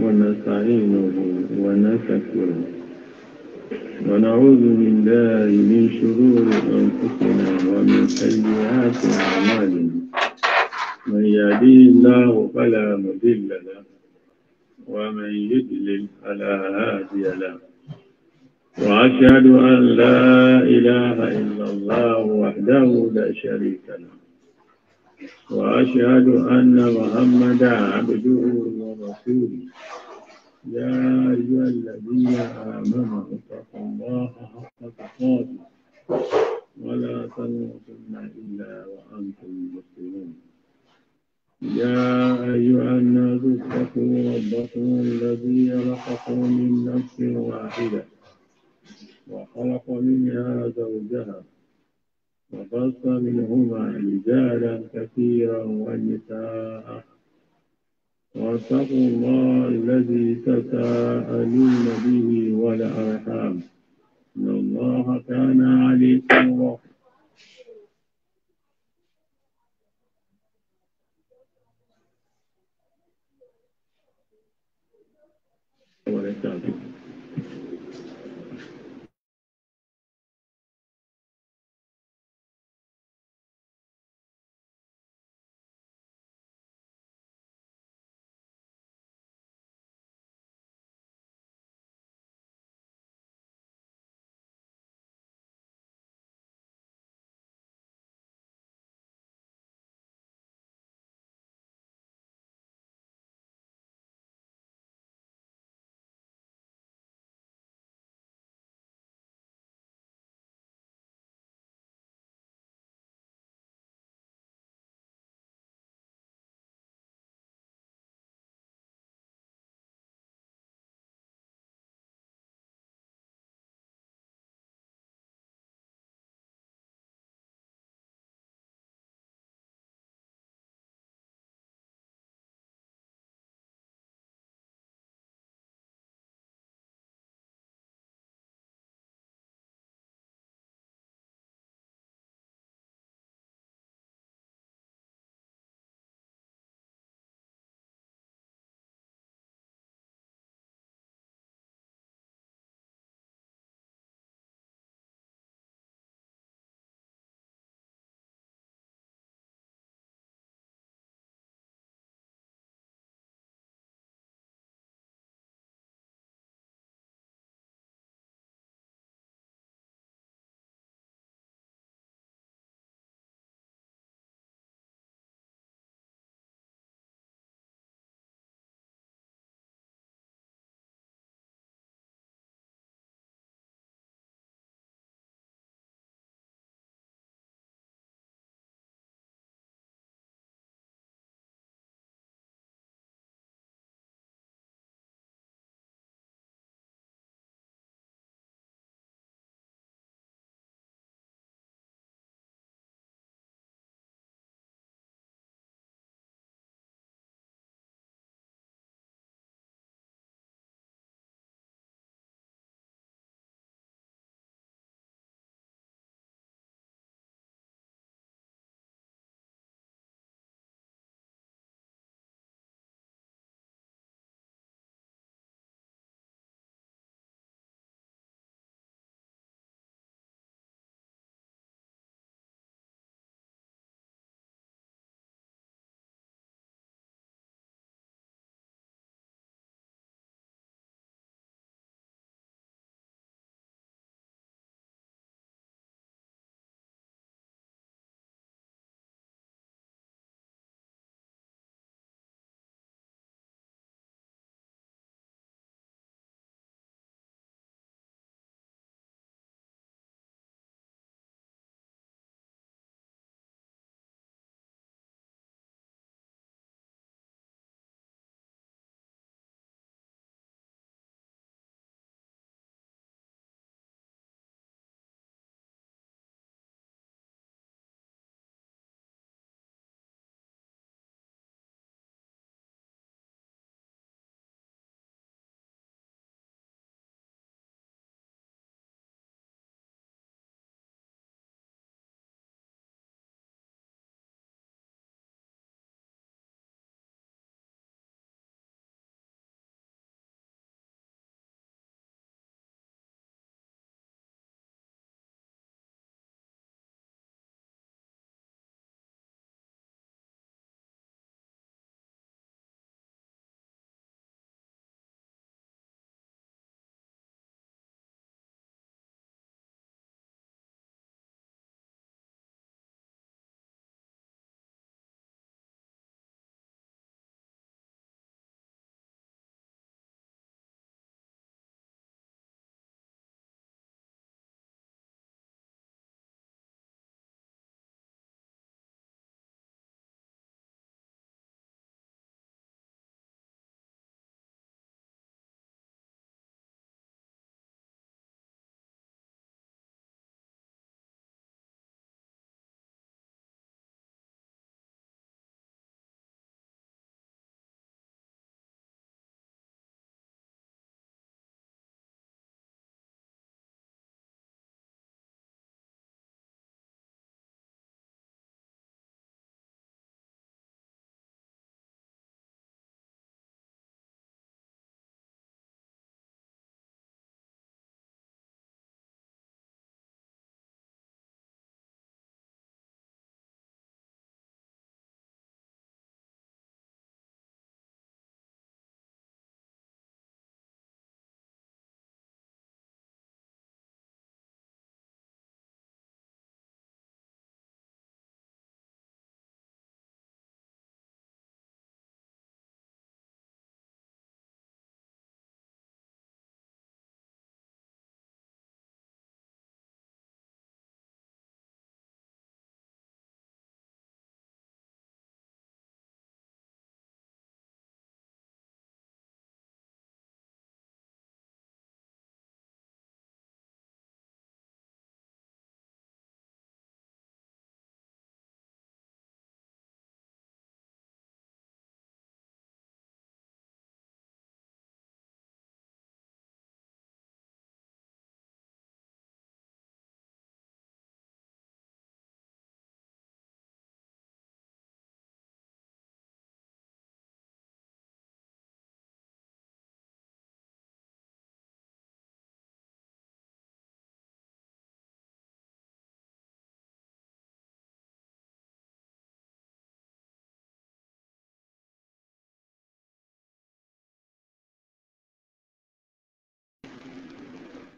ونستعينه ونشكره ونعوذ بالله من شرور أنفسنا ومن سيئات أعمالنا من يهديه الله فلا مضل له ومن يضلل فلا هادي له وأشهد أن لا إله إلا الله وحده لا شريك له وأشهد أن محمدا عبده ورسوله يا أيها الذين آمنوا اتقوا الله حق تقاته ولا تموتن إلا وأنتم مسلمون يا أيها الناس اتقوا ربكم الذي خلقكم من نفس واحدة وخلق منها زوجها وخص منهما رجالا كثيرا ونساء واتقوا الله الذي تساءلون به والأرحام إن الله كان عليكم رحيما وبركاته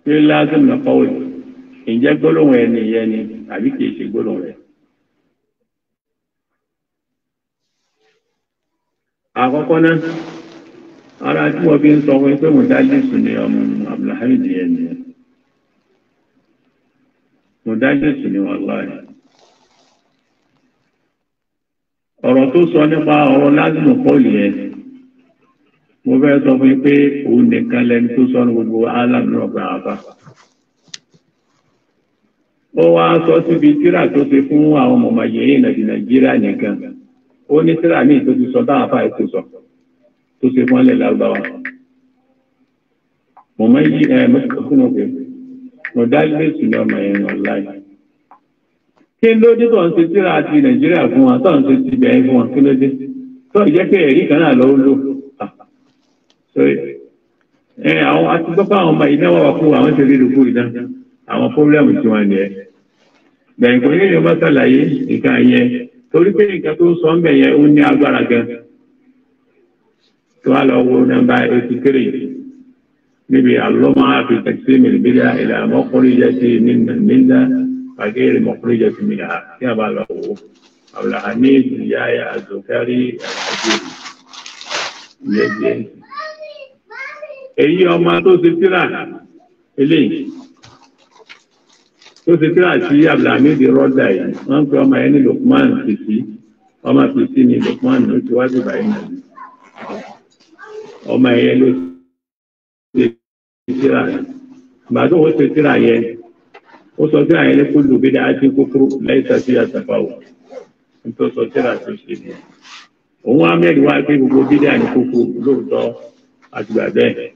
ṣé lásán nà kọ́wé ǹjẹ́ gbólóhùn ẹni yẹn ni àbí ọrụ ṣe gbólóhùn àkọ́kọ́ náà ara tí wọ́n fi ń sọ fún pé mo sùn ní ọmọ abdulhamid yẹn ni mo sùn ní wọn lọ́ọ̀yà. ọ̀rọ̀ tó sọ nípa ọ̀rọ̀ lásìmọ̀ pọ́ọ̀lù yẹn mo fẹ́ sọ fún yín pé òun nìkan lẹni tó sọ ní gbogbo alam náà gba àbá. ó wá sọ síbi tíra tó ṣe fún àwọn ọmọ yìí ìnàjì nàìjíríà nìkan ó ní tíra míì tó ti sọ táwọn afá ètò sọ tó ṣe fún ọlẹ̀ lágbàwá. mo máa ń yí ẹ mo fún òkè mo dá ilé ìsúná ọmọ yẹn lọ láì. kí ló dé tó ń ṣe tíra ti nàìjíríà fún wa tó ń ṣe ti bẹ̀ẹ́ fún wa kí ló dé tó ìjẹ́ pé ẹ̀rí kan náà lọ́wọ́ lò ẹ àwọn atúgbọ́pọ̀ àwọn ọmọ iná wà fún àwọn ṣe rí lùkú iná àwọn pọ́blẹ́mù tí wọ́n ní ẹ. gbẹ̀ngbọ̀n yìí ni wọ́n ṣàlàyé nǹkan yẹn torí pé nǹkan tó sọ ń bẹ̀ yẹn ó ní agbára gan. tó wá lọ wo nọ́mbà eighty three níbi àlọ́mọ àfitẹ́sí mìlíbílà ìlànà ọkùnrin jẹ́ ti nínú nílá àgẹ́rẹ́ mọ̀kùnrin jẹ́ ti mìlíbílà tí a bá lọ wò Abdulhamid Yaya Azokari Alhaji. Yeah, yeah ẹ̀yin ọmọ tó ṣe tíra eléyìí tó ṣe tíra sí abdulhamid rọ́dà yìí wọ́n ń pe ọmọ yẹn ní lukman fìtì ọmọ fìtì ní lukman ló ti wájú báyìí náà ọmọ yẹn ló ṣe tíra gbà tó ó ṣe tíra yẹn ó sọ tíra yẹn ní kó lùbí dáa tí kúkúrú lẹ́yìn tàbí àtàkùn nítorí sọ tíra tó ṣe nìyẹn òun á wá pé gbogbo bídà ní kúkúrú lóòótọ́ àtìgbà bẹ́ẹ̀.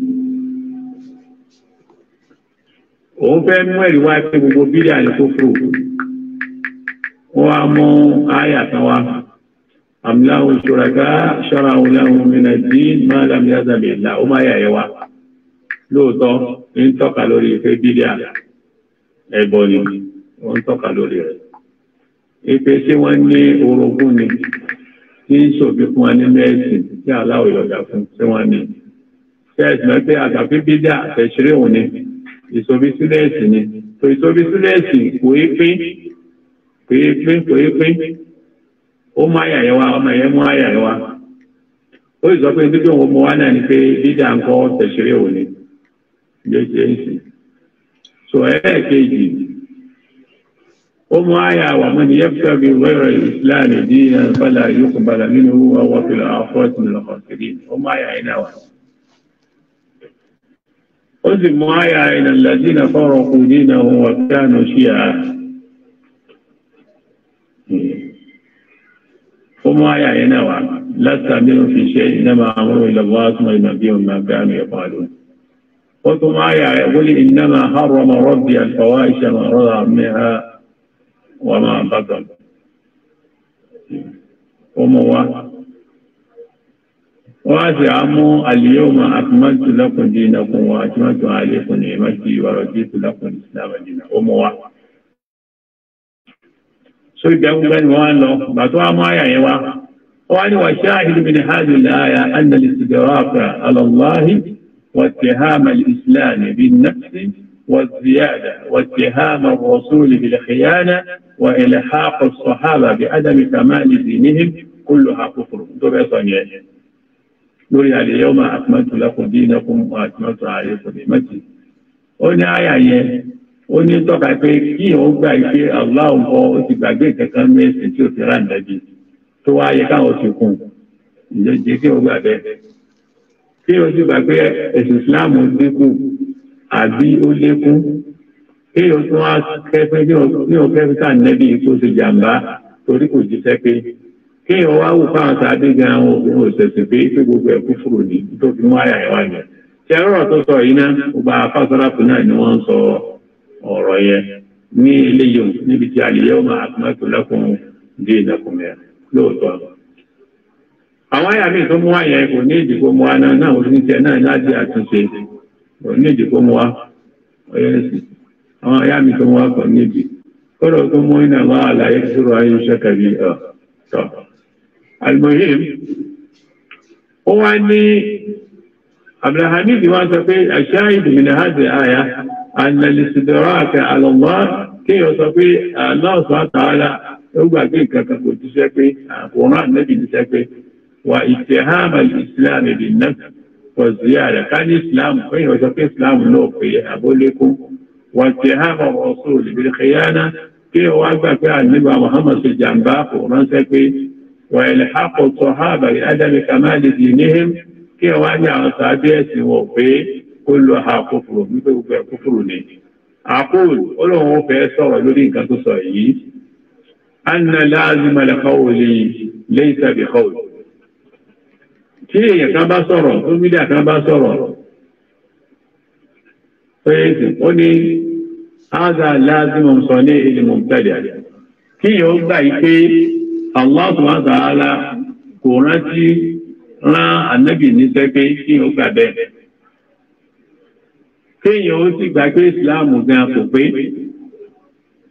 òun fẹ́ mú ẹ̀rí wá pé gbogbo bídíà ní kókó wọn á mú àyà kan wá àmìláwò ṣòraká ṣọ́ra àwọn ọlọ́run mìíràn dín máa lámì lásàbí ẹ̀dá ó máa yà ẹ̀ wá lóòótọ́ ń tọ́ka lórí ìfẹ́ bídíà ẹ̀bọ ni wọ́n ń tọ́ka lórí rẹ̀ ìpè tí wọ́n ní orogún ni tí ń ṣòfin fún wa ní mẹ́sìn tí aláwọ̀ ìlọ́jà fún tí wọ́n ní fẹ́ẹ̀sì mẹ́fẹ́ àtàfíbídà àtẹ̀ṣeré òun ìsọ̀bísílẹ̀ ẹ̀sìn ni tó ìsọ̀bísílẹ̀ ẹ̀sìn kò é pé kò é pé kò é pé ó mú àyà yẹn wá ọmọ yẹn mú àyà yẹn wá ó sì sọ pé nítorí òun mú wá náà ni pé dídà ńkọ́ tẹ̀sírí òun ni yóò ṣe é sìn so ẹ̀ẹ́kejì ó mú àyà wà mọ́ ni yẹ́pẹ́ bí wẹ́rẹ̀ ìsìláàmù dín náà fàlà yóò kún balà nínú wọ́wọ́ fìlà àfọ́ọ̀tì lọ́kọ̀ọ́sì ó mú àyà yẹn náà wà. وزد معايا إلى الذين فرقوا دينهم وكانوا شيعا وما يعنى لا تعملوا في شيء إنما أمروا إلى الله ثم ينبيهم ما كانوا يفعلون قلت معايا يقول إنما حرم ربي الفواحش ما رضى منها وما بطل وما عمو اليوم أكملت لكم دينكم وأتممت عليكم نعمتي ورضيت لكم الإسلام دينا أموا سوي أولا وأنه بطوع ما يعيوا وأنا وشاهد من هذه الآية أن الاستدراك على الله واتهام الإسلام بالنفس والزيادة واتهام الرسول بالخيانة وإلحاق الصحابة بعدم كمال دينهم كلها كفر. lórí àdéyọ́mà àpọ́ntò lẹ́kùn dínà fún àtúntò ààrẹ kò ní mẹ́tì. ó ní àyà yẹn ó ní tọ́ka pé kí òun gbà pé aláwọ̀ ń ó ti gbàgbé kankan ní ẹsẹ̀ tí ó ti rà nàbí tó wá yẹ káwọn ti kùn ìjẹ́jẹ́ kí gbà bẹ́ẹ̀. Islam dínkù àbí ó lékún kí tún wá kẹ́fẹ́ kẹ́fẹ́ ká nẹ́bí jàǹbá kéèyàn wá wò fáwọn sáadé gan àwọn obìnrin òṣèṣì pé pé gbogbo ẹ̀ kú fúrò ní tó fi mú àyà ìwà yẹn ṣe ọ̀rọ̀ tó sọ yìí náà ni wọ́n sọ ọrọ yẹn ní eléyìí níbi tí àlèyé ọmọ àtúmọ̀tò lẹ́kùn dé lóòótọ́. àwọn àyà tó mú àyà kò ní ìdìbò mu wa náà náà náà láti àtúnṣe kò ní ìdìbò mu wa àwọn àyà tó mú wa kò ní ìdì kọ́dọ̀ tó almuhim ó wá ní abdulhamid wá sọ pé aṣááìdì min hadhihi àyà analisidoraka alọmọ kéèyàn sọ pé aláwọsọ àtàlà ó gbàgbé nǹkan kan kò jíṣẹ́ pé àkùnrán ànábì jíṣẹ́ pé wà ìtẹhámà islam ibi náà pọ̀ sí ààrẹ ká ní islam kéèyàn sọ pé islam náà pé àbólékún wà ìtẹhámà rasul bil khiyana kéèyàn wá gbà pé àníbà muhammad ṣe jàǹbá kò ránṣẹ́ pé. وإلحاق الصحابة بعدم كمال دينهم كي وانا أصابيت وفي كلها كفر كفر أقول أولو في سورة لورين كتصعي أن لازم القول ليس بقول كي كان بصرة أمدا كان بصرة فإنسي هذا لازم صنيع المبتدع كي يوضع كي Allah subhanahu wa ta'ala kò rántí rán ànábì níṣẹ́ pé kí o gbà bẹ́ẹ̀. kéèyàn ó sì gbà pé ìsìláàmù gan kò pé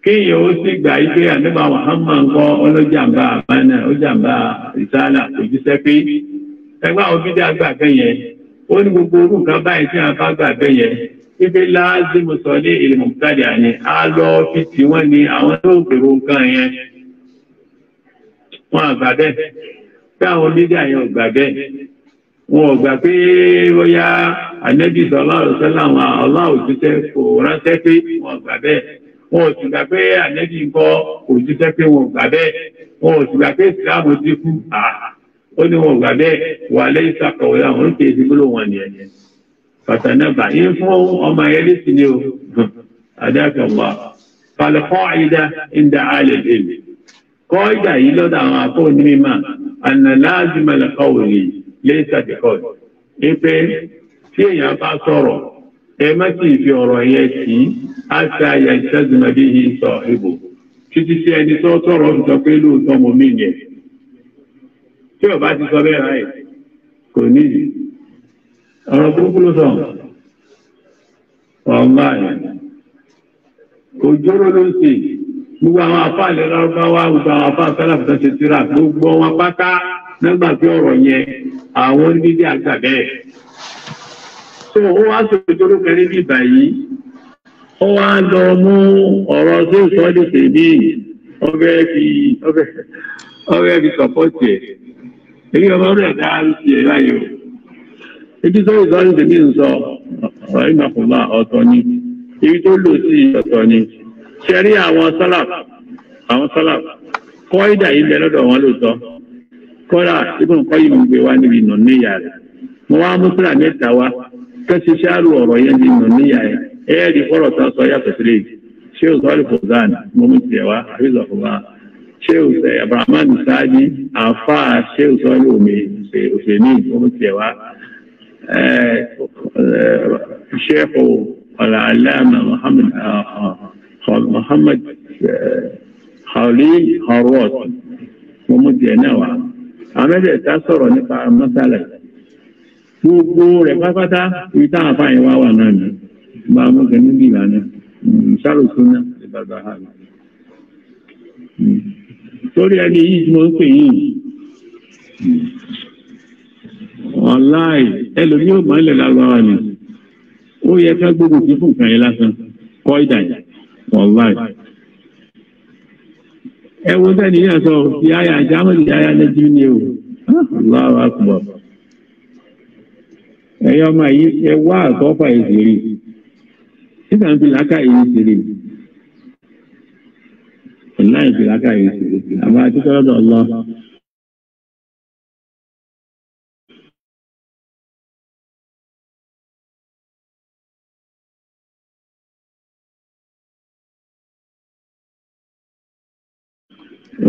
kéèyàn ó sì gbà pé ànábà Muhammad kọ́ ọlọ́jàmbá àmánà ọjàmbá ìsáàlà kò jíṣẹ́ pé ẹgbẹ́ àwọn bídà gbà bẹ́ẹ̀ yẹn ó ní gbogbo orú nǹkan báyìí tí wọn bá gbà bẹ́ẹ̀ yẹn ibi láàzí mùsọ̀lẹ́ ìlú mùkádà ni a lọ fi tiwọn ni àwọn tó gbèrò nǹkan yẹn. wọn àgbà bẹ́ẹ̀ táwọn onídìá yẹn ọgbà bẹ́ẹ̀ wọn ọgbà pé bóyá ànẹ́bí sọlá ọ̀sẹ̀ làwọn ọlá kò pé wọn ọgbà bẹ́ẹ̀ wọn ò pé pé wọn bẹ́ẹ̀ wọn ò pé ti kú ó ní wọn ọgbà bẹ́ẹ̀ wà àwọn wọn kọ́ ìgbà yìí lọ́dọ̀ àwọn afọ́ onímọ̀ àná láàzìmọ̀ lẹ́kọ̀ọ́ òní lẹ́sà dẹ́kọ̀ ẹ pé tí èèyàn bá sọ̀rọ̀ ẹ má sì fi ọ̀rọ̀ yẹn sí àti àyà ìṣẹ́zìmọ̀ bí yìí sọ ìbò títí sí ẹni tó sọ̀rọ̀ sọ pé lóòótọ́ mo mí yẹn tí ọba ti sọ bẹ́ẹ̀ ráì kò ní ìdí ọ̀rọ̀ burúkú ló sọ̀rọ̀ ọ̀gbà yẹn òjòrò ló ń sèyí. gbogbo àwọn afa ilẹ̀ lárúbáwá gbogbo àwọn afa sálàfù tó ṣe síra gbogbo wọn pátá nígbà tí ọ̀rọ̀ yẹn àwọn oníbíbí àgbà bẹ́ẹ̀. so ó wá sọ ìjọba kẹrin bí báyìí ó wá lọ mú tó sọ fi fi èyí ọmọ ti láyò. ebi tó sọ ń sọ ọtọ ni ni. ṣẹ́rí àwọn sálàf àwọn sálàf kọ́ ìdà yìí lẹ lọ́dọ̀ wọn lóòótọ́ kọ́ra ibùn kọ́ yìí gbé wá níbi nù níyà rẹ̀ mo wá mú sílà mẹ́ta wá kẹ́sì ṣáàrù ọ̀rọ̀ yẹn ní nù níyà rẹ̀ ẹ̀ẹ́dì kọ́rọ̀ tá a sọ yàtọ̀ sílẹ̀ ṣé o sọ́ọ́lì fòzán mo mú tiẹ̀ wá àbíṣọ̀ fún wa ṣé o sẹ́ eh, abrahaman sáájì àfa ṣé o sọ́ọ́lì omi òṣèlú mo mú tiẹ̀ wá ṣé o ọ̀là Muhammad eh, Khalil Harrod mo mú tiẹ̀ náà wá àwọn mẹ́tẹ̀ẹ̀ta sọ̀rọ̀ nípa mọ́sálà gbogbo rẹ̀ pátápátá ibi táwọn afáàyàn wá wà náà ni bá a mú kẹ́ níbi ìlànà ìṣàlùsọ náà ìbàdàn àhàlù. torí ẹni yìí tí mo ń pè yìí wàláì ẹlòmíràn máa ń lẹ̀ lágbára ni ó yẹ ká gbogbo òfin fún nǹkan yẹn lásán kọ́ ìdàjà. wọláì ẹ wo sẹni yẹn sọ yáyà jámọ yáyà lẹjú ni o Allahu Akbar ẹyọ ọmọ yìí ẹ wá àtọfà ìṣèlè nígbà ń fi làákà yìí ṣèlè ọláì fi làákà yìí ṣèlè àmọ́ àti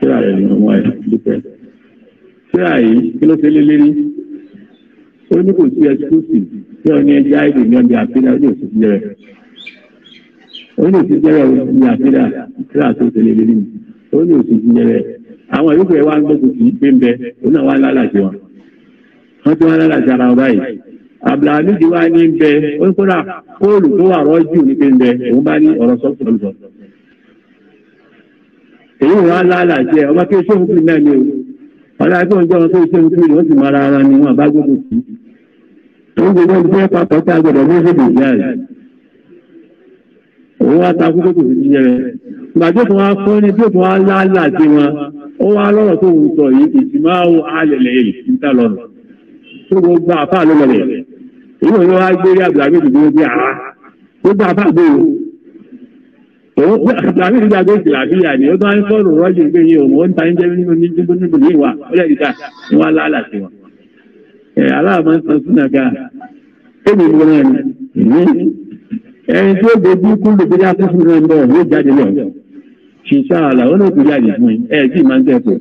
síra rẹ̀ lèèyàn ọmọ àìsàn dúpẹ́. síra yìí kí ló ṣe lé lérí ó ní kò sí tí ọ ní ẹjẹ àìdè ní ọbẹ̀ àfíríà ó ní òsì jẹrẹ ó ní òsì jẹrẹ ní tó ṣe lé lérí ó ní òsì jẹrẹ àwọn ìlú ń pé ń bẹ náà lálàjì wọn èyí wọn aláàlá jẹ ọmọ kí ṣé fún náà ni o ọlá ẹgbẹ́ òǹjẹ́ wọn tó ṣe fún mi wọ́n sì mọ ara ara ni wọn bá sí tó ń gbé wọn jẹ́ papọ̀ a gbọ́dọ̀ mú ṣe dùn yá rẹ̀ òun wá ta sí gbàdé fún ẹni àtàlẹ́ ìgbà tó ti làbíyà ni ó bá ń fọ́ọ̀rù rọ́jò pé yìí òun ó ń ta ń jẹ́ nínú ní níbo níbo ní ìwà ó lẹ́yìn ká ni wọ́n lálà sí wọn. ẹ aláàmọ́ san sínú ẹ̀ka tóbi ìwọ náà ni ẹni tí ó gbogbo kú ló fi dáa fún náà ń bọ̀ yóò jáde lọ. ṣìṣà àlà ó náà kò jáde fún yín ẹ sì máa ń tẹ̀ pọ̀.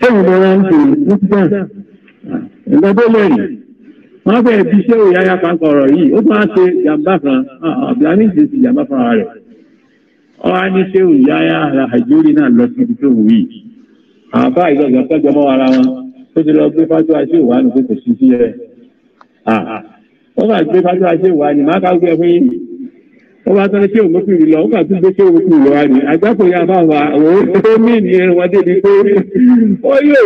sẹ́yìn ló wá ń pè é púpọ̀ nǹkan tó lẹ́yìn wọ́n fẹ́ẹ́ fi wọ́n á ní ṣé òyà ara àjórì náà lọ síbi tó wù yìí àbá ìgbàgbọ́ pẹ́jọ mọ́ ara wọn tó ti lọ gbé fájú àṣẹ ìwà ní kò sí sí ẹ wọ́n bá gbé fájú àṣẹ ìwà ní má ká gbé fún yín wọ́n bá tọ́lé ṣé òmókùnrin lọ wọ́n bá tún gbé yà bá wà mí ní débi pé ó yóò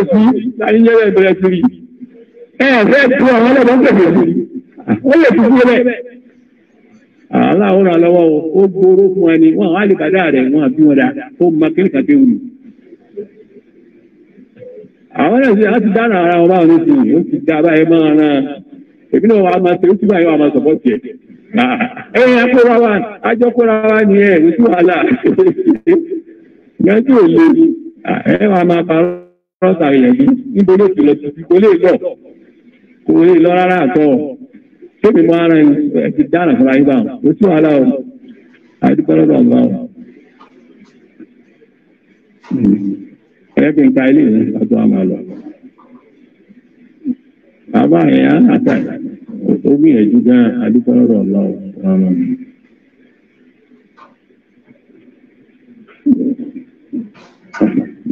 àlá ọ̀rọ̀ lọ́wọ́ ó gbóró fún ẹni wọ́n wá lè kàdá rẹ̀ àbí wọn dá ó mọ kí nìkan tó wù. àwọn ẹ̀sìn ti dára ara wọn báwọn yìí ó ti dá báyìí máa ràn èmi náà máa ṣe ó ti wa ajọ kóra wa ni ẹ tí ẹ máa rọ́ọ̀tà ilẹ̀ yìí níbo ló ti tẹ́mi máa ara ẹ̀ ti dára fúnra yín bá o tún wàhálà o àdúgbò lọ́dọ̀ ọ̀gá o. ẹ̀rẹ́ kí n ka ilé yìí látọ̀ àmà lọ. bàbá yẹn á àtà ó gbìyànjú gan àdúgbò lọ́dọ̀ ọ̀gá o.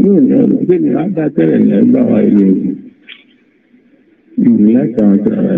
yóò ní ọ̀rọ̀ kí ni wàá dá tẹ́lẹ̀ ní ẹgbẹ́ wa ilé ìlú lẹ́sàn-án tẹ̀lé.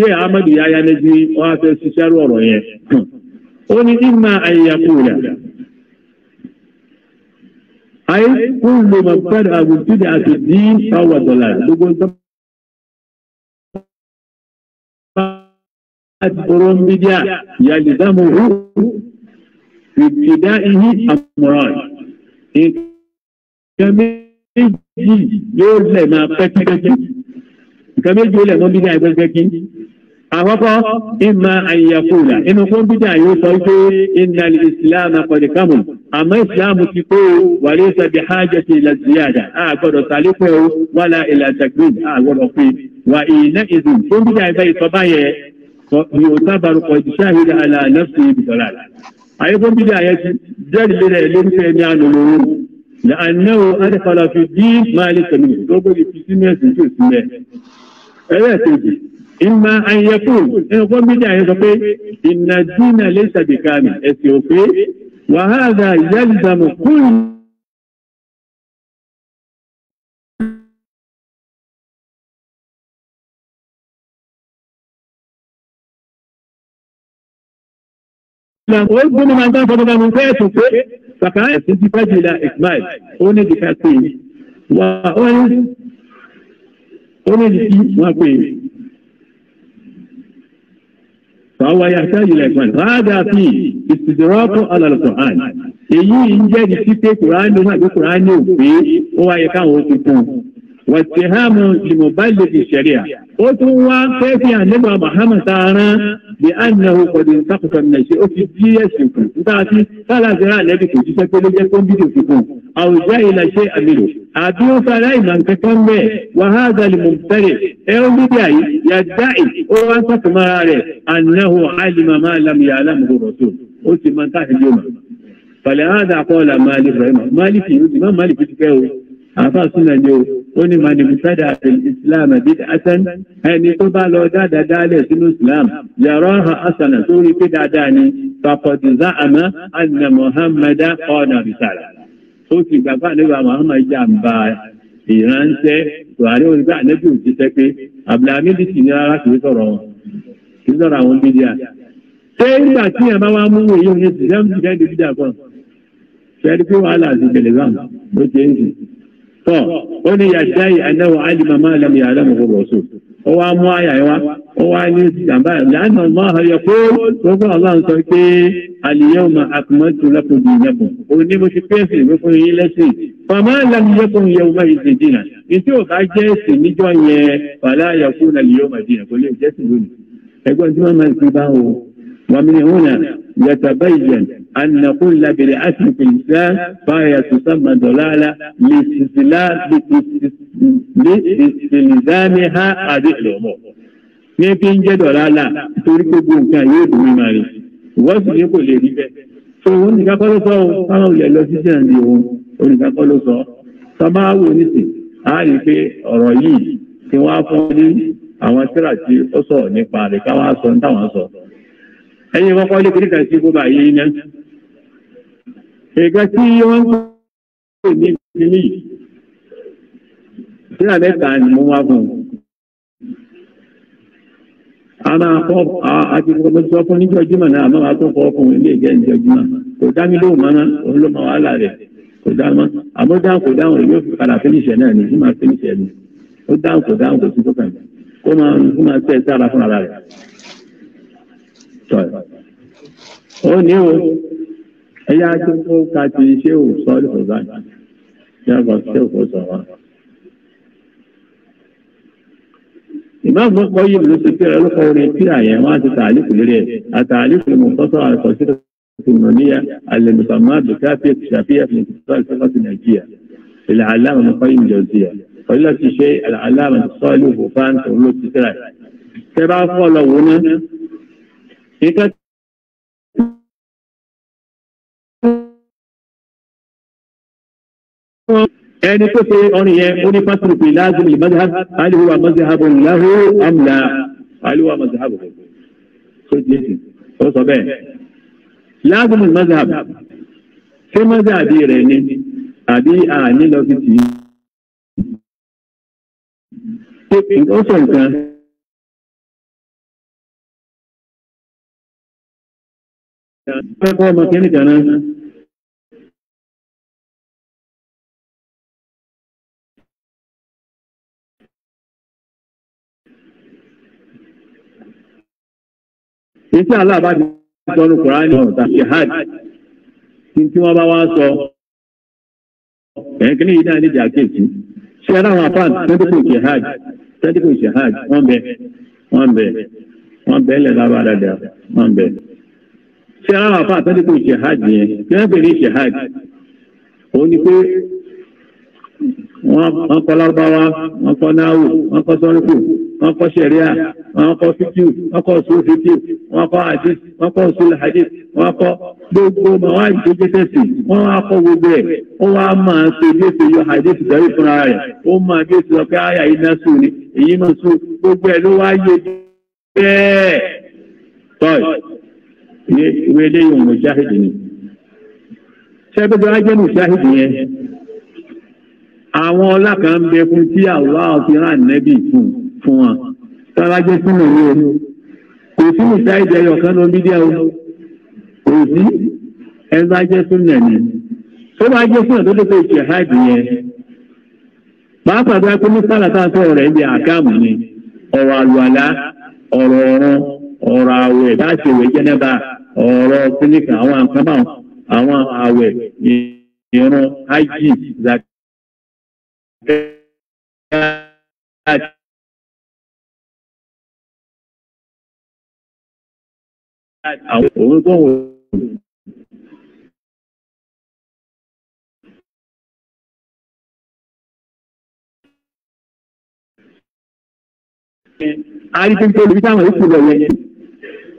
ṣé amadu yaya nẹ́bí wọ́n á fẹ́ ṣiṣẹ́ ọ̀rọ̀ yẹn ó ní ìmọ̀ àyẹ̀kù rẹ̀ ayé kún ló ma fẹ́rẹ̀ àgùntìdì àti dín ọwọ́ dọ̀là gbogbo ń tọ́. قرون بدع يلزمه في ابتدائه أمران nǹkan méjì yóò lẹ̀ máa pẹ́kípẹ́kí nǹkan méjì yóò lẹ̀ mọ́ bídà àkọ́kọ́ ìmọ̀ àyàkùnà inú kó bídà yóò sọ pé iná islam àpọ̀dìkàmù àmọ́ islam ti kó wàlé sàbí hajjati ilà ziyada àgbọ̀dọ̀ sàlékọ̀ wàlà ilà tagrid àgbọ̀dọ̀ pé wà ìná ìdùn kó bídà ìbá ìtọ́bá yẹ yóò sábàrù kọ̀ ìṣáhìdà àlà nafsi ìbìtọ́lá. àyè kó bídà yẹ ti jẹ́rìí lérẹ̀ lórí fẹ́ ní àná lóró lẹ́ànáwó adéfàlà fi dín máa lè ìmọ̀ àyẹ̀kù ẹ̀kọ́ méjì àyẹ̀sọ pé ìnà dínà lè ṣàbíkàmì ẹ̀sìn òpé wàhálà yẹ́lìdàmù kúrò. wọ́n gbọ́dọ̀ máa ń bá fọdọ́dọ́ mú fẹ́ ẹ̀sùn pé bàbá ẹ̀sìn ti bá jìlá ìsmáì ó ní ìdíkà sí i wà ó ní ó ní ìdíkì wọn pè é. فهو يحتاج إلى إخوان هذا فيه استدراك على القرآن èyí ń jẹ́ ní pípé kùránì náà bí kùránì ò pé ó wáyé káwọn ó fi kún un wàtíhámù lìmọ̀bálẹ̀ ìṣẹ̀ríà ó tún wá fẹ́ẹ́fì àníbà Muhammad sáárá bí ànáwó kọ̀dé sákòtò nàìjíríà ó fi bí ẹ̀sìn kù nígbà tí sálàzẹ́rà lẹ́bi kò jíṣẹ́ pé ló jẹ́ kó ń bídò fi kù àwùjọ ìlà ṣe àmìlò àbí ó fara ìmọ̀ kankan mẹ́ wàhálà lìmọ̀tẹ́rẹ̀ ẹ ó bí díà yìí yàgbá ì ó wá ń sàtúmọ́ra rẹ̀ ànáwó àlìmọ̀ máa lamìyà alámùgbò rọ̀tún ó sì máa ń káàkiri yóò mọ̀ àfà súnà ni o ó ní mani mufẹ́dà àti islam àti asan ẹni tó bá lọ dáadáa dálẹ̀ sínú islam yàrá hàn asana tó rí pé dáadáa ni fàkọ̀dùzá àmọ́ àná muhammadu ọ̀nà bisala ó sì gbàgbọ́ àníbà muhammadu jàǹbá ìránṣẹ́ buhari onígbà ànábì òjíṣẹ́ pé abdulhamid sì ní rárá kìí sọ̀rọ̀ kìí sọ̀rọ̀ àwọn bídíà ṣé nígbà tí ẹ̀ bá wá mú èyí òye sì sẹ́mi ti fẹ́ẹ́ di bídíà kan tọ́ ó ní yàtá àdáwò alima máa lam ya'lamu ar-rasul ó wá mú àyà wa ó wá ní jàmbá làánà máa yẹ kó gbogbo ọlọ́run sọ pé al-yawma akmaltu lakum dinakum òun ní mo ti pèsè mi fún yín lẹ́sìn fama lam yakun yawma ìsìn dínà ìtí ò bá jẹ́ ìsìn níjọ́ yẹn fala yakuna al-yawma dínà kò lè jẹ́ ومن هنا يتبين أن كل برئة في الإسلام فهي تسمى ضلالة لاستلزامها هذه الأمور. níbi ń jẹ́ dọ̀làlà torí gbogbo nǹkan yóò dùn mí màrí wọ́n sì ní kò lè rí bẹ́ẹ̀. tó òun nìkan kọ́ ló sọ ọ́ káwọn olè lọ sí sẹ́ǹdì òun òun nìkan kọ́ ló sọ ọ́. sọmá wò nísìn á rí i pé ọ̀rọ̀ yìí tí wọ́n á fún ní àwọn tíra tí ó sọ̀rọ̀ nípa rẹ̀ káwọn á sọ ní táwọn sọ ẹ̀yin kọ́kọ́ lé kiri kan sí gbogbo àyè iná ẹ̀ka tí wọ́n tó ní ìpínlẹ̀ yìí sílẹ̀ mẹ́ta ni mo wá fún un àwọn akọ àti gbogbo sọ fún níjọ jimá náà àmọ́ àtọ́ kọ́ fún ilé ìjẹ́ níjọ jimá kò dá mi lóhùn mọ́ná òun ló mọ wàhálà rẹ̀ kò dá mọ́ àmọ́ dáhùn kò dáhùn èmi ò fi padà fínísẹ̀ náà ní ìmọ̀ fínísẹ̀ ni ó dáhùn kò dáhùn kò sí tó kàn kó máa kó máa tẹ̀ sára fún ara rẹ̀ tọ́lá ó ní o ẹ̀yà àjọpọ̀ ká ti ṣé ò sọ́ọ́lì fòzá yàgbọ́ ṣé ò fò sọ̀rọ̀. ìbáàmù kọ́ yìí ló ṣe kíra lóko orin tí àyẹ̀ wọn àti tààlíkù lórí ẹ̀ àtàlíkù ni mo tọ́sọ́ àtọ̀sílẹ̀ tó mọ̀ níyà alẹ́ mùsàmá dùkáfíà ṣàfihàn ní ìtọ́sọ́lì fọ́sọ́sì nàìjíríà ilẹ̀ aláàmù kọ́ yìí jọ̀ọ́síyà ọ̀lá ti ṣe aláàmù sọ́ọ̀lì òfófáǹtì olóòtú tẹ́lẹ̀ tẹ́ bá fọ́ lọ wọnú এটা ẹni tó ṣe ọrìn yẹn ó ní pásítọ̀ pé láàzùn lè mazhab aliwa mazhab lahu amla aliwa mazhab tó di èsì ó sọ bẹ́ẹ̀ láàzùn mazhab ṣé mazhab rẹ̀ ni àbí àní lọ́fíìsì ó sọ nǹkan. pẹ́pọ́ ọmọ kí nìkan náà Ìsí aláàbá Kùránì ọ̀rọ̀ tàbí jihad tí wọ́n bá wá sọ ẹ̀yìn kìíní yìí níjà kéèkì. Ṣé ara àwọn apá tẹ́díkò jihad jihad wọ́n bẹ̀ wọ́n bẹ̀ wọ́n bẹ̀ wọ́n ṣé ara wà fún àtẹ́lẹ́kùn ìṣèhádì yẹn kí wọ́n hajj òun ni pé wọ́n kọ́ lárúbáwá wọ́n kọ́ náwó wọ́n kọ́ sọ́rùkù wọ́n kọ́ sẹ̀ríà wọ́n kọ́ fítíù wọ́n kọ́ wọ́n kọ́ wọ́n kọ́ wọ́n kọ́ gbogbo màwá ìdíje tẹ̀sí wọ́n wá kọ́ gbogbo ẹ̀ ó wá máa ṣe bí yọ fúnra rẹ̀ ó máa bí gbogbo ẹ̀ ló wá yé bẹ́ẹ̀ tọ́yì. ìwé eléyìí òun mùsáhìdì ni sẹ́gbẹ́gbẹ́ wa jẹ́ mùsáhìdì yẹn àwọn ọlá kan ń bẹ fún tí Allah fi rán nẹ́bì fún fún wọn tọ́lá jẹ́ sínú ìwé o kò sí mùsáhìdì ẹyọ kan ló ń bí díẹ̀ o kò sí ẹni bá sínú ẹ̀ tó bá jẹ́ sínú tó dókè ìṣèhádì yẹn pàápàá bí a pé ní sálà sọ̀rọ̀ rẹ̀ ń bẹ ni ọ̀rọ̀ àlùwàlá ọ̀rọ̀ ọ̀rọ̀ ọ̀rọ̀ àwẹ̀ láti ìwé jẹ́nẹ́bà ọ̀rọ̀ kíníkà àwọn nǹkan bá àwọn àwẹ̀ ìrun ájì zakat. àwọn òun tó wò ó. a rí pé nítorí táwọn yóò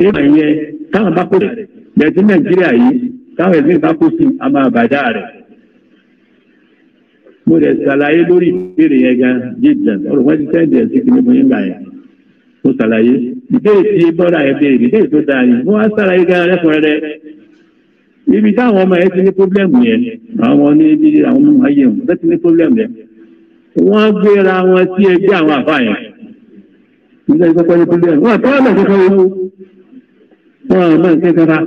èrè yẹn táwọn bá kó sí rẹ̀ bẹ̀tí nàìjíríà yìí táwọn ẹ̀mí bá kó sí a máa bàjá rẹ̀. mo rẹ̀ ṣàlàyé lórí ìbéèrè yẹn gan jíjẹ ọ̀rọ̀ wọn ti sẹ́ndì ẹ̀ sí kìnìún mo yín gbà yẹn mo ṣàlàyé ìbéèrè tí bọ́dà yẹn béèrè ìbéèrè tó dáa yìí mo wá ṣàlàyé gan rẹ́kọ̀ọ́rẹ́ ibi táwọn ọmọ yẹn ti ní pọ́blẹ́mù yẹn àwọn ní ibi àwọn ọmọ ayé wọn ti ní pọ́blẹ́mù yẹn wọ́n gbéra wọn sí ẹgbẹ́ àwọn àbá yẹn ìgbà wọn àmọ́ nǹkan kan náà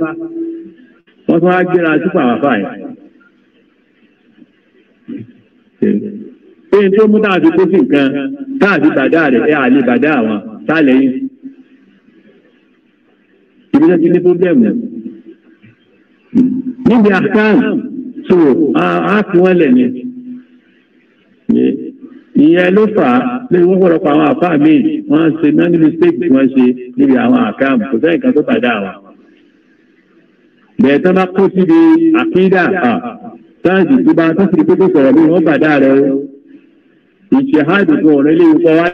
tún wá gbéra sípò àwàfà yẹn. Eyín tó mú táàbí kó nǹkan táàbí bàdá rẹ̀ ẹ̀ àlè bàdá àwọn sálẹ̀ yìí. Ibi tó ti ní pọ́blẹ́mù. Níbi àkáǹtì tó a fi wọ́n lẹ̀ ni ìyẹn ló fà á lórí wọn gbọ́dọ̀ pa àwọn àfáà míì wọn ń ṣe náà níbi stéèkì tí wọn ṣe níbi àwọn àkàm kò sẹ́yìn kan tó padà wọn. bẹ́ẹ̀ tán bá kó síbi àkídà sáàjì tó bá tó sì pé kó sọ̀rọ̀ bí wọn padà rẹ o. ìṣèhádì fún ọ̀rọ̀ ilé ìfọ̀ wá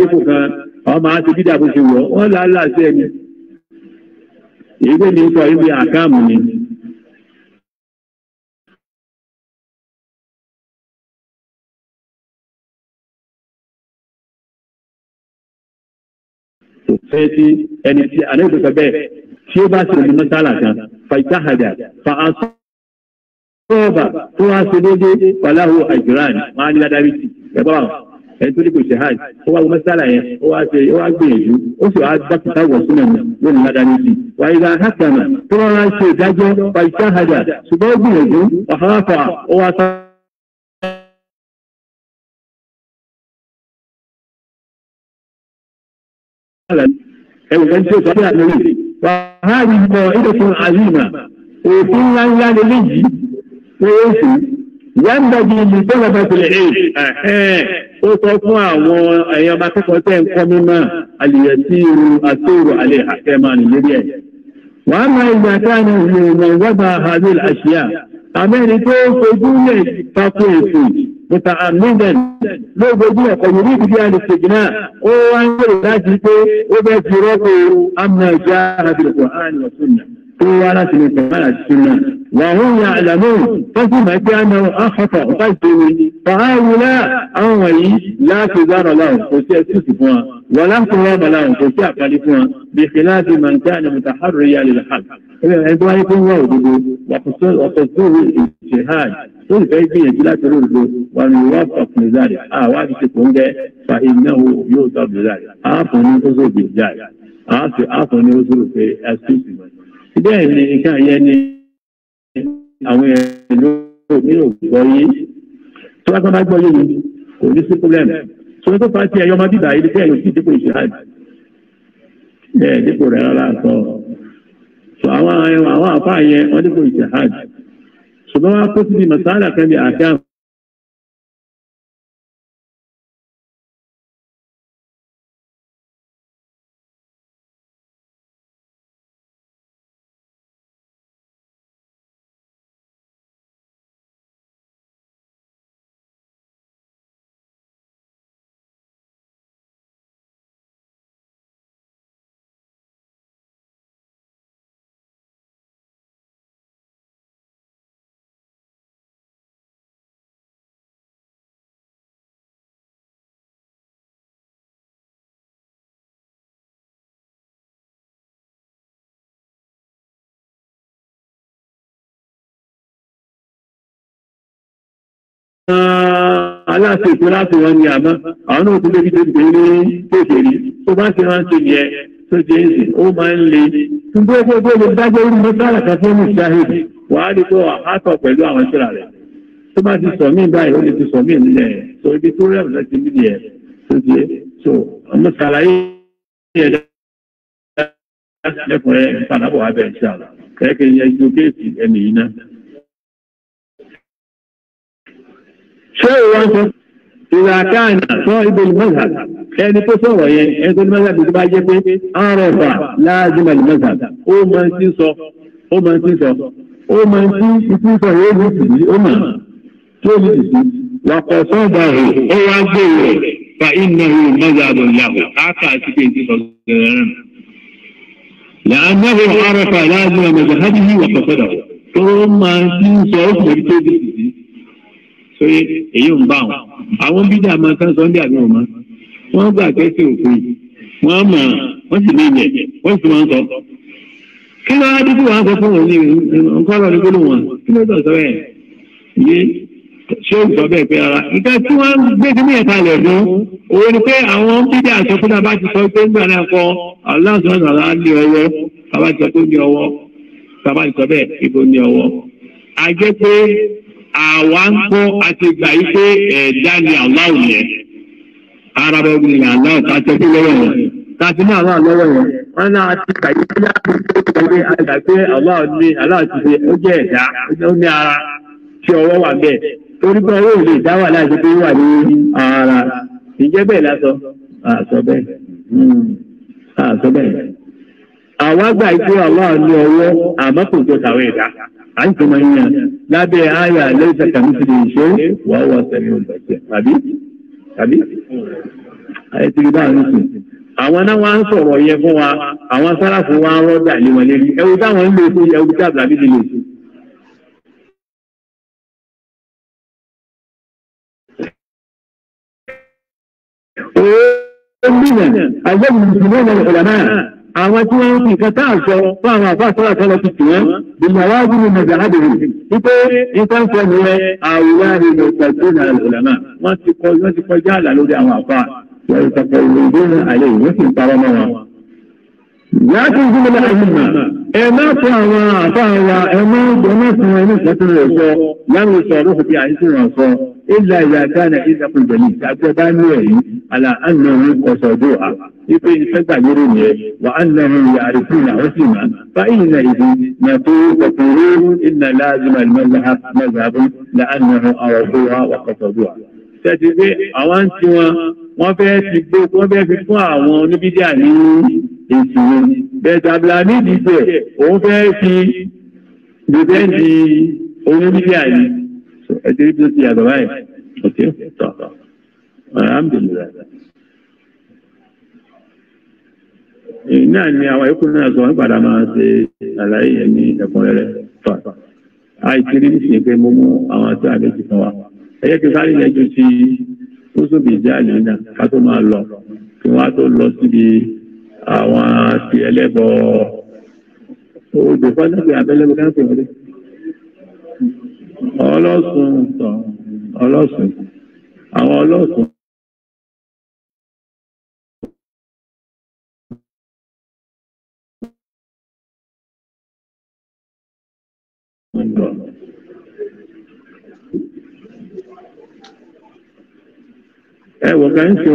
dépò kan àwọn máa ti dídà bó ṣe wọ̀ wọ́n làálàá sí ẹni. èyí pé mi sọ ibi àkàm ni. society ẹni tí alẹ́ ìgbésọ bẹ́ẹ̀ tí ó bá ṣe mú mọ́sálà kan fàìtàhàjà fa aṣọ ọba tó wá ṣe déédéé pàláwo àjùrán wọn á ní ládàrí sí ẹgbẹ́ wọn ẹni tó ní kò ṣe hajj ó wá mọ́sálà yẹn ó wá ṣe ó wá gbìyànjú ó sì wá bá kìtà wọ̀ sínú ẹ̀mí lónìí ládàrí sí wàyí ra hákàmà tó wá ṣe ìdájọ́ fàìtàhàjà ṣùgbọ́n ó gbìyànjú ọ̀hánfà ó wá sá ẹ̀wù kan tí ó sọ́dọ̀ àlórí wàhálì mọ ìdókòwò àlìmà òfin ńláńlá ni léyìí wọ́n sì yánnàbí ni tọ́lọ́bẹ̀tìlẹ̀ èyí ó sọ fún àwọn ẹ̀yàn ọmọ akẹ́kọ̀ọ́ tẹ́ ń kọ́ mímọ́ àlìyẹ̀tì irú àtòrò àlẹ́ àtẹ́mọ́ nìlérí ẹ̀. wàá máa ń gbà ká ní ìlú ìmọ̀ wọ́n máa hàlú àṣìyà àmẹ́ni tó fojú lẹ̀ tako ètò mùtàmídẹ̀n ló gbogbo ẹ̀kọ́ yìí ní ìdílé àlùfèjì náà ó wá ń gbèrò láti pé ó bẹ́ẹ̀ fi rọ́pò amúnájà àbílẹ̀kọ̀ àrùn ọ̀tún náà tó wá láti lè tẹ̀lé àti náà wàhùn ní àdàmú fẹ́sí màgbé àná àkọ́kọ́ ọ̀pá-ìṣòro fàáwùlá àwọn wọ̀nyí láti dára láwọn kò sí ẹ̀sùsù fún wa wà láti wọ́n bá láwọn kò sí àpárí fún wa bí kìláàsì máa ń tẹ́ àná mọ̀tà hàrù yà lè hàn. ẹgbẹ́ wáyé fún wa òdodo wàkùsọ̀ sóòrò ìṣèhàn tó ń fẹ́ gbìyànjú láti rí òdodo wà ní wà fàkùn ìzáre àwa ti ṣe kò ń gẹ fa yóò bẹ́ẹ̀ ni nǹkan yẹn ni àwọn ìlú mi ò gbọ́ yé tí wọ́n bá gbọ́ yé mi kò ní sí problem tí wọ́n tó fà á ti ẹ̀yọ́ ọmọ bíbá yìí bẹ́ẹ̀ yóò sì dípò ìṣáàjì ẹ̀ dípò rẹ̀ rárá sọ àwọn àwọn àfáà yẹn wọ́n dípò ìṣáàjì ṣùgbọ́n wọ́n á kó síbi màsálà kan bí àṣà aláṣẹ ah, ìpín láti wọn ni àmọ́ àwọn náà tún lè fi tètè ní kékeré tó bá ti rántí yẹn tó ó máa ń le ṣùgbọ́n ó lè dájọ́ mi sára kan fún mi wàá rí pẹ̀lú àwọn ìṣúra rẹ̀ tó bá ti sọ mí báyìí ó lè ti sọ ibi tó rẹ̀ lọ so ọmọ sàlàyé ẹ̀ padà bọ̀ wá bẹ̀ ṣáà kẹ́kẹ́ ṣẹ́yìn wọn sọ ìwà káàna sọ ibi mẹ́ta ẹni tó sọ̀rọ̀ yẹn ẹni tó ní mẹ́ta tó bá jẹ́ pé àròfà láàzìmọ̀ ní mẹ́ta ó máa ti sọ ó máa ti sọ ó máa ti ti sọ yóò ní tìbí ó mà tí ó ní tìbí wàkọ̀ sọ́ọ̀dà rẹ̀ ó wá gbé rẹ̀ fa iná rẹ̀ mẹ́ta àbọ̀ ìyàwó káàkà àti pé ti sọ gẹ̀rẹ̀ rẹ̀. لأنه عرف لازم مذهبه وقصده ثم تنسى أخرى بتوبته pé èyí ń bá wọn àwọn bídà máa tán sunday àbí wọn máa wọn gbà kẹsì òfin wọn mọ wọn sì lè yẹ wọn sì máa ń sọ kí ló wá dé tí wọn á sọ fún wọn ní nǹkan ọ̀rọ̀ ní gbólóhùn wọn kí ló sọ sọ ẹ yé ṣé o sọ bẹ́ẹ̀ pé ara nǹkan tí wọn gbé sí ní ẹ̀ka lẹ fún òun ni pé àwọn bídà sọ fún abá ti sọ pé nígbà náà kọ aláǹsán náà lé ọwọ́ bàbá ti sọ pé ó ní ọwọ́ bàbá ti sọ bẹ́ẹ̀ ibo ní ọwọ́ a àwa ń kọ́ àti gbà yí pé ẹ̀dá ni aláwọ̀ yẹn ara bọ̀ ni aláwọ̀ ká tẹ́ lọ́wọ́ wọn ká ní aláwọ̀ lọ́wọ́ wọn náà ti gbà yí pé láti gbé àgbà pé aláwọ̀ ni aláwọ̀ ti ṣe ó jẹ́ ẹ̀dá ó ní ara tí ọwọ́ wà bẹ́ẹ̀ torí pé owó lè dá wà láti pé wà ní ara àwa gbà pé Allah ní ọwọ́ àmọ́ kò jọ ịda ẹ̀dá à ń tó máa ya lábẹ́ àyà laysa kamithlihi shay'un wa huwa as-sami'ul tàbí tàbí àyẹ̀tìrì báwọn ní sùn. àwọn náà wá sọ̀rọ̀ yẹn fún wa àwọn wa lé wọn lérí táwọn ń fún ti fún. àwọn tí wọ́n ń fi nǹkan táà sọ fún àwọn àbáṣọ́lá kan lọ ti tì wọ́n ìgbàwá gúrú mẹ́ta lábẹ̀rẹ̀ wípé nǹkan sọ nìyẹn àwòrán ìlú pẹ̀lú àlùlàmà wọ́n ti kọjá àlà lórí àwọn àbá ìwà ìtàkọ̀ ìlú ìdóná àlẹ́ ìwọ́n sì ń parọ́ mọ́ wọn yàtí ìdílé láìmọ̀ ẹ má tó àwọn àbá wa ẹ má gbọ́nà fún ẹni ìṣẹ́tún rẹ̀ sọ láwọn ìṣọ̀rọ̀ òfin àìsí rẹ̀ sọ ilà ìyàgá náà ìjà fún ìgbẹ̀lì àgbẹ̀ bá ní ẹ̀yìn àlà àná òun ọ̀sọ̀ ọdún à ipe ìfẹ́gbà lérò yẹn wà á nà òun yà àrífù náà ó sì máa fa ìyìnà ìdí nà tó kọkùnrin ìnà láàzìmà mẹ́zàbù ìṣòro bẹ̀tàbílà nídìí tẹ̀ òun fẹ́ fi dìbẹ́ǹdì oníbílẹ̀ àyè ẹ̀jẹ̀ ibi tó ti yàtọ̀ báyìí ọ̀kẹ́ tọ̀ alhamdulillah. náà ni àwọn ikú náà sọ wọn padà máa ṣe àlàyé yẹn ní ẹ̀kúnrẹ́rẹ́ tọ̀ àìkiri nísìnyí pé mo mú àwọn àti àbẹ̀tì kan wá ẹ̀yẹ́ kí sáré yẹn ju ti ó sóbì ìjà náà ká tó máa lọ kí wọ́n á tó lọ síbi àwọn ti ẹlẹ́bọ odò fọ́nàbí abẹ́lẹ́bọ náà pè wọlé ọlọ́sùn tọ̀ ọlọ́sùn àwọn ọlọ́sùn. ẹ wọ ká o sọ.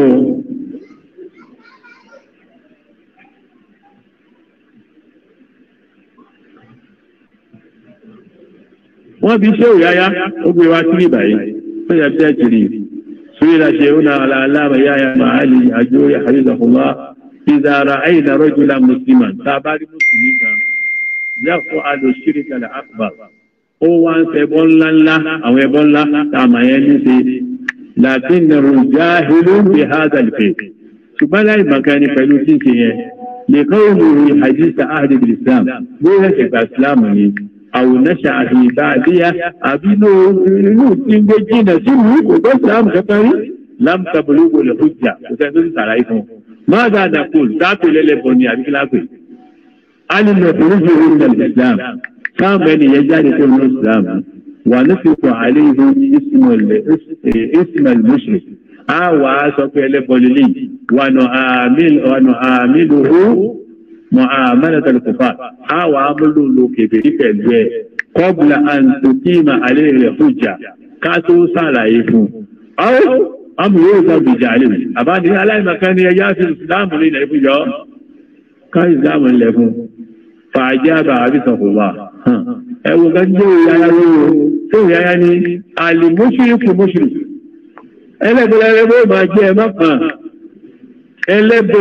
wọ́n bí ṣé òyáyá ó gbé wa sílẹ̀ báyìí wọ́n yà bí ẹ̀jìrì سئل شيخنا العلامة يا معالي أجوري حفظه الله إذا رأينا رجلا مسلما تابع مسلما يفعل الشرك الأكبر هو أن سيبون لنا أو يبون لنا كما ينسي لكنه جاهل بهذا الفعل ṣùgbọ́n láì màkàní pẹ̀lú títì yẹn lè kọ́ òmùrù ìhàjísà áhàdì ìsìlámù lórí ẹ̀kẹ̀kà ìsìlámù ni àwòránṣà àti ìgbà àdéyà àbí inú ìgbé jìnnà sílùú kò gbọ́ sílámù kankan rí lámùtàbọ̀lù wò lè fún jà kò sẹ́ni tó ti sàlàyé fún un. má dáa dàpọ̀ dáàpẹ̀ lẹ́lẹ́bọ̀ ni àbí kíláàpẹ̀. a ní lọ fún ojú orí sáàmù ẹnìyẹn jáde tó ní islam wà ní fi àlẹ́ ìlú ismail mushrik a wà sọ pé ẹlẹ́bọ̀ lélẹ́yìn wà nù àmì mọ àmàlà tẹlifùfà á wà á múlò lò kèbèrè pẹ̀lú ẹ̀ kọ́bùlà àǹtòkìmà alẹ́ rẹ̀ fújà ká tó sàlàyé fún un. àwọn àmì yóò sọ bìjà àlè mi àbáni aláìmọ̀kan ni ẹ̀yà fi ìsìláàmù ní ilẹ̀ fún yọ ká ìsìláàmù nílẹ̀ fún fàájì àbà àbísọ̀ kò wà. ẹ̀wọ̀n kan jẹ́ òye ara ló wo tó òye ara ni àlè mọ́ṣúrù kì mọ́ṣúrù ẹlẹ́gbẹ̀rẹ̀ bó máa jẹ́ ẹ ẹlẹ́bọ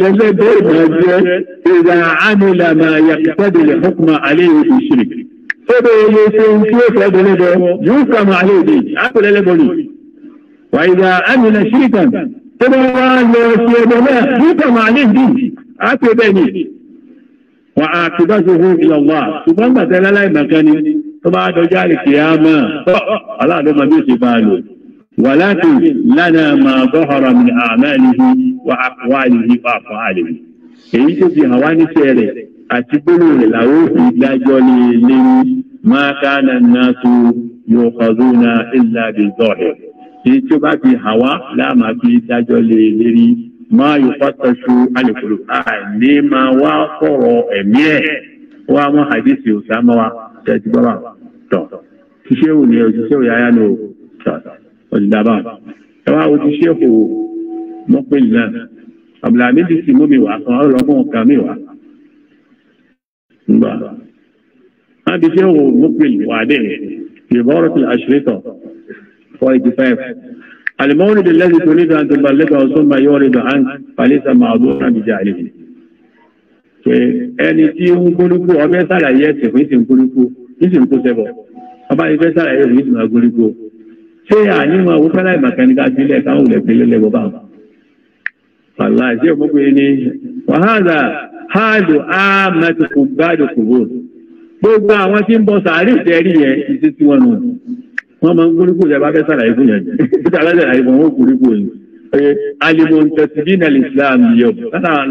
lẹ́lẹ́bọ máa jẹ́ ìwà àmìlà máa yàtọ̀dẹ̀lẹ̀ ọkùnrin alẹ́ ìlú ìṣirí. Tóbi ilé ṣe ń tí ó fẹ́ dẹ́lẹ́bọ yóò fà máa alẹ́ ìdè àpẹlẹ́lẹ́bọ ni. Wà ìwà àmìlà ṣíríkàn tó bá wá lọ sí ẹbọ náà yóò fà máa alẹ́ ìdè àpẹbẹ ni. Wà á ti bá ṣe fún ìlọ̀wà ṣùgbọ́n gbàtẹ́ láláì màkà tó bá dọjá àlè kìí ولكن لنا ما ظهر من أعماله وأقواله وأفعاله èyí tó fi hàn wá níṣẹ́ rẹ̀ àti gbólóhùn rẹ̀ làwọn òfin dájọ́ lé léwu ما كان الناس يؤخذون إلا بالظاهر èyí tó bá fi hàn wá láàmà fi dájọ́ lé e lérí máa yóò fàtàṣù alùpùpù àìní máa wá sọ̀rọ̀ ẹ̀mí ẹ̀ wá mọ́ àdìsí òsàmọ́ wa tẹ̀síbọ́ wa tọ̀ ṣíṣe òní òṣìṣẹ́ òyàyà ni ò tọ̀ tọ̀ ọ̀dìdàbà ẹ wá wo ti ṣéèkù mọ́pẹ́lì náà àbùlà méjì sì mú mi wá kan ọ̀rọ̀ ọgbọ́n kan mi wá. wọ́n ti ṣéèkù mọ́pẹ́lì wà dé ìbọ̀rọ̀ ti àṣírítọ̀ forty five. المولد الذي تريد أن تبلغه ثم يورد عنك فليس معذورا بجهله ẹni tí ń gbólúkú ọbẹ̀ sàlàyé ẹ̀sìn fún ìsìn gbólúkú ìsìn kó sẹ́bọ̀ ọba ìfẹ́ sàlàyé ẹ̀sìn ìsìn gbólúkú ṣé àníwọ̀n owó fẹ́lá ìmọ̀kan ní káàkiri káwọn olè fi lélẹ̀ bọ́bá wàlá ṣé o mọ̀gbìn ni wàhálà hàlù kò gbádùn gbogbo àwọn tí ń bọ yẹn ìṣe nù máa ń fẹ́ sàlàyé fún yẹn wọn yìí islam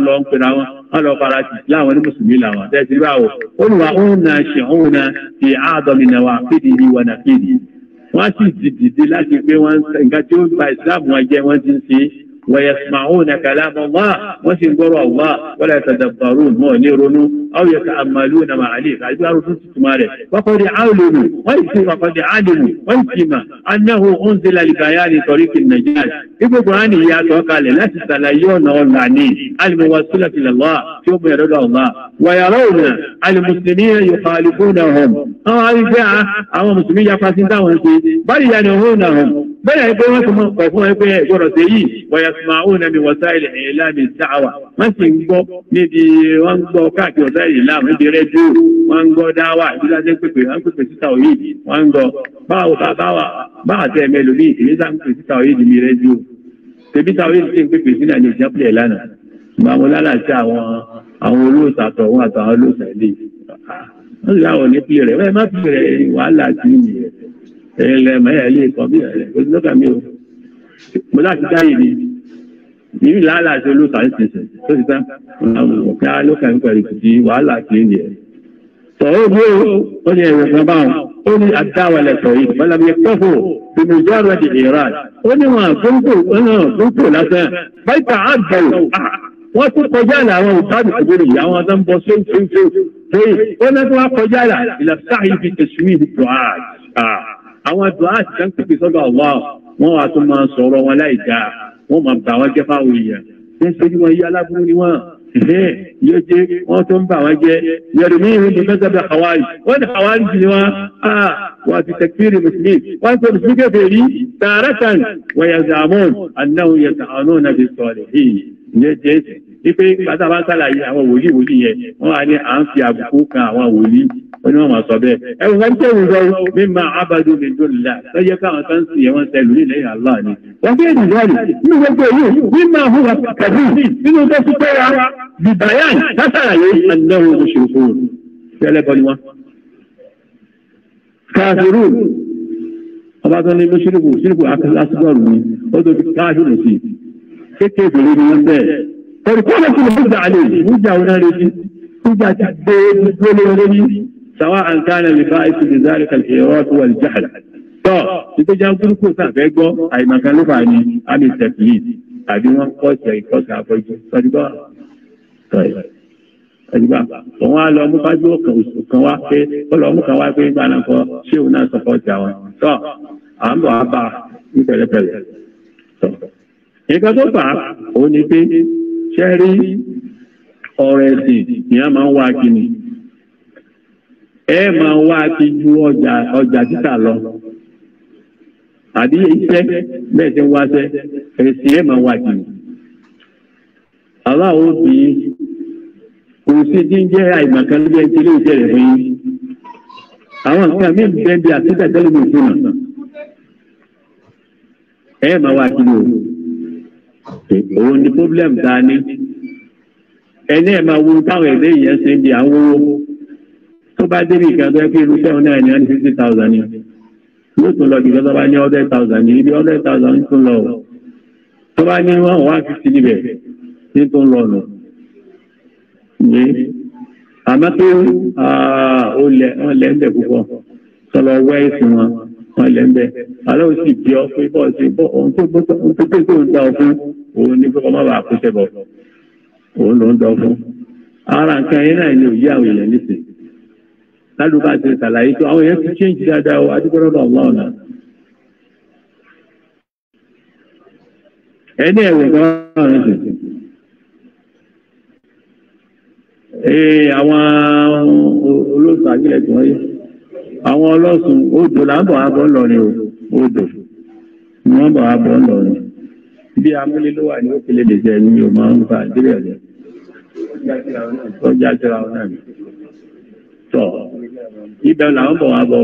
lọ ń pera ti islam ní mùsùlùmí làwọn tẹ̀sí báwo ṣe ti àádọ́mi wà wọ́n sì ti dìde láti pé wọ́n nǹkan tí ó gba ìsìláàmù wọn jẹ́ wọ́n ti ń ṣe ويسمعون كلام الله وسنقروا الله ولا يتدبرون مو أو يتأملون ما عليك عجب أرسل تماري وقد علموا ويسي وقد علموا ويسيما أنه أنزل لبيان طريق النجاة إبو قرآن يا توقال لا تتليون والمعنين الموصلة إلى الله يوم يرد الله ويرون المسلمين يخالفونهم أو عارفة أو مسلمين يفاسدون بل ينهونهم bẹ́ẹ̀ ni pé wọ́n ti mọ ọ̀pọ̀ fún wọn pé ẹ̀gbọ́dọ̀ ṣe yìí wọ́n yẹ sùnmọ́ àwọn ẹ̀mí wọ́sá ilẹ̀ ìlà mi dáwà wọ́n sì ń gbọ́ níbi wọ́n ń gbọ́ káàkiri ọ̀sá ìlà níbi rẹ́díò wọ́n ń gbọ́ dáwà ìdílé ajé pèpè wọ́n ń pèpè síta òyìn wọ́n ń gbọ́ báwo báwa bá àti ẹ̀mí ẹlòmíì èmi pèpè síta òyìn níbi pèpè ẹ̀rẹ̀ mẹ́rẹ̀ ilé ìkọ̀ bí ẹ̀rẹ̀ olùdókà mi ò mo láti dáyé ni yìí làálàá ṣe olóòtú àti ṣẹṣẹ tó ti tán àwọn ọ̀kẹ́ alókà ń pẹ̀lú kùtì wàhálà kì í nìyẹn. sọ̀rọ̀ bí ó ó ní ẹ̀rọ kan báwọn ó ní adáwọlẹ̀ sọ̀rọ̀ yìí balabi kọ́fò bíbi ìjọ rẹ̀ di iran ó ní wọn àgbóńkò náà gbóńkò lásán báyìí àgbẹ̀wò wọ́n tún kọjá là àwọn òtáàbì kògbèrè yìí àwọn adán bọ́ sóńtóńtó lóyè ó náà tún wá kọjá là ìlàsáyìí fi tẹ̀síwì àwọn dùá àti sáńpìpì sọ́dọ̀ Allah wọ́n wàá tún máa sọ̀rọ̀ wọn láì dáa wọ́n máa bà wọ́n jẹ́ fáwọn èèyàn wọ́n ṣe bí wọ́n yí aláburú ni wọ́n yóò jẹ́ wọ́n tún bà wọ́n jẹ́ yẹ̀rù mí ìhun bí mẹ́ta Hawaii wọ́n ní Hawaii jì ni wọ́n á ti tẹ̀kírì mùsùlùmí wọ́n ti mùsùlùmí kẹfẹ́ rí tààràtàn wọ́n yẹ zàmún anáwó yẹ tààrùn náà bí sọ̀rọ̀ yìí yóò jẹ́ ìpè pàtàkì àwọn wòlíì wòlíì yẹn wọ́n á ní à ń fi àbùkù kan àwọn wòlíì onímọ̀ máa sọ bẹ́ẹ̀ ẹ wọ́n ń tẹ̀wé lọ mí máa abadu mi tó la lọ́jọ́ káwọn kan sì wọ́n tẹ̀lú ní lẹ́yìn Allah ni. wọ́n fi èdè lọ́ọ̀lì nínú gbogbo èyí mí máa hu wa kàbí nínú tó ti pẹ́ra bìbáyàn látàlàyé anáwó oṣooṣù fẹ́lẹ́bọ ni wọ́n. káfíìrù ọba tó ní mọ́ṣíríkù ṣíríkù akásígbọ̀rù ni ó tó fi káfíìrù sí kékeré ni wọ́n bẹ́ẹ̀. pẹ̀lú kọ́lọ́sì ló ń gbà سواء كان البائس لذلك الإيراد والجهل tọ́ títí jẹ́ gúrúkù sàfẹ́ gbọ́ àìmọ̀kan ló fà ní àmì tẹ̀kìlì àbí wọ́n kọ́ ìṣẹ̀ ìkọ́sẹ̀ àfọ́jú sọ́dúbà sọ́dúbà òun á lọ mú fájú kan wá pé ó lọ mú kan wá pé gbà náà kọ́ ṣé òun náà sọ̀kọ́ ti àwọn tọ́ à ń bọ̀ á bá ní pẹ̀lẹ́pẹ̀lẹ́ tọ́. nǹkan tó fà á òun ni pé ṣẹ́rí ọ̀rọ̀ ẹ̀sìn ni a máa ń wá kí ni ẹ máa wá ti ju ọjà ọjà títà lọ àbí iṣẹ́ bẹ́ẹ̀ ṣe ń wáṣẹ́ ẹ̀sìn ẹ máa wá jù aláwo bí kò sí jíjẹ́ àìmọ̀kan lórí ẹni tí ilé iṣẹ́ rẹ̀ fún yín àwọn nǹkan mi bẹ́ẹ̀ bí àtúntà tẹ́lẹ̀ mi fún nà ẹ máa wá jù lọ òun ni problem ta ni ẹni ẹ máa wo táwọn ẹ̀dẹ́ yẹn ń di àwọn owó tó bá débi ìkan tó yẹ kí irú sẹ́wọ̀n ní one fifty thousand ni yóò tún lọ jù lọ́dọ̀ bá ní hundred thousand ní ibi hundred thousand ń tún lọ o tó bá ní one one fifty níbẹ̀ ní tún lọ nù. àmọ́ pé olè wọn lẹ́ ń bẹ̀ púpọ̀ sọlọ wẹ́ ìsìn wọn wọn lẹ́ ń bẹ̀ alẹ́ ò sì bí ọ pé bọ́ọ̀ sí ohun tó gbé tó ń dá ọ fún òun ní pé ọmọ bàá kó sẹ́bọ̀ òun ló ń dá ọ fún. ara nǹkan yẹn náà ni òye àwọn nísìnyí. kálù bá ti ṣàlàyé tó àwọn yẹn ti change dáadáa o adúgbòrò náà wà ọ̀nà. ẹni e kan wà ṣe. ee àwọn olóòtú àgbẹ̀lẹ̀ tí wọ́n yé àwọn ọlọ́sùn odò là abọ́ o odò abọ́ ńlọrin bí o máa ń fa ibela làwọn abụọ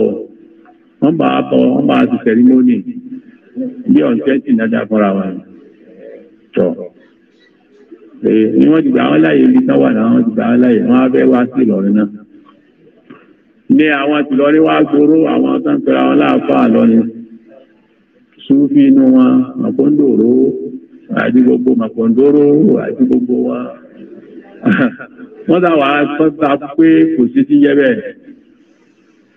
wá bọ̀ o wọ́n bọ̀ wọ́n bá bọ̀ ti sẹ̀rímọ́nì bí ọ̀ǹtẹ́ǹtì fúnra wa tọ̀ ni wọ́n ti gbà wọ́n láàyè ibi tán wà ti gbà wọ́n láàyè wọ́n á fẹ́ náà ní àwọn gbòòrò àwọn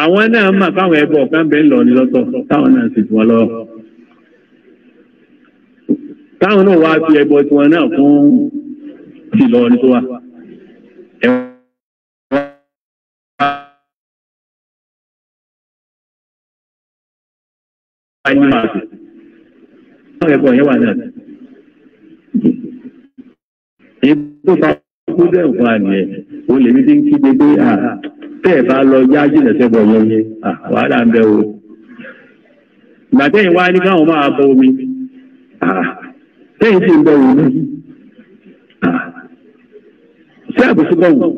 àwọn náà mà fáwọn ẹbọ kan bẹ́ẹ̀ lọ ní lọ́tọ̀ táwọn náà sì tún wọn lọ. táwọn náà wáá fi ẹbọ tiwọn náà fún tìlọ ní tó wà. ayé máa fi àwọn ẹbọ yẹn wà náà. èyí tó ta kó dẹ̀ wà nìyẹn olè mi ti ń kígbe pé àà. Ah, tẹ́ ẹ̀ bá lọ yá jìnà sẹ́gbọ̀ yẹn ni wàhálà ń bẹ o gbàtẹ́yìn wá ní káwọn máa bọ omi tẹ́yìn sì ń bẹ òun ṣé àbùsùn bọ̀ wù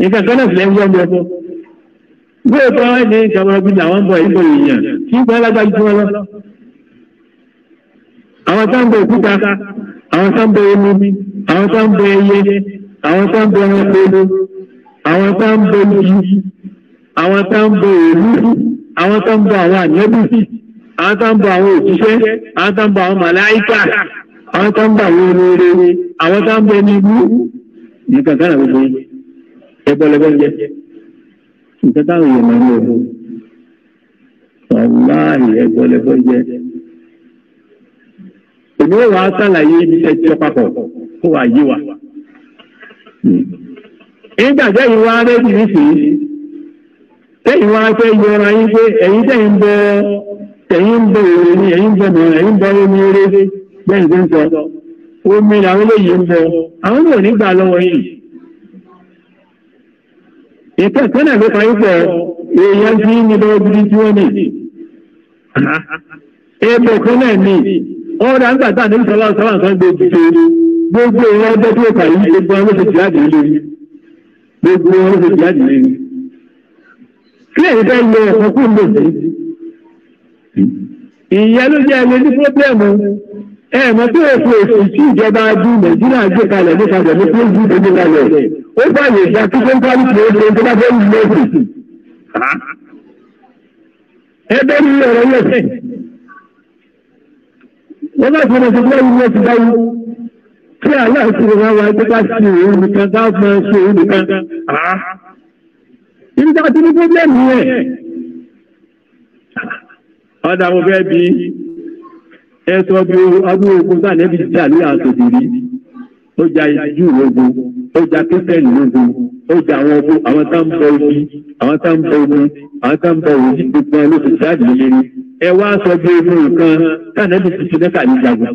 nǹkan kan náà sì lẹ́yìn wọ́n bọ̀ bóyá bá wà ní ìjọba ọgbìn àwọn ń bọ̀ ìbò èèyàn kí ń bọ́ alágbájú wọn lọ àwọn tó ń bọ òkúta àwọn tó ń bọ omi àwọn tó ń bọ ẹyẹ àwọn tó ń bọ ẹranko àwọn tá ń bọ igi àwọn tá ń bọ òòlù àwọn tá ń bọ àwọn àyẹ́bù àwọn tá ń bọ àwọn òṣìṣẹ́ àwọn tá ń bọ àwọn màláìkà àwọn tá ń bọ àwọn olóore àwọn tá ń bọ ní ibú nìkan kan àwọn ọmọ ẹgbẹ́ lẹ́gbẹ́ ń jẹ nǹkan táwọn èèyàn máa ń lò wàláì ẹgbẹ́ lẹ́gbẹ́ ń jẹ. èmi ò wá sàlàyé ibi papọ̀ kó wàá yé wa. Hmm. ị tẹ́yìn wá rédì nísìnyí tẹ́yìn wá pé yọra yín pé ẹ̀yin ẹ̀yin ni ẹ̀yin bẹ mọ̀ ẹ̀yin bẹ omi eré bẹ́ẹ̀ tó ń sọ omi làwọn eléyìí ń bọ àwọn ò ní gbà lọ́wọ́ yìí ìtẹ́ ìpínlẹ̀ ló kan ipò èèyàn tí ní bọ́ gidi tí wọ́n ní ẹgbẹ̀ ìpínlẹ̀ ní ọ̀rọ̀ àgbàtà ní sọ́lá sọ́lá sọ́lá gbogbo tó kà gbogbo ọmọ tó gbogbo wọn ṣe jáde lẹ́nu kí èyí fẹ́ lọ ọ̀sán kó lò dé ìyẹn ló jẹ́ ẹni ní pọ́blẹ́mù ẹ mọ̀ tó o fò èsì tí ìjọba adú nàìjíríà gbé kalẹ̀ nípa ìjọba tó ń gbé gbé kalẹ̀ ó fàyè ìjà tó tó ń parí tó ń tó bá fẹ́ ń lọ sí. ẹ mi ọ̀rọ̀ yẹn sẹ́yìn wọ́n bá fọwọ́ sọ pé wọ́n yóò ti báyìí tí aláìsílẹ̀ máa wá ẹgbẹ́ bá sí òun nìkan bá máa ṣe òun nìkan àá. Nígbà tí ní pọ́blẹ́mù rẹ̀, ọ̀dà mo fẹ́ bí ẹ sọ bí ọdún ogun sànẹ́bí jà ní àtòkù rí. Ó ja ìjú ogun, ó ja kírísítẹ́nì ogun, ó ja àwọn ogun, àwọn tá ń bọ omi, àwọn tá ń bọ omi, àwọn tá ń bọ òjì gbogbo ẹ ló fi jáde lórí. Ẹ wá sọ bí ogun nǹkan sànẹ́bí tuntun mẹ́ta ní jagun.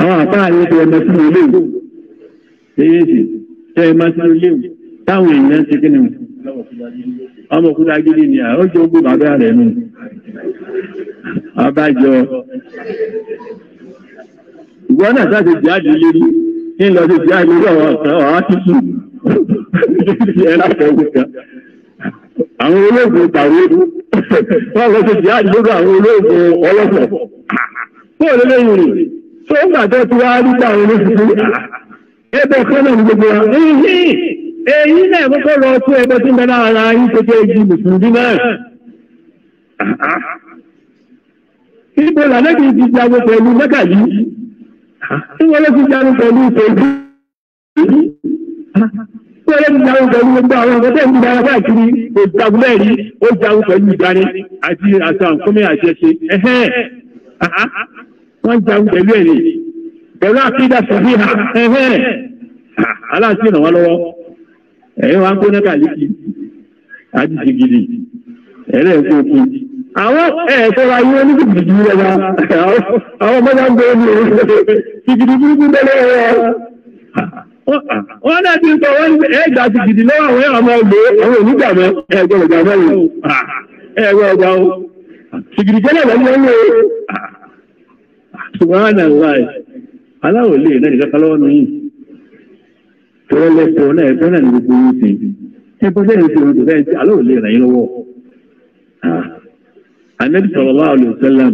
àwọn àpáà ní ti ẹmọ sínú ilé ìwò èyí sì tẹ ẹmọ sínú ilé ìwò táwọn èèyàn ti kí ni ọmọ òkúta gidi ni àwọn jẹ ogún bàbá rẹ nù abájọ ìwọ náà sáà ti jáde lérí ní lọ sí jáde lérí ọwọ́ ọ̀sán ọ̀hán tuntun ẹ̀rọ àtẹ̀wé kan àwọn olóògùn tàwéru wọn lọ sí jáde lórí àwọn olóògùn ọlọ́pọ̀ fún òlélẹ́yìn rẹ̀. ṣé ìgbà tẹ́ ti wá rí gbà wọn lóṣù tó ẹbẹ̀ ní gbogbo wa. èyí náà lọ ẹgbẹ́ tí ń bẹ lára yín tó jẹ́ mùsùlùmí náà. ibo ti jago pẹ̀lú mẹ́kà yìí ìwọ ló ti jago pẹ̀lú pẹ̀lú ìwọ ló ti jago pẹ̀lú gbogbo àwọn ọmọdé ń gbára káàkiri kò wọ́n jagun pẹ̀lú ẹ̀ ní pẹ̀lú àkídà ha ẹ̀hẹ́ aláàtì ràn wọ́n lọ́wọ́ ẹ̀yìn wa ń àdìsí gidi ẹ̀rẹ́ ẹ̀kọ́ òkú àwọn gidigidi rẹ̀ wá àwọn ń gidigidi wọ́n náà ti sọ wọ́n gidi lọ́wọ́ àwọn ọmọ àwọn subhana allah aláwọ̀ lè náà nìkan kálọ́wọ́ nù yìí tọ́lọ́ lẹ́tọ̀ọ́ náà ẹ̀fẹ́ náà ní gbogbo yìí sí ẹ bọ́ sẹ́yìn sí oṣù fẹ́ẹ́ sí aláwọ̀ lè ràn yín lọ́wọ́ anabi ah. sallallahu alaihi wasallam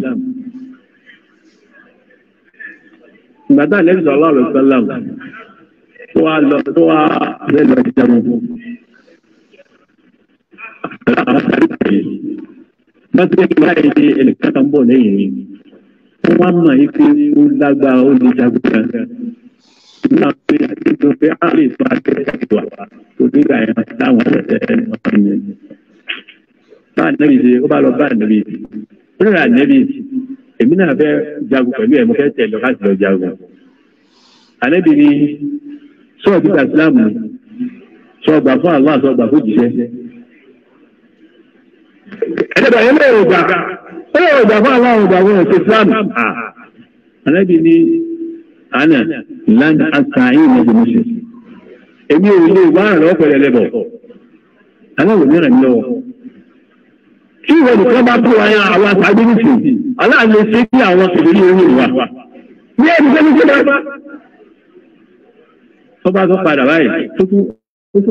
gbàdá anabi sallallahu alaihi wasallam tó wá lọ tó wá rẹ lọ sí ẹmu bá tó kí wọ́n á yẹ ṣe ẹnìkan kan bọ̀ lẹ́yìn yìí wọ́n mọ̀ yìí pé ó lágbára ó lè jagun kan nígbà pé àtijọ́ pé á lè tó akẹ́kọ̀ọ́ wa onígbà yẹn táwọn ọ̀rẹ́ ẹni wọn fi yẹn. bá a nẹ́bi ṣe ó bá lọ bá a nẹ́bi ó lọ́ra nẹ́bi èmi náà fẹ́ jagun pẹ̀lú ẹ̀ mo fẹ́ tẹ̀ lọ láti lọ jagun. ànẹ́bi ni sọ́ọ̀bù ìsìlámù sọ́ọ̀bà fún àwọn àṣọ ó yẹ ala fún aláwọ̀ ọjà fún ẹ̀sìn Islam alábi ni ana land asahin ní ọdún mọ́ṣẹ́ ọkụ ò lè wá àrùn ọ̀pẹ̀lẹ̀ lẹ́bọ̀ aláwọ̀ mi ràn mí lọ́wọ́ tí bá tó wáyà àwọn àtàgbé kí àwọn ní ní tó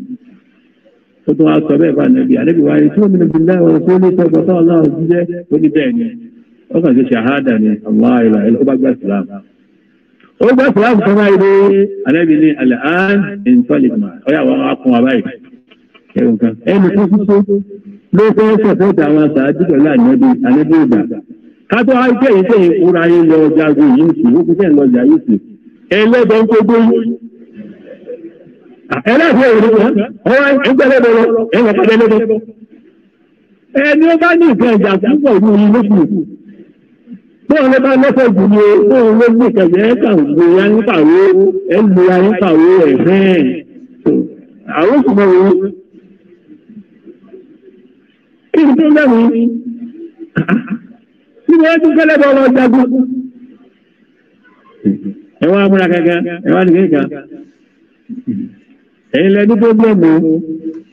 ó tún wá sọ bẹ́ẹ̀ bá nàbí àdébí wáyé tí wọ́n mi nàbí láwọ tó ní sọ gbọ́tọ́ aláwọ̀ jíjẹ́ ó ní bẹ́ẹ̀ ni ó kàn ṣe ṣàhádà ni aláìlá ó bá gbà sílám ó gbà sílám tó máa ilé àdébí ní alẹ́ án ìntọ́lìmọ̀ ó yà wọ́n á kún wa báyìí ẹnì kan sísọ ló fẹ́ sọ̀tẹ́tà àwọn sàájú pẹ̀lú ànábì ànábì ìgbà kátó àìjẹ́ ìjẹ́ ẹlẹ́sìn èrò ọwọ́ ẹgbẹ́lẹ́bọ̀ lọ ẹ̀wọ̀n pàdélébọ̀. ẹni ó bá ní nǹkan ìjà púpọ̀ ní orí lókù bóun ló bá lọ́sẹ̀ jù ní bóun ló gbé kẹ̀kẹ́ ẹ̀ka ògbó ya ń pàwó ẹ̀ ń lo ya ń pàwó ẹ̀fẹ́n àwọn kò mọ̀ wọ́n. kí ni tó ń dẹ̀mí kí ni ẹ tún kẹ́lẹ́bọ̀ lọ jagun. ẹ wá múra kankan ẹ wá nìkan ẹ̀yin lẹ ní pọ́blẹ́mù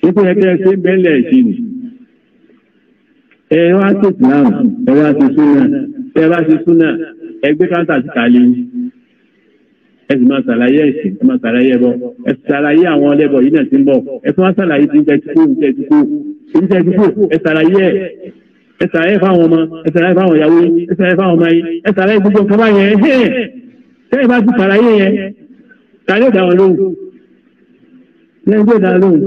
ipò yẹn kẹ́ ẹ ṣe ń bẹ́lẹ̀ ẹ̀ṣin ni ẹ wá sí islam ẹ wá sí súnà ẹ wá sí súnà ẹ gbé káńtà sí kàlí ẹ sì máa ṣàlàyé ẹ̀sìn ẹ máa ṣàlàyé ẹbọ ẹ ṣàlàyé àwọn ọlẹ́bọ yìí náà ti ń bọ̀ ẹ fún wa ṣàlàyé ti ń tẹ ti kú ń tẹ ti kú ń tẹ ti kú ẹ ṣàlàyé ẹ ẹ ṣàlàyé fáwọn ọmọ ẹ ṣàlàyé fáwọn ìyàwó ẹ ṣàlàyé fáwọn ọmọ yìí ẹ ṣàlàyé gbogbo nǹkan báyẹn ẹ ṣẹ́yìn bá ti ṣàlàyé yẹn ṣàlàyé ìdáwọn lóhùn lẹ́yìn ìdá lóhùn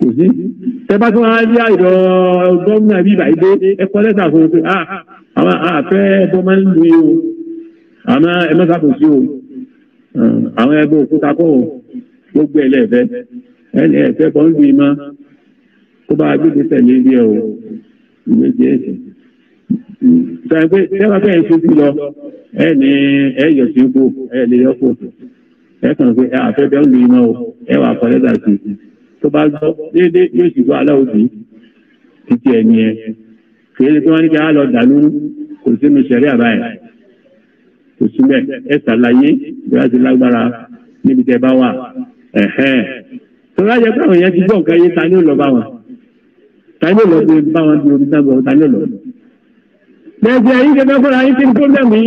kò sí tẹ́bá tí wọ́n á yá ìdọ̀ gómìnà bíbà ìdé ẹ̀kọ́ lẹ́tà fún un ah, ah, àwọn àfẹ́ ẹbọ máa ń lu yìí o àmọ́ ẹ má sí o àwọn ẹbọ òkúta kọ́ o gbogbo ẹ̀ lẹ́ẹ̀fẹ́ ẹni ẹ̀fẹ́ kan lu ìmọ̀ kó bá gbèdé tẹ̀lé ilé o ìwé jẹ́ ẹ̀sìn sọ pé tẹ́bá bẹ́ẹ̀ ṣojú lọ ẹ̀ ní ẹ̀yọ̀ sí kú ẹ̀ lè yọ kó ẹ̀kan pé ẹ àfẹ́fẹ́ ń lu iná o ẹ wà kọ́ lẹ́tà sí i tó bá gbọ́ déédé yóò sì gbọ́ aláwòdì títí ẹni ẹ kèé tí wọ́n ní kí á lọ dàlú kò sínú sẹ̀rí àbá ẹ̀ kò síbẹ̀ ẹ ṣàlàyé ìgbà tí lágbára níbi tẹ́ bá wà ẹ̀hẹ́n tó bá jẹ́ pé àwọn yẹn ti gbọ́ nǹkan yé ta ni ó lọ bá wọn ta ni ó bá wọn bí omi sábà ta ni ó lọ. ti ẹ̀yin kẹfẹ́ fúnra yín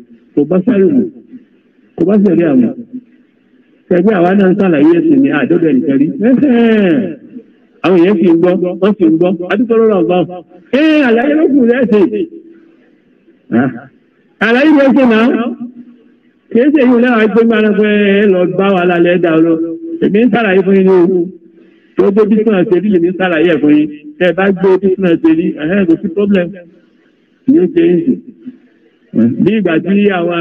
kò bá sáré wò kò bá sẹ̀rí àwọn ẹgbẹ́ àwa náà ń sàlàyé ẹ̀sìn ní àdọ́dọ̀ ẹ̀nìkan rí àwọn èèyàn sì ń gbọ́ wọ́n sì ń gbọ́ adúgbò lọ́rọ̀ ọ̀gbọ́ ẹ̀ àlàyé ló kù lẹ́sẹ̀ àlàyé ló ṣe náà kìí ṣe yìí lẹ́wọ̀n àgbẹ̀ máa ń pẹ́ lọ bá wa lálẹ́ dà ọ́ lọ èmi ń sàlàyé fún yín ní owó tó gbé bísíǹnà ṣe rí lèmi ń sàlàyé ẹ̀ fún yín tẹ́ ẹ bí ìgbà tí àwọn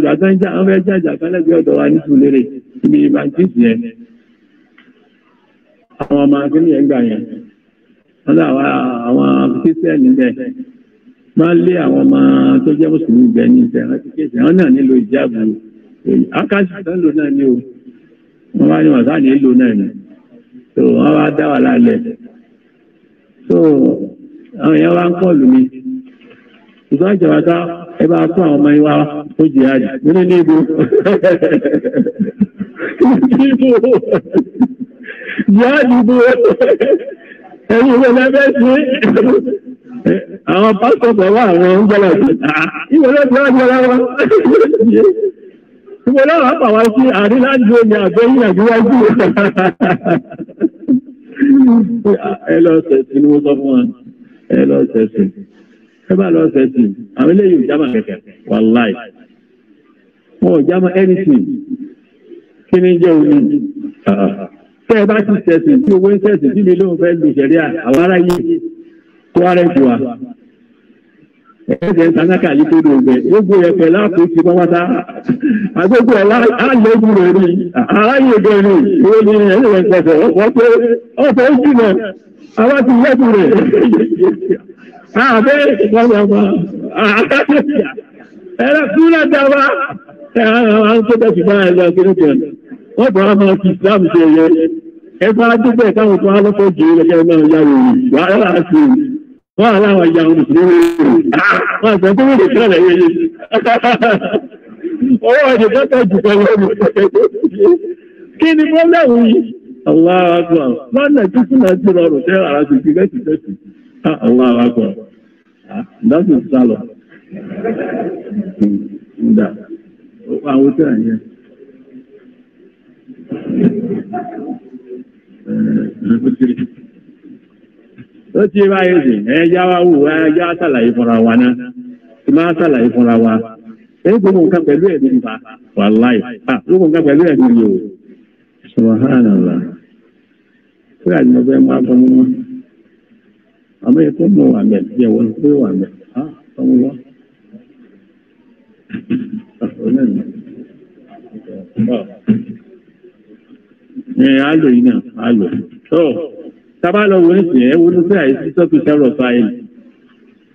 gbàtàn jà wọn fẹẹ jàjà fẹlẹgbẹ ọ̀dọ̀ wa ní ibi ìbàntíìsì yẹn àwọn ọmọ akínní yẹn gbà yẹn wọn àwọn àwọn kristiani bẹ́ẹ̀ máa lé àwọn ọmọ tó mùsùlùmí ní náà nílò ìjáàbù lò náà o wọn bá ní wọn sáà náà ni wọn bá dá wà àwọn yẹn wá ń ìgbà ìjọba ẹ bá kó àwọn ọmọ ìwà ó jẹ àjì nínú ní ibo jihadi ibo ẹni ìwé lẹ́fẹ́ sí àwọn pásítọ̀ wà àwọn ọ̀gbọ́lọ̀ ìwé lẹ́fẹ́ wà jọra wọn ìwé lọ́wọ́ pàwọ́ sí àrílájú omi àgbẹ̀yìn àgbẹ̀wájú ẹ lọ sẹ̀sìn ni mo sọ fún wa ẹ lọ sẹ̀sìn ẹ bá lọ sẹ́sìn àwọn eléyìí ò jámà kẹ̀kẹ́ wàláì wọn ò jámà anything kí ni jẹ́ omi tẹ́ ẹ bá ti sẹ̀sìn tí owó ń sẹ̀sìn tí mi ló ń fẹ́ lu ìṣẹ̀rí àwọn ará yìí kó ara ẹ̀ wà ẹ̀ẹ́dẹ̀ sanaka yìí tó lóògbé gbogbo ẹ̀ pẹ̀lú àpòsí pápátá àgbègbè ẹ̀ alẹ́gùn rẹ̀ rí aráyè gan ni ìwé ni ẹ̀ẹ́dẹ̀ sẹ̀sẹ̀ wọ́n pé ọ̀fẹ́ jùlọ àwọn ti lẹ́gùn rẹ̀. Ah, ha ha ha, Ah, era pure da va. Anche da Italia, che non c'è. Poi parlavano di Islam, e parlato di Islam, parlavo con Gino, che non è un Guarda qui. Guarda, vogliamo un Gino. Ah, guarda, come ti crede? Oh, che tanto ci parliamo. Che ne parliamo? Allah, guarda. Guarda, tu sei un altro, sei un altro, sei akbar. Da. A wuta ne. Ó ti sí, ẹ já wa wù ẹ já sàlàyé fúnra wa náà. máa sàlàyé fúnra wa. Ẹ gbogbo nǹkan pẹ̀lú ẹ̀mí Gbogbo nǹkan pẹ̀lú ẹ̀mí Ama yakun mu wa mẹ diẹ wọn kúrò wa mẹ ha ọmọ wa. Ẹ á lò yìí náà, á lò. Tó tábà lọ wo ẹsẹ̀ ẹ wo ló fẹ́ àìsí sọ́kù sẹ́rọ̀ fáìlì.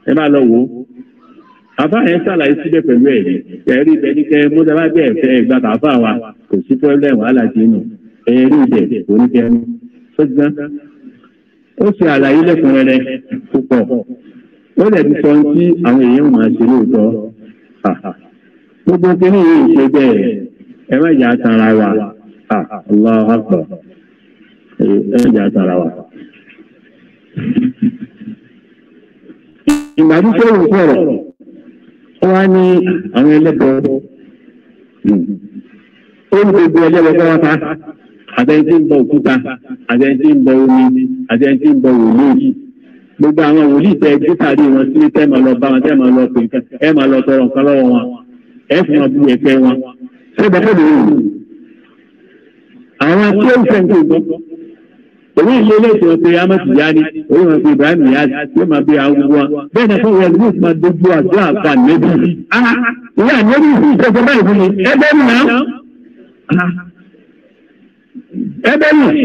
Ẹ bá lọ wo. Àbá yẹn ṣàlàyé síbẹ̀ pẹ̀lú ẹ̀rí. Ẹ̀rí ibẹ̀ ní ó ṣe àlàyé lẹ́kùnrẹ́rẹ́ púpọ̀ ó lè ti sọ tí àwọn èèyàn máa ṣe lóòótọ́ gbogbo kínní yìí ṣe bẹ́ẹ̀ ẹ má jà tara wa Allahu ẹ má jà tara wa. ìgbà tí àtẹ̀ntì ń bọ òkúta àtẹ̀ntì ń bọ omi àtẹ̀ntì ń bọ wòlíì gbogbo àwọn wòlíì tẹ ẹgbẹ́ sáré wọn sí tẹ́ máa lọ bá wọn tẹ́ máa lọ pè nǹkan ẹ máa lọ tọrọ nǹkan lọ́wọ́ wọn ẹ fi hàn bí ẹ̀fẹ́ wọn ṣé bàbá mi rò àwọn tí ó ń fẹ́ nǹkan gbọ́ òun ìlú eléyìí wọn pe amọ̀tì yá ni òun wọn pe Ibrahim yá yóò máa bí àwọn wọn bẹ́ẹ̀ náà fún wọn yóò máa dojú àdúrà àgbà nẹ́bí. Ah, ìyá àná ẹni ìfún ìjọba ìfún mi ẹgbẹ́ mi náà ẹbẹ ni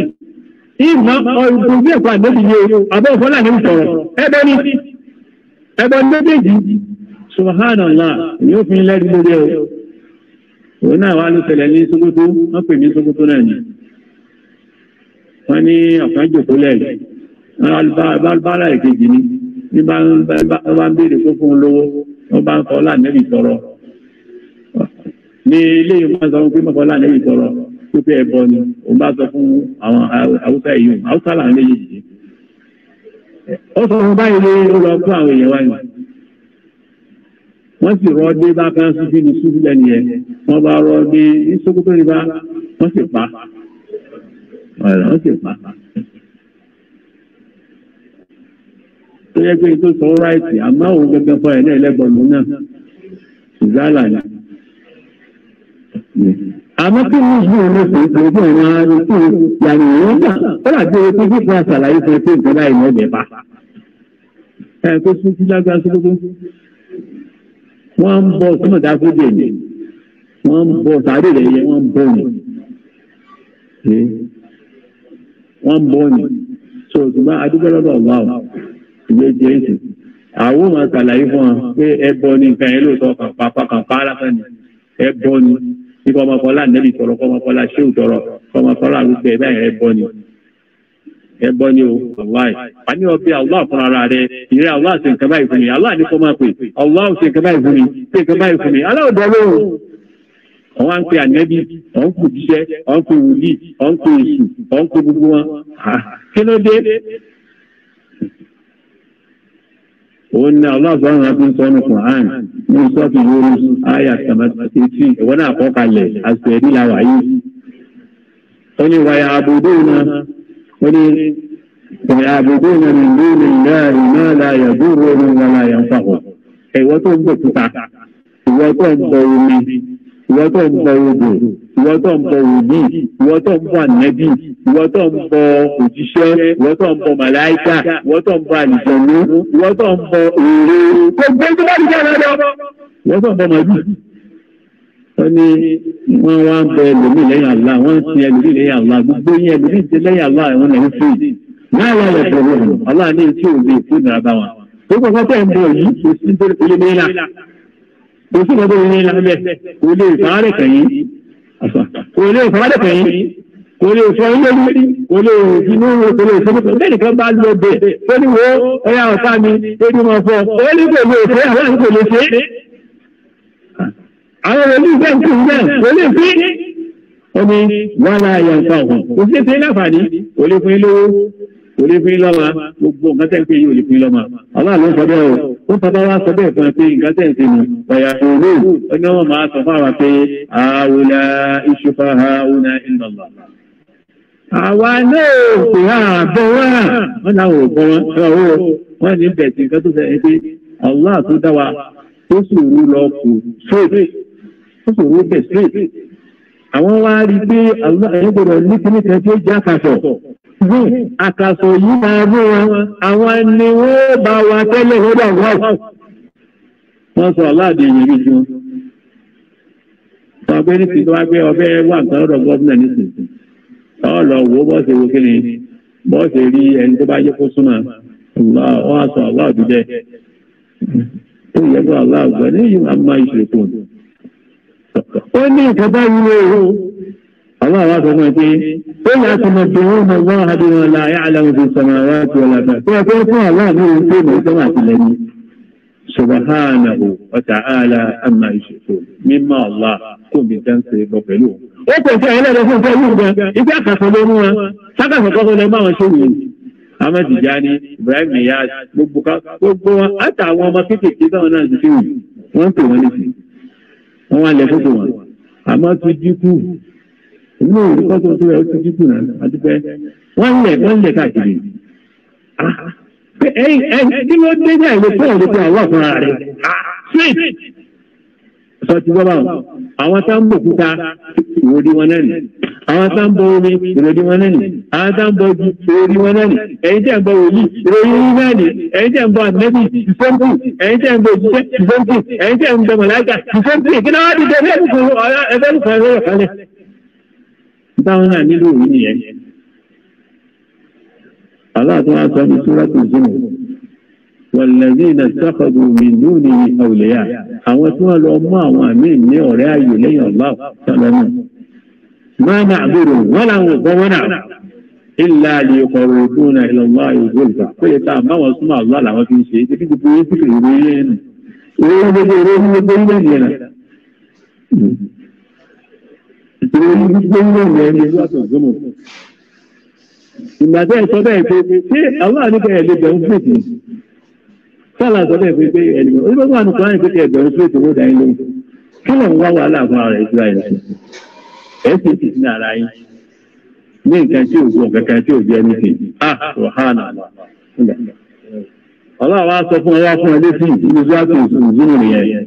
ìmọ̀ ọ̀rùn bí ẹ̀kọ́ àdébí yẹ abẹ́ ìfọ́lá ní sọ̀rọ̀ ẹbẹ ni ẹbẹ méjèèjì subhanallah ni ó fi lẹ́rìí lórí ẹ̀ òun náà wà ló tẹ̀lẹ̀ ní Sókótó wọ́n pè ní Sókótó náà ni wọ́n ní ọ̀kánjòkó lẹ́yìn bálbálà ìkejì ni ní bá ń béèrè kó fún un lówó wọ́n bá ń fọ́ láàánú ìtọ̀rọ̀ ní ilé ìwọ̀n sọ pé mọ̀fọ́ láàánú ìtọ̀rọ̀ tó pé ẹbọ ni òun bá sọ fún àwọn haúsá èyí haúsá làwọn méjèèjì ó sọ fún báyìí lé ó lọ kó àwọn èèyàn wáyé wọ́n sì rọ́ dé bá kan síbi ní síbi lẹ́nu yẹn wọ́n bá rọ́ dé ní Sókótó ní bá wọ́n sì pa wọ́n sì pa. tó yẹ pé tó sọ ráìtì àmọ́ òun gẹ́gẹ́ fún ẹ̀ náà ẹlẹ́gbọ̀n lòun náà ìzálà ni àmọ́ kí ní ìlú ọmọ ìpínlẹ̀ ìlú àwọn arúgbó yàrá ìwọ̀n náà ó rà bí epo fífi àṣàlàyé fún ẹgbẹ́ ìjọba ìmọ̀ ẹ̀bẹ̀ bá. ẹ kó tún sí lágbára sí gbogbo wọn ń bọ sọmọdé agbóde ni wọn so ṣùgbọ́n adúgbò lọ́dọ̀ ọ̀gá ọ̀ ìwé jẹ́ǹsì àwọn ọmọ àṣàlàyé fún wa pé ẹbọ ni nǹkan yẹn lóòótọ́ kàn pa kàn pa aláfẹ́ ni ẹbọ ni ní kọ́ máa kọ́lá nẹ́bí tọrọ kọ́ máa kọ́lá ṣéwù tọrọ kọ́ máa kọ́lá arúgbó ẹ̀ báyìí ẹbọ ni ẹbọ ni o wàláì wà ní ọbẹ̀ Allah fún ara rẹ ìrẹ́ Allah ṣe nǹkan báyìí fún mi Allah ní kọ́ máa pè Allah ṣe nǹkan báyìí fún mi ṣe nǹkan báyìí fún mi aláwọ̀ dọ́wọ́ o àwọn à ń pe ànẹ́bí ọ̀n kò jíṣẹ́ ọ̀n kò wùlí ọ̀n kò èṣù ọ̀n kò gbogbo wọn ah, kí ló dé òun ni Allah subhanahu wa ta'ala fi ń sọ́nù Qur'an ní sọ́ọ̀tù Yunus àyà kàmẹ́tì ìwọ́n náà kọ́ kalẹ̀ àṣẹ̀rí làwà yìí. ó ní wàyà àbùdó náà ó ní wàyà àbùdó náà ní ìlú ní ìlà ìlà ìlà yàgbúrò ní wàlà yànfàwọ̀. ìwọ tó ń bọ̀ kúta ìwọ tó ń bọ̀ omi ìwọ tó ń bọ̀ odò ìwọ tó ń bọ̀ òbí ìwọ tó ń bọ̀ ànẹ́bí ìwọ tó ń bọ òjíṣẹ́ ìwọ tó ń bọ màláìkà ìwọ tó ń bọ àlìjọ̀nú ìwọ tó ń bọ èrè gbogbo tó bá ti jẹ́ ọ̀rọ̀ ìwọ tó ń bọ màlúù. wọ́n ní wọ́n wá ń bọ ẹlòmíì lẹ́yìn àlá wọ́n ń sin ẹlòmíì lẹ́yìn àlá gbogbo yín ẹlòmíì ti lẹ́yìn àlá ẹ̀wọ̀n lẹ́yìn fún yìí láàárọ̀ rẹ̀ bọ̀rọ̀ aláà ní tí ò lè fún ìnira bá wọn. gbogbo ọkọ tẹ̀ ń bọ̀ yìí kò sí ilé mi ńlá kò sí ọkọ tó ń rí ńlá bẹ́ẹ̀ kò lè fàárẹ̀ kẹ̀yìn kò lè fàárẹ̀ kẹ̀yìn kò lè fọ ilé lórí kò lè inú kò lè fọ nípa bẹ́ẹ̀ nìkan bá lọ bẹ̀ ó ní wo ẹ̀yà ọ̀tá mi ebi máa fọ ó ní kò lè fẹ́ àwọn kò lè fẹ́ àwọn olú bẹ́ẹ̀ ń kún bẹ́ẹ̀ kò lè fẹ́ ó ní wọn náà yẹ nǹkan ọ̀hún kò sí fẹ́ láǹfààní kò lè fún ilé owó kò lè fún ilé ọmọ gbogbo nǹkan tẹ́ ń pè yìí ò lè fún ilé ọmọ aláà ló sọ bẹ́ẹ̀ o ó sábà wá sọ bẹ́ẹ̀ fún ẹ pé nǹkan tẹ̀ ń ṣe ni ọ̀yà òru ó ní máa sọ fún àwọn pé àwòlá ìṣùfà ha ó àwa náà kò rà àbọ̀ wọn wọn náà wò bọ́ wọn owó wọn ní bẹ̀tì nǹkan tó sẹ́yìn pé Allah tó dá wa ó sì wú lọ kù straight ó sì wú bẹ̀ straight àwọn wá rí i pé Allah ẹ̀yìn gbọdọ̀ ní kíní kan wọ́n sọ aláàdé ọbẹ̀ wà nǹkan ọ lọ wo bọ́ ṣe wo kíni bọ́ ṣe rí ẹni tó bá yẹ kó súnmọ́ ọ wá sọ aláwọ̀ dídẹ́ tó yẹ kó aláwọ̀ gbọ́ ní yìí máa máa ṣe tó. ó ní nǹkan báyìí ló rò aláwọ̀ wá sọ fún ẹ pé ó yà á sọmọ pé wọn mọ wọn àbí wọn la ayé àlàmù fi sọmọ àwọn àti wọn làbà tó yẹ kó fún aláwọ̀ ní ohun tó mọ̀ sọmọ àtìlẹ́yìn subhanahu wa ta'ala amma yushrikun mimma Allah kò bí dáńsẹ̀ bọ̀ pẹ̀lú òun. ó pè fún ẹ̀yìn lẹ́nu fún ìfẹ́ yìí gan ibi àkàtọ̀ ló mú wọn sákàtọ̀ kọ́kọ́ lẹ bá wọn ṣe wòye. Ahmed Tijani Ibrahim Niyaz gbogbo ká gbogbo wọn àtàwọn ọmọ kéékèèké táwọn náà ti fi wù wọ́n ń pè wọ́n wọ́n wá lẹ fótó wọn àmọ́ tó dínkù inú tó dínkù náà wọ́n lẹ̀ wọ́n lẹ̀ káàkiri. kí ló dé ní sọtí bọ́ báwọn àwọn tá ń bọ òkúta ìròdì wọn náà àwọn tá ń bọ omi ìròdì wọn náà àwọn tá ń bọ ojú ìròdì wọn náà ẹ̀yin tẹ̀ ń bọ wòlíì ìròyìn yìí náà nì ẹ̀yin tẹ̀ ń bọ ànẹ́bí ìfọ́nkù ẹ̀yin tẹ̀ ń ẹ̀yin tẹ̀ ń kí náà wá wàlẹ́dínà sáfàdù mìlú ni àwùlẹ́yà àwọn tí wọ́n lọ mú àwọn àmì ní ọ̀rẹ́ ayò lẹ́yìn ọ̀la sọ̀lọ́nà. máa nà àbúrò wọn làwọn ò gbọ́n náà ilà lè kọ̀rọ̀ òdúnà ìlọ́lá ìlú ìgbà pé ìta àbáwọn súnmọ́ àlọ́ làwọn fi ń ṣe é ti gbogbo yín kúrò ìwé yẹn nù owó gbogbo owó gbogbo ilé yẹn nà. ìwé gbogbo ilé yẹn ni wọ́n tó gbọ́mọ̀. ìgbà tẹ́ ẹ sọ bẹ́ẹ̀ pé ṣé àwọn àníkẹ́ ẹ̀ lè bẹ̀ ń fèsì sábà sọ bẹ́ẹ̀ pé pé ẹnìkan onígbàgbọ àwọn kan ní pété ẹgbẹ̀rún sí ètò ìwọdà yín lóhùn kí ló ń wá wàhálà fún ara ìṣúra yín sí ẹ sì ti sin ara yín ní nǹkan tí ò gbọ́n kankan tí ò jẹ nìkan ah rọhánà ọlọ́wọ́ sọ fún ọ wá fún ẹ létí ìdílé tó ń sùn nìyẹn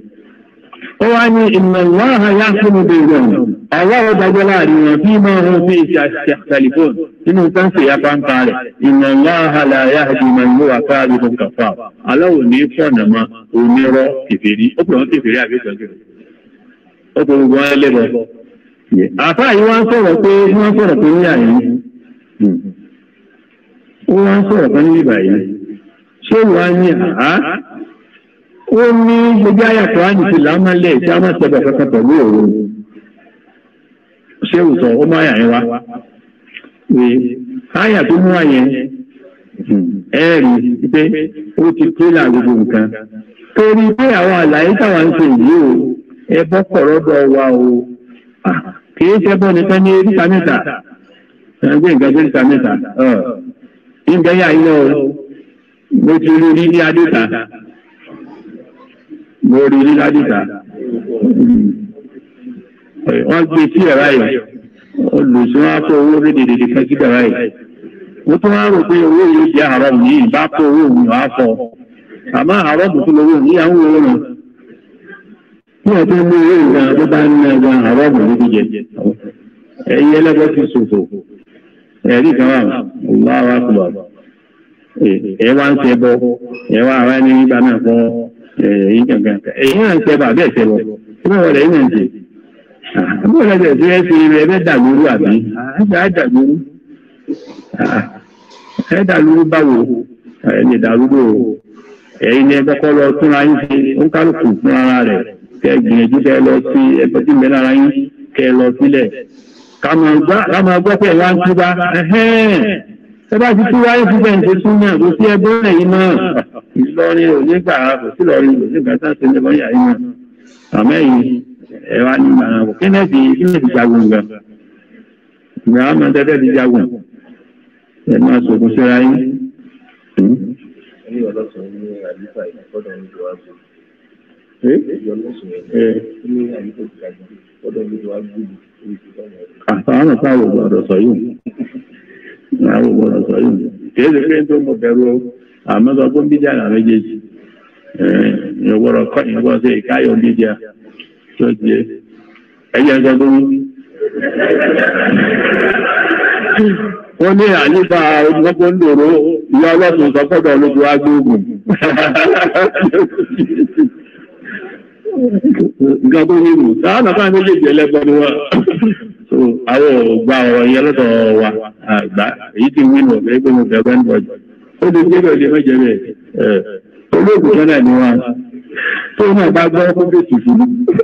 ó wá ní ìmọ̀láhà yá fún mi bẹ́ẹ̀ àwa ọ̀dàgbọ́ láàrin wọn bí máa hàn mí ìṣe àṣìṣe tẹlifóòn nínú sáǹsì yapáǹpá rẹ̀ ìmọ̀ láàhà láyà ìmọ̀ ìlú àkáàbí tó kàfà aláwọ̀ ní fọ̀nà mọ́ onírọ́ kẹfẹ́rí ó pè wọ́n kẹfẹ́rí àbí ìtọ́jú ó pè gbogbo wọn lébọ̀. àfa yìí wọ́n sọ̀rọ̀ pé wọ́n sọ̀rọ̀ pé ní àyè wọ́n sọ̀rọ̀ pé ní ìbàyè ṣé wàá ní àá ó ní gbogbo àyàtọ̀ àyìntì làwọn ṣéwù sọ ó mú àyà yẹn wá pé àyà tó mú àyẹn ẹ rí pé ó ti kílà gbogbo nǹkan torí pé àwọn àlàyé táwọn ń ṣe yìí o ẹ bọ́ kọ̀rọ̀dọ̀ wa o kì í ṣe bọ́ nìkan ní eríta mẹ́ta ẹgbẹ́ nǹkan tó eríta mẹ́ta nǹkan yà yín lọ mo ti rí rí ní adéta mo rí rí ládéta. Eh, wọ́n gbé sí yàrá yìí olùsùn owó rédè kan sí yàrá yìí mo wá rò pé owó yóò mi bá kọ owó mi wá fọ àmọ́ àárọ̀ mi lówó mi àwọn owó rẹ̀ bí ẹ mú owó ìgbà tó bá ń ná ẹgbẹ́ jẹ ti ẹ̀rí kan wà eh, wá ń tẹ bó lọ bẹ̀rẹ̀ sí ẹ fi rẹ ẹ dàlúrú àbí ẹ dàlúrú ẹ dàlúrú báwo ẹ lè dàlúrú o ẹ̀yin ni ẹgbẹ́ kọ́ lọ túnra yín ṣe ó ń kálukú fúnra rẹ̀ kẹ́ gbìyànjú kẹ́ lọ sí ẹgbẹ́ tí mẹ́lá ara yín kẹ́ lọ sílẹ̀ káma gbọ́ pé wá ń túbá ẹ bá ti túbá yín fún bẹ́ẹ̀ ṣe tún náà kò sí ẹgbẹ́ ẹ̀yin náà Ìlọrin ò kò sí Ìlọrin ò sáà ṣe ní ọyà yín náà àmẹ́yìn ẹwà ní ìgbàràn kí ní ẹ̀sì kí ní ẹ̀sì jagun gan ìgbà wọn máa tẹ́tẹ́ ti jagun ẹ máa sọ̀kún síra yín. Hmm? ilé ọlọ́sùn ní àlùfáà ìfọ́dọ̀ ń lo aago. Eh? ilé ọlọ́sùn ní àlùfáà ìfọ́dọ̀ ń lo aago. àtàwọn ọ̀sán àwọn ọ̀gbọ̀dọ̀ sọ yìí àwọn ọ̀gbọ̀dọ̀ sọ yìí kì í ṣe pé tó mo bẹ̀rù àmọ́ sọ fún bíjà àwọn méjèèjì eh, ìwọ́rọ̀ kọ́ tí ẹyẹ wọ́n ní àyíká olùkọ́kọ́ ń lòró ìyá ọlọ́sùn sọ́kọ́dọ̀ ológun agbóògùn. nǹkan tó wí nù sáà nàbà méjèèjì ẹlẹ́gbọ́n ni wọ́n àwọn ògbà ọ̀rọ̀ yẹn lọ́dọ̀ wa àgbà èyí ti ó lè gbé bẹ́ẹ̀ ni wọ́n tó bá gbọ́ fún bẹ́ẹ̀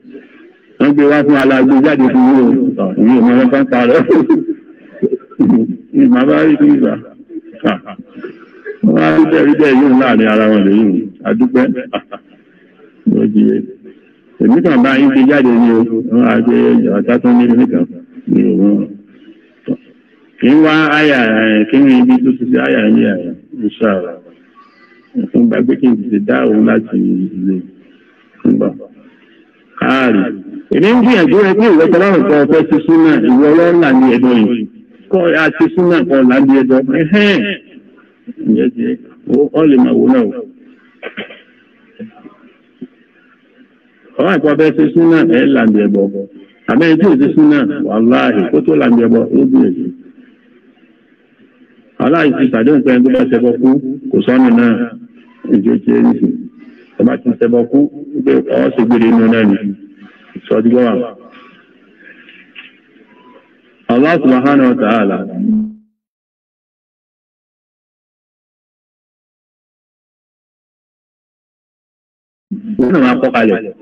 wọ́n gbé wá fún alágbó jáde fún yóò yóò mọ wọn fún parẹ́ ìmọ̀ bá rí fún ìgbà wọ́n á rí bẹ́ẹ̀ rí bẹ́ẹ̀ yóò láàrin ara wọn lè yìí adúpẹ́ èmi kan bá yín ti jáde ní o wọ́n á gbé ọ̀tá tó ní èmi kan ní òun kì í wá àyà kí ni ibi tó ti ṣe àyà ní àyà ìṣàlá fún gbàgbé kí n ti dá òun láti ilé fún gbà káàrí. èmi ń gbìyànjú rẹ pé ìwé tọ́lọ́run kan fẹ́ ti súnà ìwé ọlọ́run là ní ẹ̀dọ́ yìí kọ́ àti súnà kan là ní ẹ̀dọ́ ẹ̀hẹ́n ọ lè máa wò náà o. ọ̀rọ̀ àpò abẹ́ ti súnà ẹ̀ là ní ẹ̀bọ̀ àbẹ́yẹn tí ò ti súnà wàláhì kó tó là ní ẹ̀bọ̀ ó gbìyànjú. aláìsí ìpàdéhùn pé ẹni tó ẹni tó bá ti sọ́dúnwà Allah subhanahu wa ta'ala wọ́n náà kọ́ kalẹ̀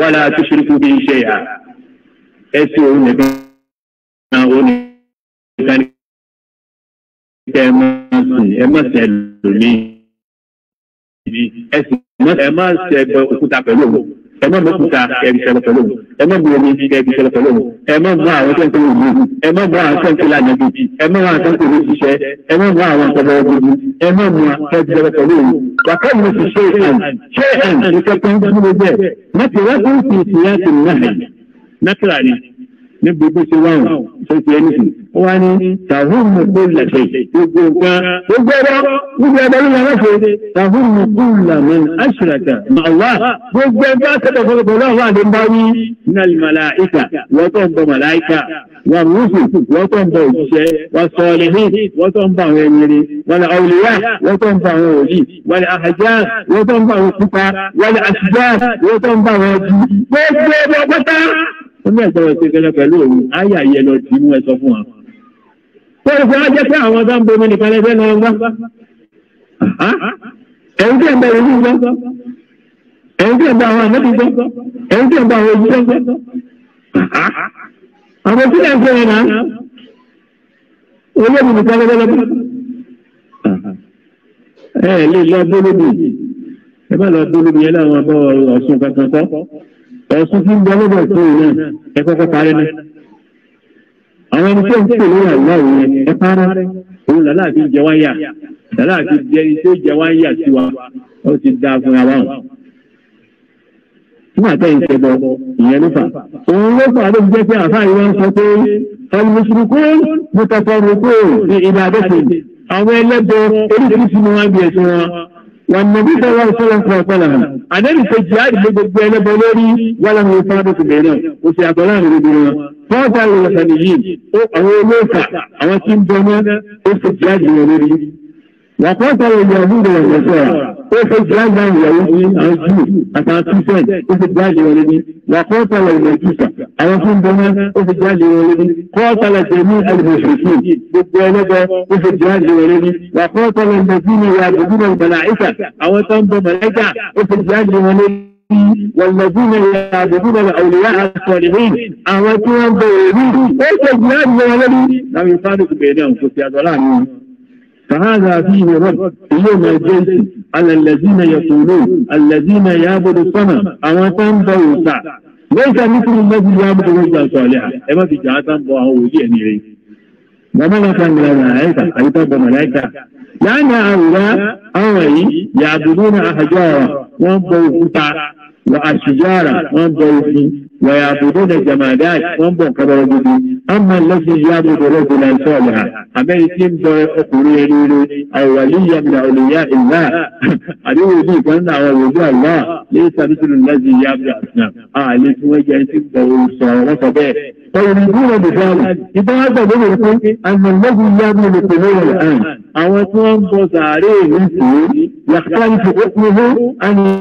wala tushriku bi shay'a ẹ sí òun nìkan náà ó ní ìkànnì kẹ́ ẹ máa sùn ẹ máa sẹ́ lòmí ẹ sì ẹ máa sẹ́ gbọ́ òkúta pẹ̀lú òun ẹ má mú òkúta ẹbí sẹlẹ pẹ̀lú ẹ má mú omi ẹbí sẹlẹ pẹ̀lú ẹ má mú àwọn tó ń pè òmù ẹ má mú àwọn tó ń pè lànàbí ẹ má mú àwọn tó ń pè òṣìṣẹ́ ẹ má mú àwọn tó ń pè ògùn ẹ sẹlẹ pẹ̀lú òmù wàkà mi fi ṣe ẹ̀ ṣe ẹ̀ ṣe ń dúró bẹ́ẹ̀ mẹ́tìrẹ́kùn fi ìsìnyá ti náà níbi bó ṣe wà wọn ṣe ti ẹni sùn. ó wá ní tàhùnmù kó lẹ̀ṣẹ̀ gbogbo nǹkan gbogbo ẹ̀rọ gbogbo ẹ̀rọ ló yàrá ṣe tàhùnmù kó làmì àṣìràkà màwá gbogbo ẹ̀rọ akẹ́kọ̀ọ́ fọlọ́ pẹ̀lú àwọn àdé ń bá wí. nínú màláìkà wọ́n tó ń bọ màláìkà wà rúùsù wọ́n ń bọ òṣìṣẹ́ wà sọ̀lìhì wọ́n ń bọ àwọn ẹni wọ́n àwùlíyà wọ́n ń bọ àwọn òlì wọ́n àhàjá wọ́n ń bọ àwọn òkúta wọ́n àṣìjá wọ́n ń bọ àwọn ọdún gbogbo ẹ̀rọ nígbà ìtọ́wọ́ ṣe fẹ́lẹ́ pẹ̀lú òun áyà yẹ lọ tì í mú ẹ sọ fún wa. wọ́n fi wá jẹ́ pé àwọn tó ń bomi nìkan lẹ́sẹ̀ lọ wá. ẹ̀rù tẹ̀ ń bẹ ìlú gbọ́ ẹ̀rù tẹ̀ ń bẹ àwọn àmọ́tí gbọ́ ẹ̀rù tẹ̀ ń bẹ àwọn òjì gbọ́. àwọn tí lè fẹ́ yẹn náà olóògùn nìkan lẹ́sẹ̀ lọ́wọ́. ẹ lè lọ bólógùn ẹ má lọ bólógùn yẹn láwọn abọ́ ọ̀sùn kankan kọ́ ẹ̀sùn tí ń bẹ lọ́dọ̀ tó yìí náà ẹ kọ́kọ́ parẹ́ náà àwọn ẹni tó ń pè lórí àìlá yẹn ẹ parẹ́ òun làlá àti jẹ wá yà làlá àti jẹ ẹni tó jẹ wá yà sí wa ó ti dáa fún wa wọn. Fún àtẹ̀yìn ṣẹ̀bọ̀ ìyẹn ló fà. Òun ló fà ló jẹ́ pé àfáà yìí wọ́n sọ pé ọlùmùsùlù kó mùtàfọ̀rù kó ní ìdá àdókòwò. Àwọn ẹlẹ́bọ والنبي صلى الله عليه وسلم فقالهم أنا الفجار بقبل بلوري ولم يصابت بينهم وسيعطلان بينهم فاضل الوثنيين أو أولوكا أو تيم دونا الفجار بلوري wàkọ́ta èèyàn ìlú rẹ̀ ẹ̀fẹ́ ó fi gbáàgbà ìyàwó àwọn jù àtàwọn kírísẹ̀n ó fi gbáàgbà ìwọlé ní wàkọ́ta èèyàn jùsà àwọn fún bọ́mọ́ ó fi gbáàgbà ìwọlé ní kọ́ọ̀tà làjẹ́ ní alìmọ̀ṣẹ̀fì gbogbo ẹlẹ́gbẹ́ ó fi gbáàgbà ìwọlé ní wàkọ́ta èèyàn jùsà àbùkù bàlà ìsà àwọn tó ń bọ mọ̀lẹ́kà ó fi gbáàgbà ìwọlé والذين يعبدون الأولياء الصالحين أو توان بيرين إيش الجهاد الذي لم يصادق بينهم في هذا العالم فهذا فيه رد يوم الجيش على الذين يقولون الذين يعبدوا الصنم أو تنبوا ليس مثل الذي يعبد وجه صالحا إما في جهة وهو يعني وملكا من الملائكة أي تنبوا ملائكة لأن هؤلاء أوي يعبدون أحجارا وانبوا فتع وأشجارا وانبوا ويعبدون الجمادات وانبون كبر جدي أما الذي يعبد رجلا صالحا أما يتم أقولين أو وليا من أولياء الله أدعو بي كأن أولياء الله ليس مثل الذي يعبد أصنام أعليك وجهتك وصارك به فيريدون بذلك إذا هذا بذلكم أن الذي يعبد القبور الآن أو أنتم بصاريه يختلف حكمه أن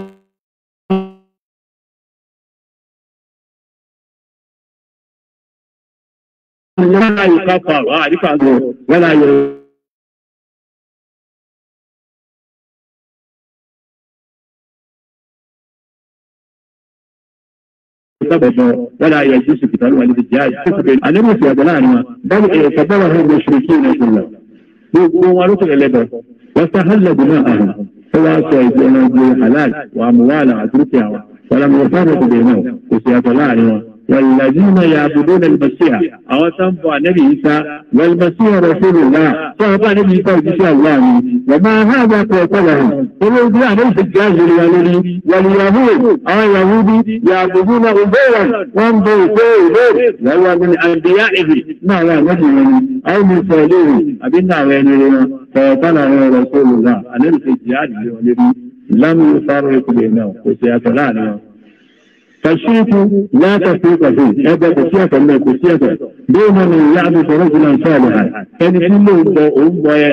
ولا يكفر أعرف عنه ولا يكفر سبب ولا يجوز قتال والدجاج أنا ما في هذا الآن بل كبره المشركين كله ومالوك الألبة واستهل دماءهم فلا سيدنا حلال وأموالا أتركها ولم يفرق بينهم وسيادة الله والذين يعبدون المسيح أو تنبع النبي إيسى والمسيح رسول الله فأبع نبي إيسى وجشاء الله وما هذا قوتلهم قلوا بلا ليس الجاهل والولي واليهود أو يهودي يعبدون أبيرا وانظروا كيف وهو من أنبيائه ما لا نجل أو من صالحه أبنا وينيرنا فأبنا رسول الله أنا الجاهل والولي لم يفرق بينهم وسيأتلانهم فالشرك لا تفريق فيه هذا كسياسة من كسياسة دون أن يعبد رجلا صالحا كان كل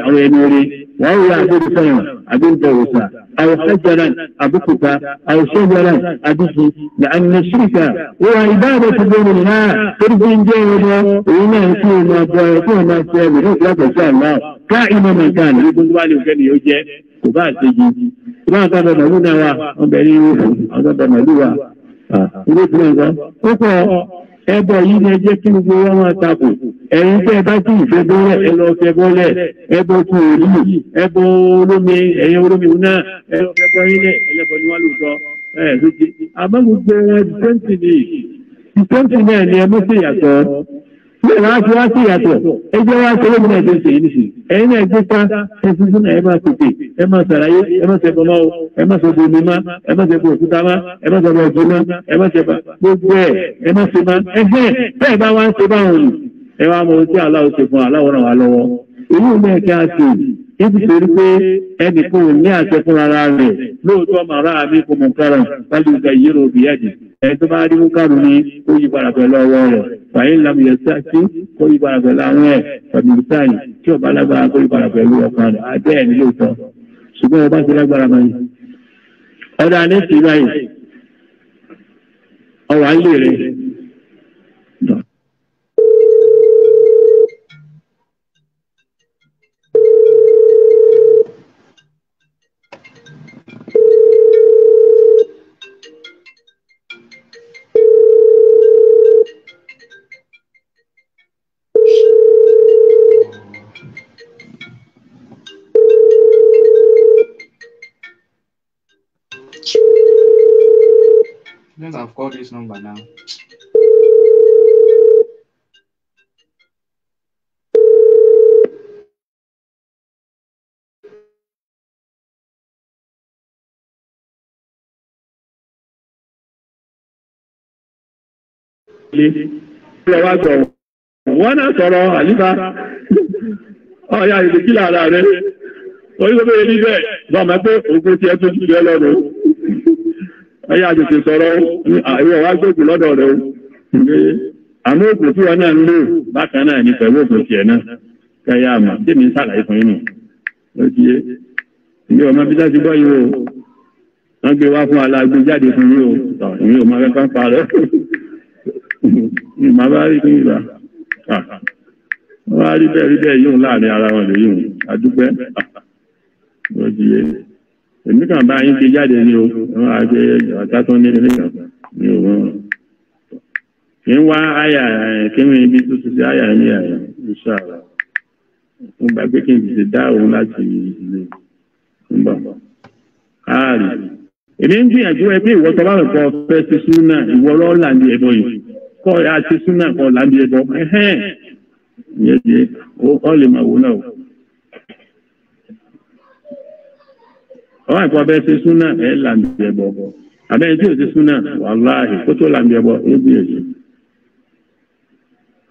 أو ينوري وهو يعبد صنما أبن بوسا أو حجرا أبكك أو شجرا أبكي لأن الشرك هو عبادة دون الله ترجم جيدا وما يكون ما ما تعمل لا تشاء الله كائنا ما كان يقول والي وكان يوجد وبعد تجي ما قدر ملونا وقدر هنا ìrètí ẹ̀ka púpọ̀ ẹbọ yìí ni ẹ jẹ́ kí gbogbo wọn máa takò ẹ̀yin tẹ́ ẹ bá tún ìfẹ́ bọ́lẹ̀ ẹ lọ fẹ́ bọ́lẹ̀ ẹbọ tún òòlù ẹbọ olómi ẹ̀yẹ olómi òun náà ẹ lọ fẹ́ bọ́yìn lẹ̀ ẹlẹ́bọ ni wọ́n lò sọ ẹ̀ lóde àmọ́ gbogbo wọn dìtẹ́ǹtì ni dìtẹ́ǹtì náà ni ẹ mọ́ sí ìyàtọ̀ bẹ́ẹ̀ náà ṣe wá sí ìyàtọ̀ ẹ jẹ́ wá ṣe lómìnà ẹ̀jẹ̀ ṣe yìí nìṣẹ́ ẹ̀yin náà gbé pa ẹ̀sùn sínú ẹ̀ máa tètè ẹ̀ máa sàráyé ẹ̀ máa ṣẹ̀bọ̀ máa o ẹ̀ máa ṣẹ̀bọ̀ omi má ẹ̀ máa ṣẹ̀bọ̀ òkúta má ẹ̀ máa ṣẹ̀bọ̀ ẹ̀jẹ̀ má ẹ̀ máa ṣẹ̀bọ̀ gbogbo ẹ̀ ẹ̀ máa ṣe má ẹ̀jẹ̀ bẹ́ẹ̀ bá wá ń ṣe báwọn olù ẹ̀ wá mọ ojú aláwọ̀ ṣe fún aláwọ̀ ràn wá lọ́wọ́ èyí ò mẹ́ẹ̀kí á ṣe níbi torí pé ẹnì kan ò ní àṣẹ fún ara rẹ̀ lóòótọ́ màrá mi kò mọ̀ kára pálí ìgbà yìí rò bìyànjú ẹ̀tọ́ bá rí múkàrù ní ó yí padà pẹ̀lú ọwọ́ rẹ̀ fàyín lábìyẹ sáàtì ó yí padà pẹ̀lú àwọn ẹ̀ fàbílísàn tí ọba lágbára ó yí padà pẹ̀lú ọkàn rẹ̀ àbẹ́ ẹ̀ nílò tán ṣùgbọ́n ọba ti lágbára mọ́ yìí. ọ̀dà ní ti báyìí ọwọ́ á lè rẹ̀ since I've called this number now. ilé wa sọ̀rọ̀ wọ́n náà sọ̀rọ̀ àyíká ọ̀ya ìdíkìlà ara rẹ̀ orí gbogbo yẹn níbẹ̀ lọ́mọ pé òkú tiẹ̀ tó ti rẹ̀ lọ́rùn. ọyá àjètè sọrọ ìwọ wá gbèkú lọdọ rẹ̀ o àmọ́ òkú tí wọn náà ń lò bákan náà ní pẹ̀lú òkú tiẹ̀ náà kẹyà àmà ń fún yín nù ti yé ọmọ bí yìí o gbé wá fún jáde fún yín o ìwé ọmọ ń bá rí rí rí yóò láàrin ara wọn lè yóò ti yé. èmi kàn bá yín ti jáde ní o wọn á ṣe ọ̀tá tó ní ilé kan ní òun ọ̀rọ̀ kí n wá àyà eh, kí n ibi tó ti ṣe àyà ní àyà iṣẹ́ àrà fún gba pé kí n ti dá òun láti ilé ń bọ̀ káàrí èmi ń gbìyànjú ẹ pé ìwọ tó bá rò kọ fẹ́ ṣe súnà ìwọ lọ́ọ́ làǹdí ẹbọ yìí kọ́ ẹ àti súnà kọ́ làǹdí ẹbọ ẹ̀hẹ́n ìyẹn ti ọ lè máa wò náà o. ọwọ́ àpò abẹ́ ti súnà ẹ̀ làǹdì ẹ̀bọ̀ abẹ́ Suna, ò ti súnà wàláhì kó tó làǹdì ẹ̀bọ̀ ebi èsì.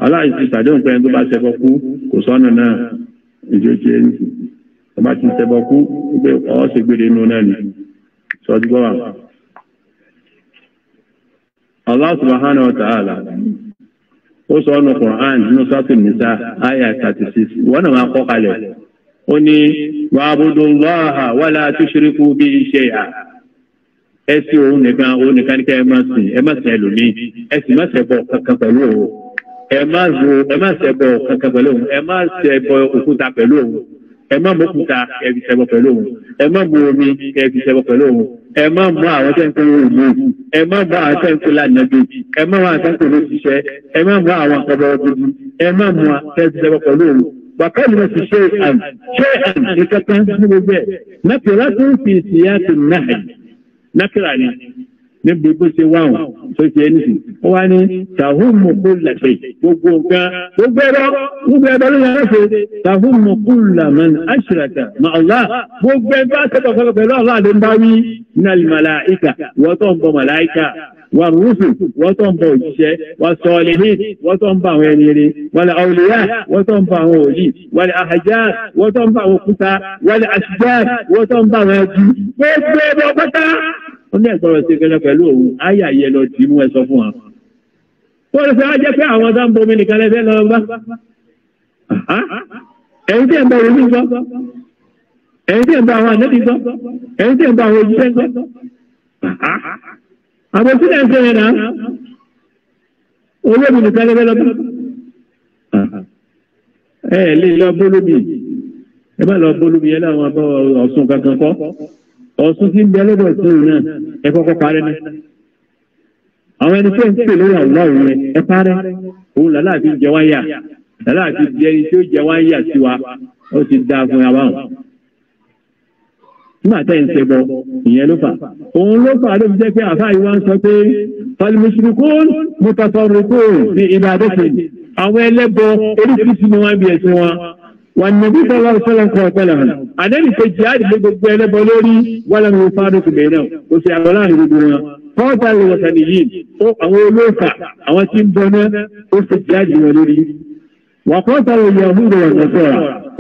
aláì ti ndụ pé ẹni tó bá ṣẹbọ kú kò sọ́nà náà ìjọ́jì ẹni tó bá ti ṣẹbọ kú pé ọ́ ṣègbèrè inú náà ni sọ́jú bọ́ wà. 36 wọ́n náà máa ó ní wa'budullaha wala tushriku bihi shay'a ẹ sí òun nìkan òun nìkan ní ká ẹ má sìn ẹ má sìn ẹlòmíì ẹ sì má ṣẹbọ kankan pẹ̀lú òun ẹ má zo ẹ má ṣẹbọ kankan pẹ̀lú òun ẹ má ṣẹbọ òkúta pẹ̀lú òun ẹ má mú òkúta ẹ fi ṣẹbọ pẹ̀lú òun ẹ má mú omi ẹ fi ṣẹbọ pẹ̀lú òun ẹ má mú àwọn tẹ́ ń pè ní ìlú ẹ má mú àwọn tẹ́ ń pè lánàbí ẹ má mú àwọn tẹ́ ń pè ní ẹ má mú àwọn akẹ́bọ̀ ọdún وكلمة شيئا شيئا لتتهم به نكرة في سياق النهي نكرة يعني níbi bó ṣe wá wọn tó ṣe ẹni sìn ó wá ní tàhùnmù kú lẹsẹ gbogbo nǹkan gbogbo ẹ̀rọ gbogbo ẹ̀rọ ló yára ṣe tàhùnmù kú làmán àṣìràkà mà ọlá gbogbo ẹgbẹ àṣẹkọọkọ pẹ̀lú ọlá àdéhùn bá wí nàlì màláìkà wọtọ ń bọ màláìkà wà rúfù wọ́n tó ń bọ òjíṣẹ́ wà sọ̀ọ̀lì ní wọ́n tó ń bọ àwọn ẹni rí wọ́n lè àwòlíyà wọ́n tó ń bọ àwọn òlì wọ́n lè àhàjá wọ́n tó ń bọ àwọn òkúta wọ́n lè àṣìjá wọ́n tó ń bọ àwọn ẹbí gbogbo ẹbọ pátá. ó ní ẹ̀gbọ́n rẹ̀ ṣe kẹlẹ́ pẹ̀lú òun ayé àyè lọ dì í mú ẹ sọ fún wa. wọ́n lè fẹ́ wá jẹ́ pé àwọn tó ń bomi àbòsí náà ṣe yẹn náà olómi nìkan lẹ́gbẹ́ lọ́ba ẹ lè lọ bólúmi ẹ má lọ bólúmi yẹn láwọn abọ́ ọ̀sùn kankan kọ́ ọ̀sùn tí ń bẹ lọ́dọ̀ sí òun náà ẹ kọ́kọ́ parẹ́ náà àwọn ẹni tó ń pè lórí àwòrán rẹ ẹ parẹ́ òun làlá àti jẹ wáyà làlá àti jẹ ẹni tó jẹ wáyà sí wa ó ti dáa fún yàrá wọn nígbà tẹ́ ń ṣẹbọ ìyẹn ló fà òun ló fà ló fi jẹ́ pé àfa yìí wá ń sọ pé falimusirikun mutafarikun ní ìbàdókè àwọn ẹlẹ́bọ oríṣiríṣi ni wọ́n bí ẹ̀sìn wọn wọn nàbí sọlá sọlá kọ ọpẹlẹ hàn àdéhùn kejì àdìgbò gbogbo ẹlẹ́bọ lórí wàlẹ ní fàdókè bẹ́ẹ̀ náà kò sí àwọn láàrin gbogbo wọn fọwọ́tà lè wọ̀tà nìyí àwọn olóòfà àwọn tí ń bọ náà ó ṣe jáde wọn lórí wàkọ́ta òye àbúrò ọ̀sọ̀tọ̀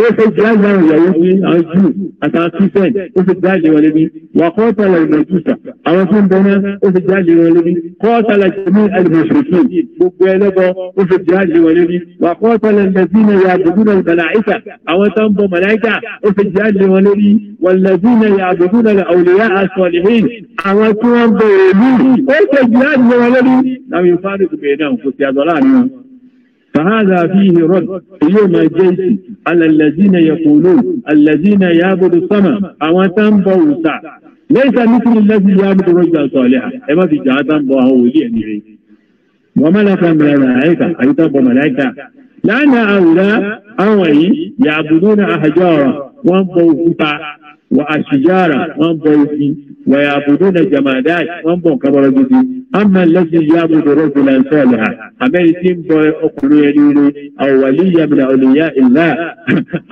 ó fi jáde àwọn ìyàwó ní àjú àtàwọn kírísẹ́n ó fi jáde wọn lébi wàkọ́ta òye mẹ̀túsà àwọn fún bọ́nà ó fi jáde wọn lébi kọ́ta òye jẹ́mí alimọ̀sọ̀tọ̀ gbogbo ẹlẹ́bọ ó fi jáde wọn lébi wàkọ́ta òye lẹ́bínà yà àbùkúnà màláìkà àwọn tó ń bọ màláìkà ó fi jáde wọn lébi wàlẹ́bínà náà kò sí فهذا فيه رد يوم الجيش على الذين يقولون الذين يعبدوا السماء أو تنبوا ليس مثل الذي يعبد رجلا صالحا إما في جهة تنبوا هو وملكا من الملائكة أي تنبوا ملائكة لأن هؤلاء أوي يعبدون أحجارا وانبوا فتا wà àṣìyára wọ́n bọ igi wà àbùdó na jàmàdá wọ́n bọ nǹkan bọ́rọ̀ gidi àmà lẹ́sìn yá àbùdó rọ́gbìlà ń sọ̀rọ̀ ha àmẹ́rin tí ń bọ ọkùnrin ẹni rẹ àwòwàlí yàmìnà olùyá ìlà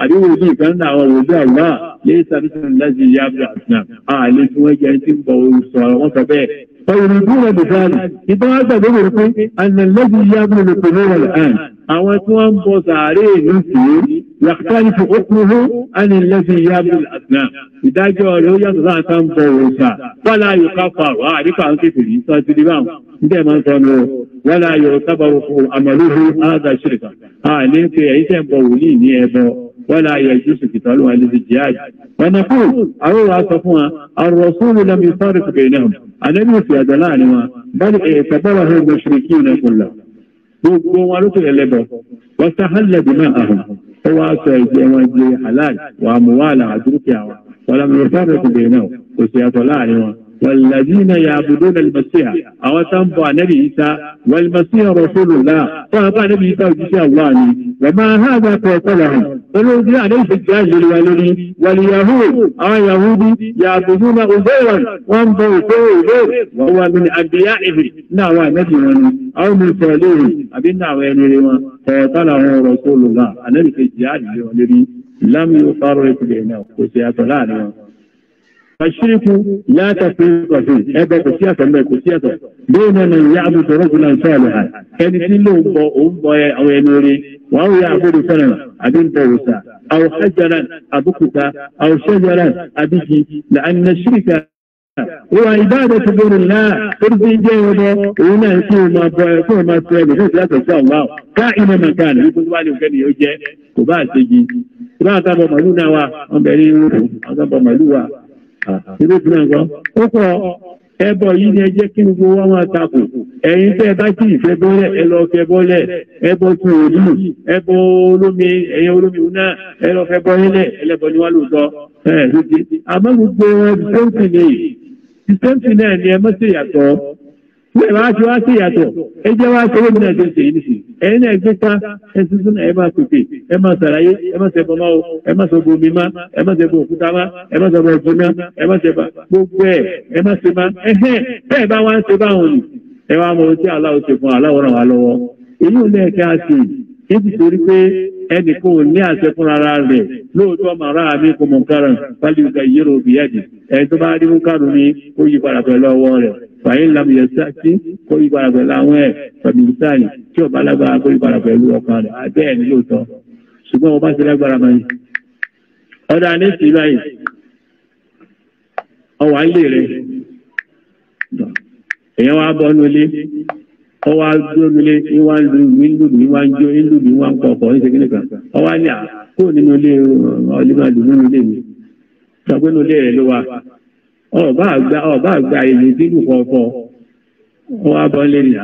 àbí wòlíì ìkan náà àwọn wòlíì àwòrán lẹ́sìn àbùdó lẹ́sìn yá àbùdó àṣìyà wọn jẹ́ ti ń bọ òṣùwọ̀n wọn sọ bẹ́ẹ̀ فيريدون بذلك إذا هذا بيقول أن الذي يعمل القبور الآن أو أن بصاري نفسه يختلف حكمه عن الذي يعمل الأصنام إذا جعلوا يقظة بوسا فلا يكفر أعرف عن كيف يستطيع دائما صنعوا ولا يعتبر عمله هذا شركا أعلم في عيسى بولين يبو wọ́n la ayọ̀ ìjúṣù kìtọ́ ló wà ní jihad wọn kú àwọn wa sọ fún wa arọ̀sùn ló lọ́mí sọ́ọ̀rì kòkè náà ànábì òfin àjọ láàrin wa bẹ́ẹ̀ ẹ̀ẹ́dẹ̀ bọ́lá fún gbogbo ṣìrìkì náà kò lọ gbogbo wọn ló tó yẹ lẹ́bọ wọ́n sá hálẹ̀ bí náà àhùn ó wá sọ ìjẹ wọn jẹ halal wà mú wàhálà àdúrókè àwọn wọ́n lọ́mí sọ́ọ̀rì kòkè náà kò sì àtọ̀ láàrin wọn wàlàdínà yàbùdó nà lùmàsíà àwọn tá ń bọ ànábì ìta wàlùmàsíà rọ̀ṣọ́lùlá fún àbá ànábì ìta òjíṣẹ́ àwọ̀ àní wàmà hàdà kọ̀ọ̀kọ̀lá hàn olóògbé ànábì ìjà ìlérí wa lórí wàlìyàhó àwọn yahudi yàbùdó nà òzéwàn wọn bọ òkú òwò wọn wà lónìí àgbéyà ìhì ní àwọn ànábì wọn ni àwọn mi sọ lórí àbí ní àwọn ẹni rẹ wọn kọ̀ọ̀kọ̀lá hàn rọ̀ṣọ́lùlá ànábì ìjà ìlérí wọn lórí lámì ó fárọ̀ ìpìlẹ̀ náà kò sí àtọ̀ láàrin wọn فالشرك لا تفريق فيه ابا kò sí àtọ̀ mbẹ́ kò sí àtọ̀ bẹ́ẹ̀ náà ni ìyá àbùtọ̀ rọ́gùnà ìṣàlẹ̀ ha ẹni tí ló ń bọ òun bọ ẹ àwọn ẹni orí wọn ò yà àbúrò fẹ́ràn àbí ń bọ̀ wòsà àwọn ṣẹ́jọ́ra àbúkúta àwọn ṣẹ́jọ́ra àbíjì làánà ṣíríkà wọ́n ìbáàdọ̀ ti gbọ́dọ̀ náà orúkọ ìjẹ́ ọmọ òun náà kí o máa bọ ẹ̀kọ́ máa tẹ ẹ̀mí fún ìlàtọ̀ sí àwọn àwọn ká iná máa ká àná nítorí wàá ní òkè nìyẹn jẹ kò bá àṣejì kò bá àtàbọ̀ màlúù náà wà ọ̀bẹ̀rẹ̀ ìrúkù àtàbọ̀ màlúù wà irú obìnrin kan ó kọ ẹbọ yìí ni ẹ jẹ́ kí gbogbo wa máa takùn ẹ̀yin tẹ́ ẹ bá sì fẹ́ bọ́lẹ̀ ẹ lọ fẹ́ bọ́lẹ̀ ẹbọ tún òòlù ẹbọ olómi ẹ̀yin olómi òun náà ẹ lọ fẹ́ bọ́lẹ̀ ẹlẹ́bọ ni wá lóòótọ́ ẹ̀ lóde àmọ́ gbogbo ẹ̀ sísẹ́ǹtì náà ni ẹ mọ́ sí ìyàtọ̀ bẹ́ẹ̀ máa fi wá sí ìyàtọ̀ ẹ jẹ́ wá sọ́wọ́ nínú ẹ̀jẹ̀ ṣe yìí nìsí ẹ̀yìn náà gbé ká ẹ tuntun náà ẹ máa sòkè ẹ máa sàlàyé ẹ máa sẹ́bọ̀ máa o ẹ máa sẹ́bọ̀ omi má ẹ máa sẹ́bọ̀ òkúta má ẹ máa sẹ́bọ̀ ọ̀gbọ́n má ẹ máa sẹ́bọ̀ gbogbo ẹ̀ ẹ máa ṣe má ẹ̀hẹ́n bẹ́ẹ̀ bá wá ń ṣe báwọn ni ẹ wá mọ tí aláwo ṣe fún aláwo ràn wá lọ́wọ́ èyí ò lẹ́ẹ̀kẹ́ á ṣe níbi torí pé ẹnì kò ní àṣẹ fúnra rẹ̀ lóòótọ́ màrá mi kò mọ̀ nǹkan rẹ̀ pálí ìgbà yìí rò bìyànjú ẹ̀ tó bá rí mú kárùn-ún ni ó yí padà pẹ̀lú ọwọ́ rẹ̀ fàyè lamù yẹn sáàtì kó ìbára pẹ̀lú àwọn ẹ̀ pẹ̀lú sáàlì tí ọba lágbára kó ìbára pẹ̀lú ọkàn rẹ̀ bẹ́ẹ̀ ni lóòótọ́ ṣùgbọ́n ọba ti lágbára mọ́ ni. ọ̀dà ní sí báyìí ọwọ́ ayé rẹ̀ èèyàn wá bọ́ nulẹ̀ ọwọ́ adúlọ́ nulẹ̀ ní wá ń lu ìlú ní wá ń jó ìlú ní wá ń pọ̀ pọ̀ ní ṣèkínní kan ọwọ́ ní à kó nínú ilé ọ̀lẹ́mọ̀lù ọba àgbà ọba àgbà èyí dínú kọ̀ọ̀kọ̀ wọn wá bọ́ lẹ́nìyà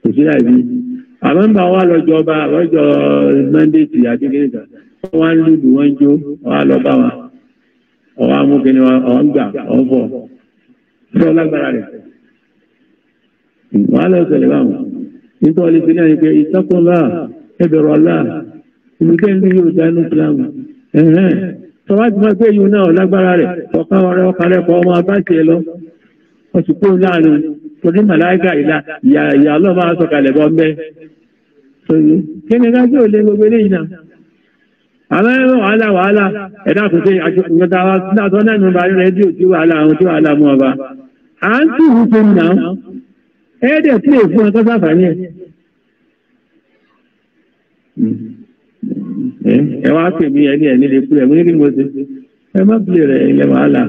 kò sí láì bí àmọ́ ń bá wa lọ́jọ́ ọba lọ́jọ́ mọ́ndéètì àdékèké wọ́n wá ń lùdù wọ́n ń jó wọ́n á lọ bá wa ọwọ́ amúkẹ́ni ọ̀hún gbà ọ̀hún bọ̀ sọ lágbára rẹ̀ wọ́n á lọ sọ̀rọ̀ báwọn nítorí ọ̀lẹ́ sílẹ̀ ni pé ìtọ́kùnlá ẹ̀bẹ̀rọ̀ ọ̀la ìmúkẹ́ ń lù yóò dánú sílámù ẹ̀hẹ́n tọ́wájú máa gbé yìí náà lágbára rẹ̀ ọ̀ká ọ̀rẹ́ ọ̀ká lẹ́kọ̀ọ́ ọmọ abáṣe lọ oṣù kúrò láàrin torí màláìka ìlà ìyá ìyá ọlọ́mọ asọ̀kalẹ̀ bọ́ mbẹ́. kí ni ká jẹ́ òlé gbogbo eléyìí náà. àwọn ẹ̀rọ wàhálà wàhálà ẹ̀dá kò sí ìgbọ̀ta wa látọ̀ náà nínú bàárẹ̀ rẹ̀ tí wàhálà àwọn tí wàhálà mú ọba. à ń tù wù fún nà ẹ̀ẹ́dẹ̀ tí èèfún ọkọ̀ sáfà ní ẹ̀. Hmm? ẹ wá pè mí ẹni ẹni lè kúrẹ̀ mú ní kí ni mo ṣe ẹ má bìlẹ̀ rẹ̀ ilẹ̀ wàhálà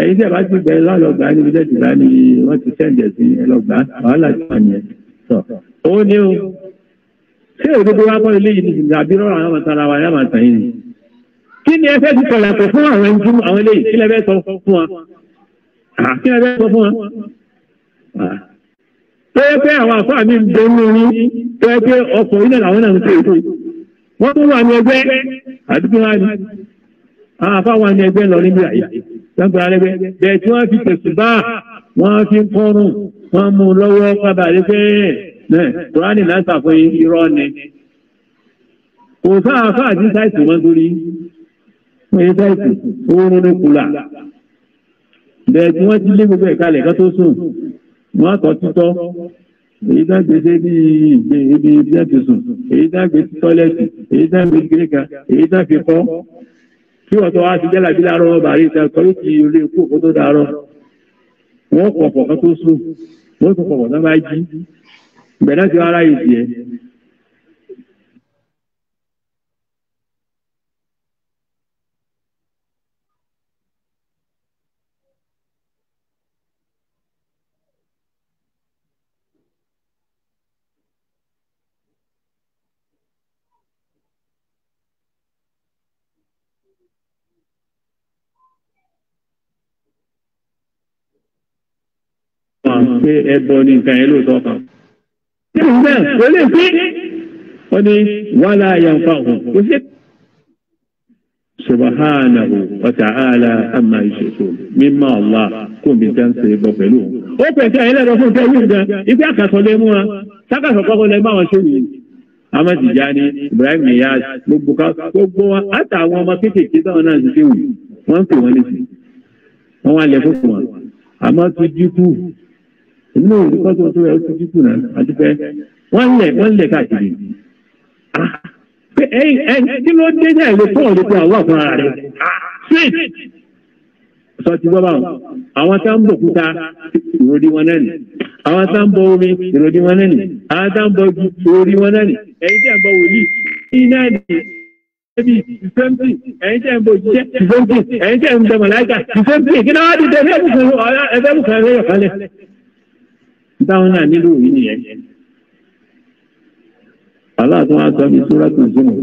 ẹ̀yin tí ẹ bá ti gbẹ lọ́lọ́gbà níbi tẹ́tì bá ní wọ́n ti sẹ́ǹdẹ̀ sí ẹlọ́gbà wàhálà ti wà nìyẹn sọ. ó ní o ṣé òdodo wa kọ́ ilé yìí ní àbí rọrùn àwọn ọmọọta ara wa yá máa tàn yín ni. kí ni ẹ fẹ́ ti kọ̀lá pọ̀ fún àwọn ẹnjú àwọn eléyìí kí lẹ fẹ́ sọ fún wa. kí lẹ fẹ́ sọ fún wa. tó yẹ pé àwọn àfọ àmì ń bẹ nínú yín tó yẹ pé ọkọ̀ yín náà làwọn náà ń wọ́n tó ní ẹgbẹ́ àdúgbò àwọn ní ẹgbẹ́ lọ níbi àyè lágbára lẹ́gbẹ́ bẹ́ẹ̀ tí wọ́n fi tẹ̀sù bá wọ́n fi ń kọ́rùn wọ́n mú un lọ́wọ́ kábàlẹ́ náà irọ́ ni kò sáìsì wọn wọ́n sáìsì oorun tí wọ́n ti lé èyí dágbé sí ibi ìgbé ibi ibi láti sùn èyí dágbé sí tọ́lẹ́tì èyí dágbé sí gíríkà èyí dágbé kọ́ kí wọ́n tọ́ wá sí jálàbí láàárọ̀ bàrí ìta kọ́rí kì í olè kú òkú tó dàárọ̀ wọ́n pọ̀pọ̀ kan tó sùn wọ́n pọ̀pọ̀ kan tó bá jí bẹ̀rẹ̀ sí ara ìdí ẹ̀ pé ẹbọ ní nǹkan yẹn lóòótọ́ kan. lè pé ní wàhálà àyànfà òun kò kò ń ṣe pẹ̀lú ó fún gan ibi mú wa sákàtọ̀ kọ́kọ́ lẹ́ máa wọn ṣe ibrahim gbogbo ká gbogbo àtàwọn ọmọ kéékèèké táwọn náà èmi náà olùkọ́ tó tó rẹ̀ ó ti kú náà àdúpẹ́ wọ́n lẹ̀ wọ́n lẹ̀ káàkiri. kí ló dé náà lè fọ́ ọ̀lẹ́pẹ́ àwọn àwọn ara rẹ̀ straight. sọ ti gbọ́ báwọn àwọn tá ń bọ̀ kúta ìròdì wọn náà nì àwọn tá ń bọ̀ omi ìròdì wọn náà nì àwọn tá ń bọ̀ ju ìròdì wọn náà nì ẹ̀yin tẹ̀ ń bọ̀ wòlíì ní náà nì ẹbí ìfẹ́ǹtì ẹ̀yin ń bọ̀ jíjẹ́ ìfẹ́ǹtì ẹ̀yin tẹ̀ ń bọ̀ mọ̀láìkà ìfẹ́ǹtì kí náà wá dìde dáhùn náà nílò yìí nìyẹn aláàtọ́ wa sọ bí sóra tó zùmọ̀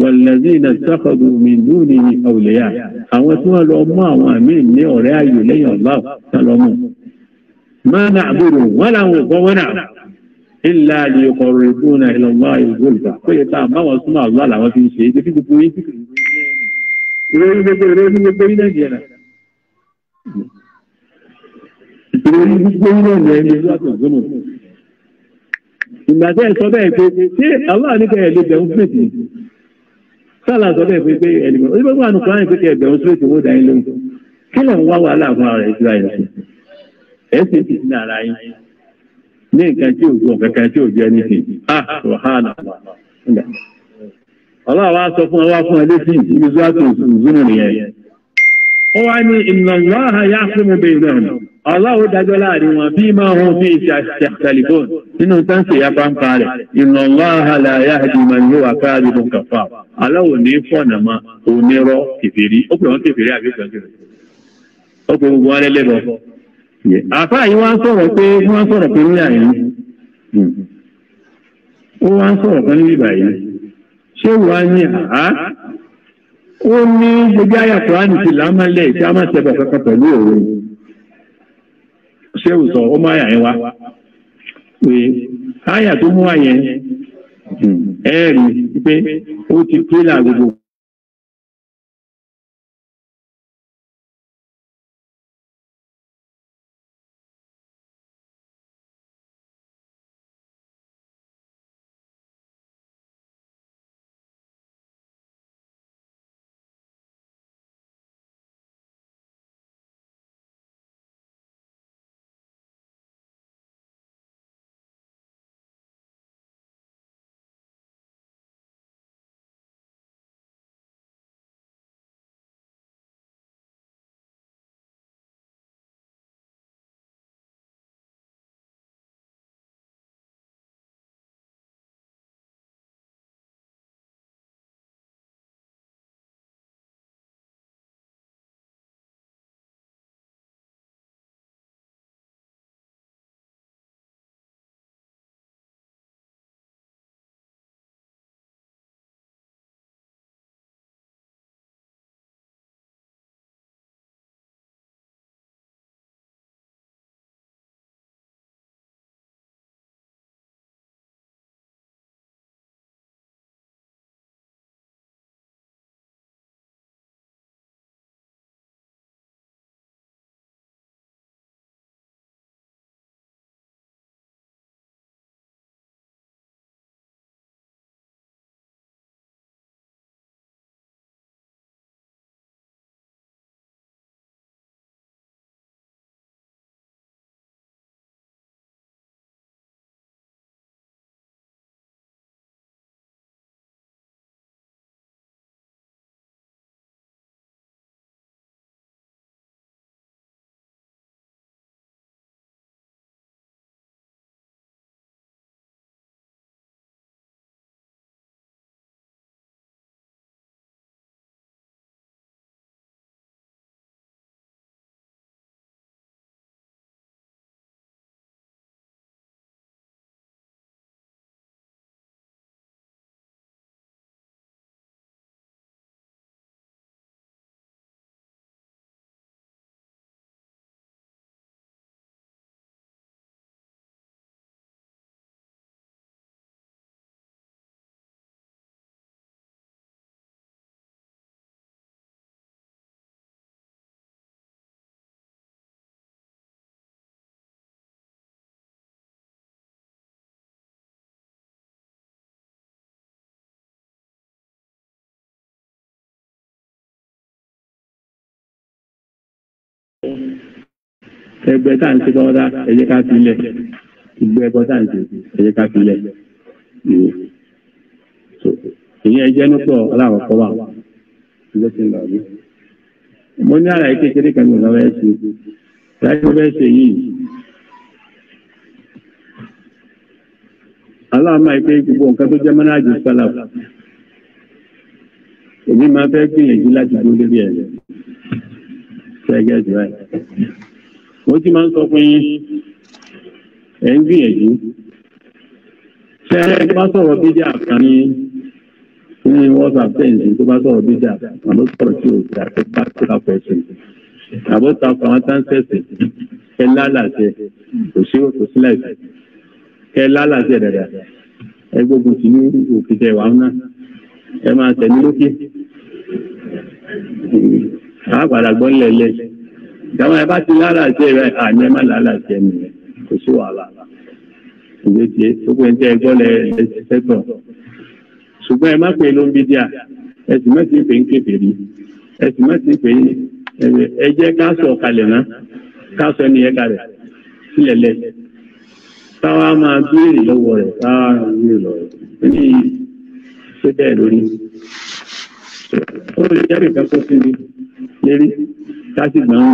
wàlẹ́sí iná sáfàdù mi lónìí ní àwùlẹ́yà àwọn tí wọ́n lọ mú àwọn àmì ní ọ̀rẹ́ ayò lẹ́yìn ọ̀la sálọ́mù máa nà àbúrò wọn làwọn ò gbọ́wọ́ náà ńlá lè kọ̀rọ̀ ìbúna ìlọ́wọ́ ìgbòlùbà pé ìta àbáwọn súnmọ́ àlọ́ làwọn fi ń ṣe é gbogbo yín gbogbo yín náà ìròyìn gbogbo náà ní ẹni láti ìgbà tẹ́ ẹ sọ bẹ́ẹ̀ pé ṣé aláà ní kẹ́ẹ̀ lè bẹ̀rù fèsì sálà sọ bẹ́ẹ̀ pé pé ẹnìkan ó ní bẹ́ẹ̀ wà nù kọ́ra ìpè bẹ̀rù fèsì owó dání lóhùn kí ara ẹ̀ sí sì ti ara yín ní nǹkan tí ò kankan tí ò jẹ́ ní ah, ọlọ́wà sọ fún fún Aláwo dájọ́ láàrin wọn bí máa hàn mí ìṣe àtàlìbọ́n nínú táǹsì ya pàǹpà rẹ̀. Ìnàlá àhàlà ayá àdìmọ̀ ni ó wà káàdì bọ̀ kàfà. Aláwo ní fọ̀nà mọ́ onírọ́ kẹfìrí. Ó pè wọ́n kẹfìrí àbí ìgbà kẹfìrí. Ó pè gbogbo wọn lẹ́lẹ́bọ̀. Àfá yìí wá ń sọ̀rọ̀ pé wọ́n ń sọ̀rọ̀ pé nílẹ̀ yìí. Ó wá ń sọ̀rọ̀ pé nílẹ̀ yìí. Ṣé wàá ní àá? Ó ní gbogbo ṣéwù sọ ó mú àyà yẹn wá pé àyà tó mú àyẹn ẹ rí i pé ó ti pé là ẹgbẹ́ tá à ń ṣe lọ́wọ́dá ẹ̀yẹ ká fi lẹ̀ ìgbẹ́ ẹgbọ́ tá à ń ṣe ẹ̀yẹ ká fi lẹ̀ ìyẹn ẹjẹ́ nípò aláwọ̀kọ́ wà lọ́sẹ̀ lọ́wọ́ mo ní àlàyé kékeré kan ní gbogbo nǹkan tó jẹ́ èmi máa fẹ́ gbìyànjú láti dúró lórí ṣẹ́gẹ́ jù wọ́n ti máa ń sọ pé ẹ̀ ń gbìyànjú ṣé ẹ bá sọ̀rọ̀ bíjà kan ní ní whatsapp sẹ́ǹsì tó bá sọ̀rọ̀ bíjà àbó sọ̀rọ̀ tí o ti àti practical question àbó ta fún àwọn táǹsẹ̀sì ẹ lálàsẹ̀ kò sí òkú sílẹ̀ ẹ lálàsẹ̀ dàda ẹ gbógun sí ní òkè tẹ̀ wàá náà ẹ máa tẹ̀ ní lókè àá padà gbọ́ ńlẹ̀ lẹ́sẹ̀ ìjọba ẹ bá ti lálàjẹ rẹ àmì ẹ má lálàjẹ nìyẹn kò sí wàhálà ìwé tiẹ gbogbo ẹjẹ ẹgbọ lẹ ẹ ti fẹtọ ṣùgbọ́n ẹ má pè ló ń bí díà ẹ sì má ti pè ń kékeré ẹ sì má ti pè ń ẹ jẹ ká sọ kalẹ̀ náà ká sọ ẹni yẹn kalẹ̀ sílẹ̀ lẹ táwa máa béèrè lọ́wọ́ rẹ̀ táwa béèrè lọ́wọ́ rẹ̀ ní ṣé bẹ́ẹ̀ lórí ó lè jẹ́ nìkan tó ti lérí káṣí gbọ̀n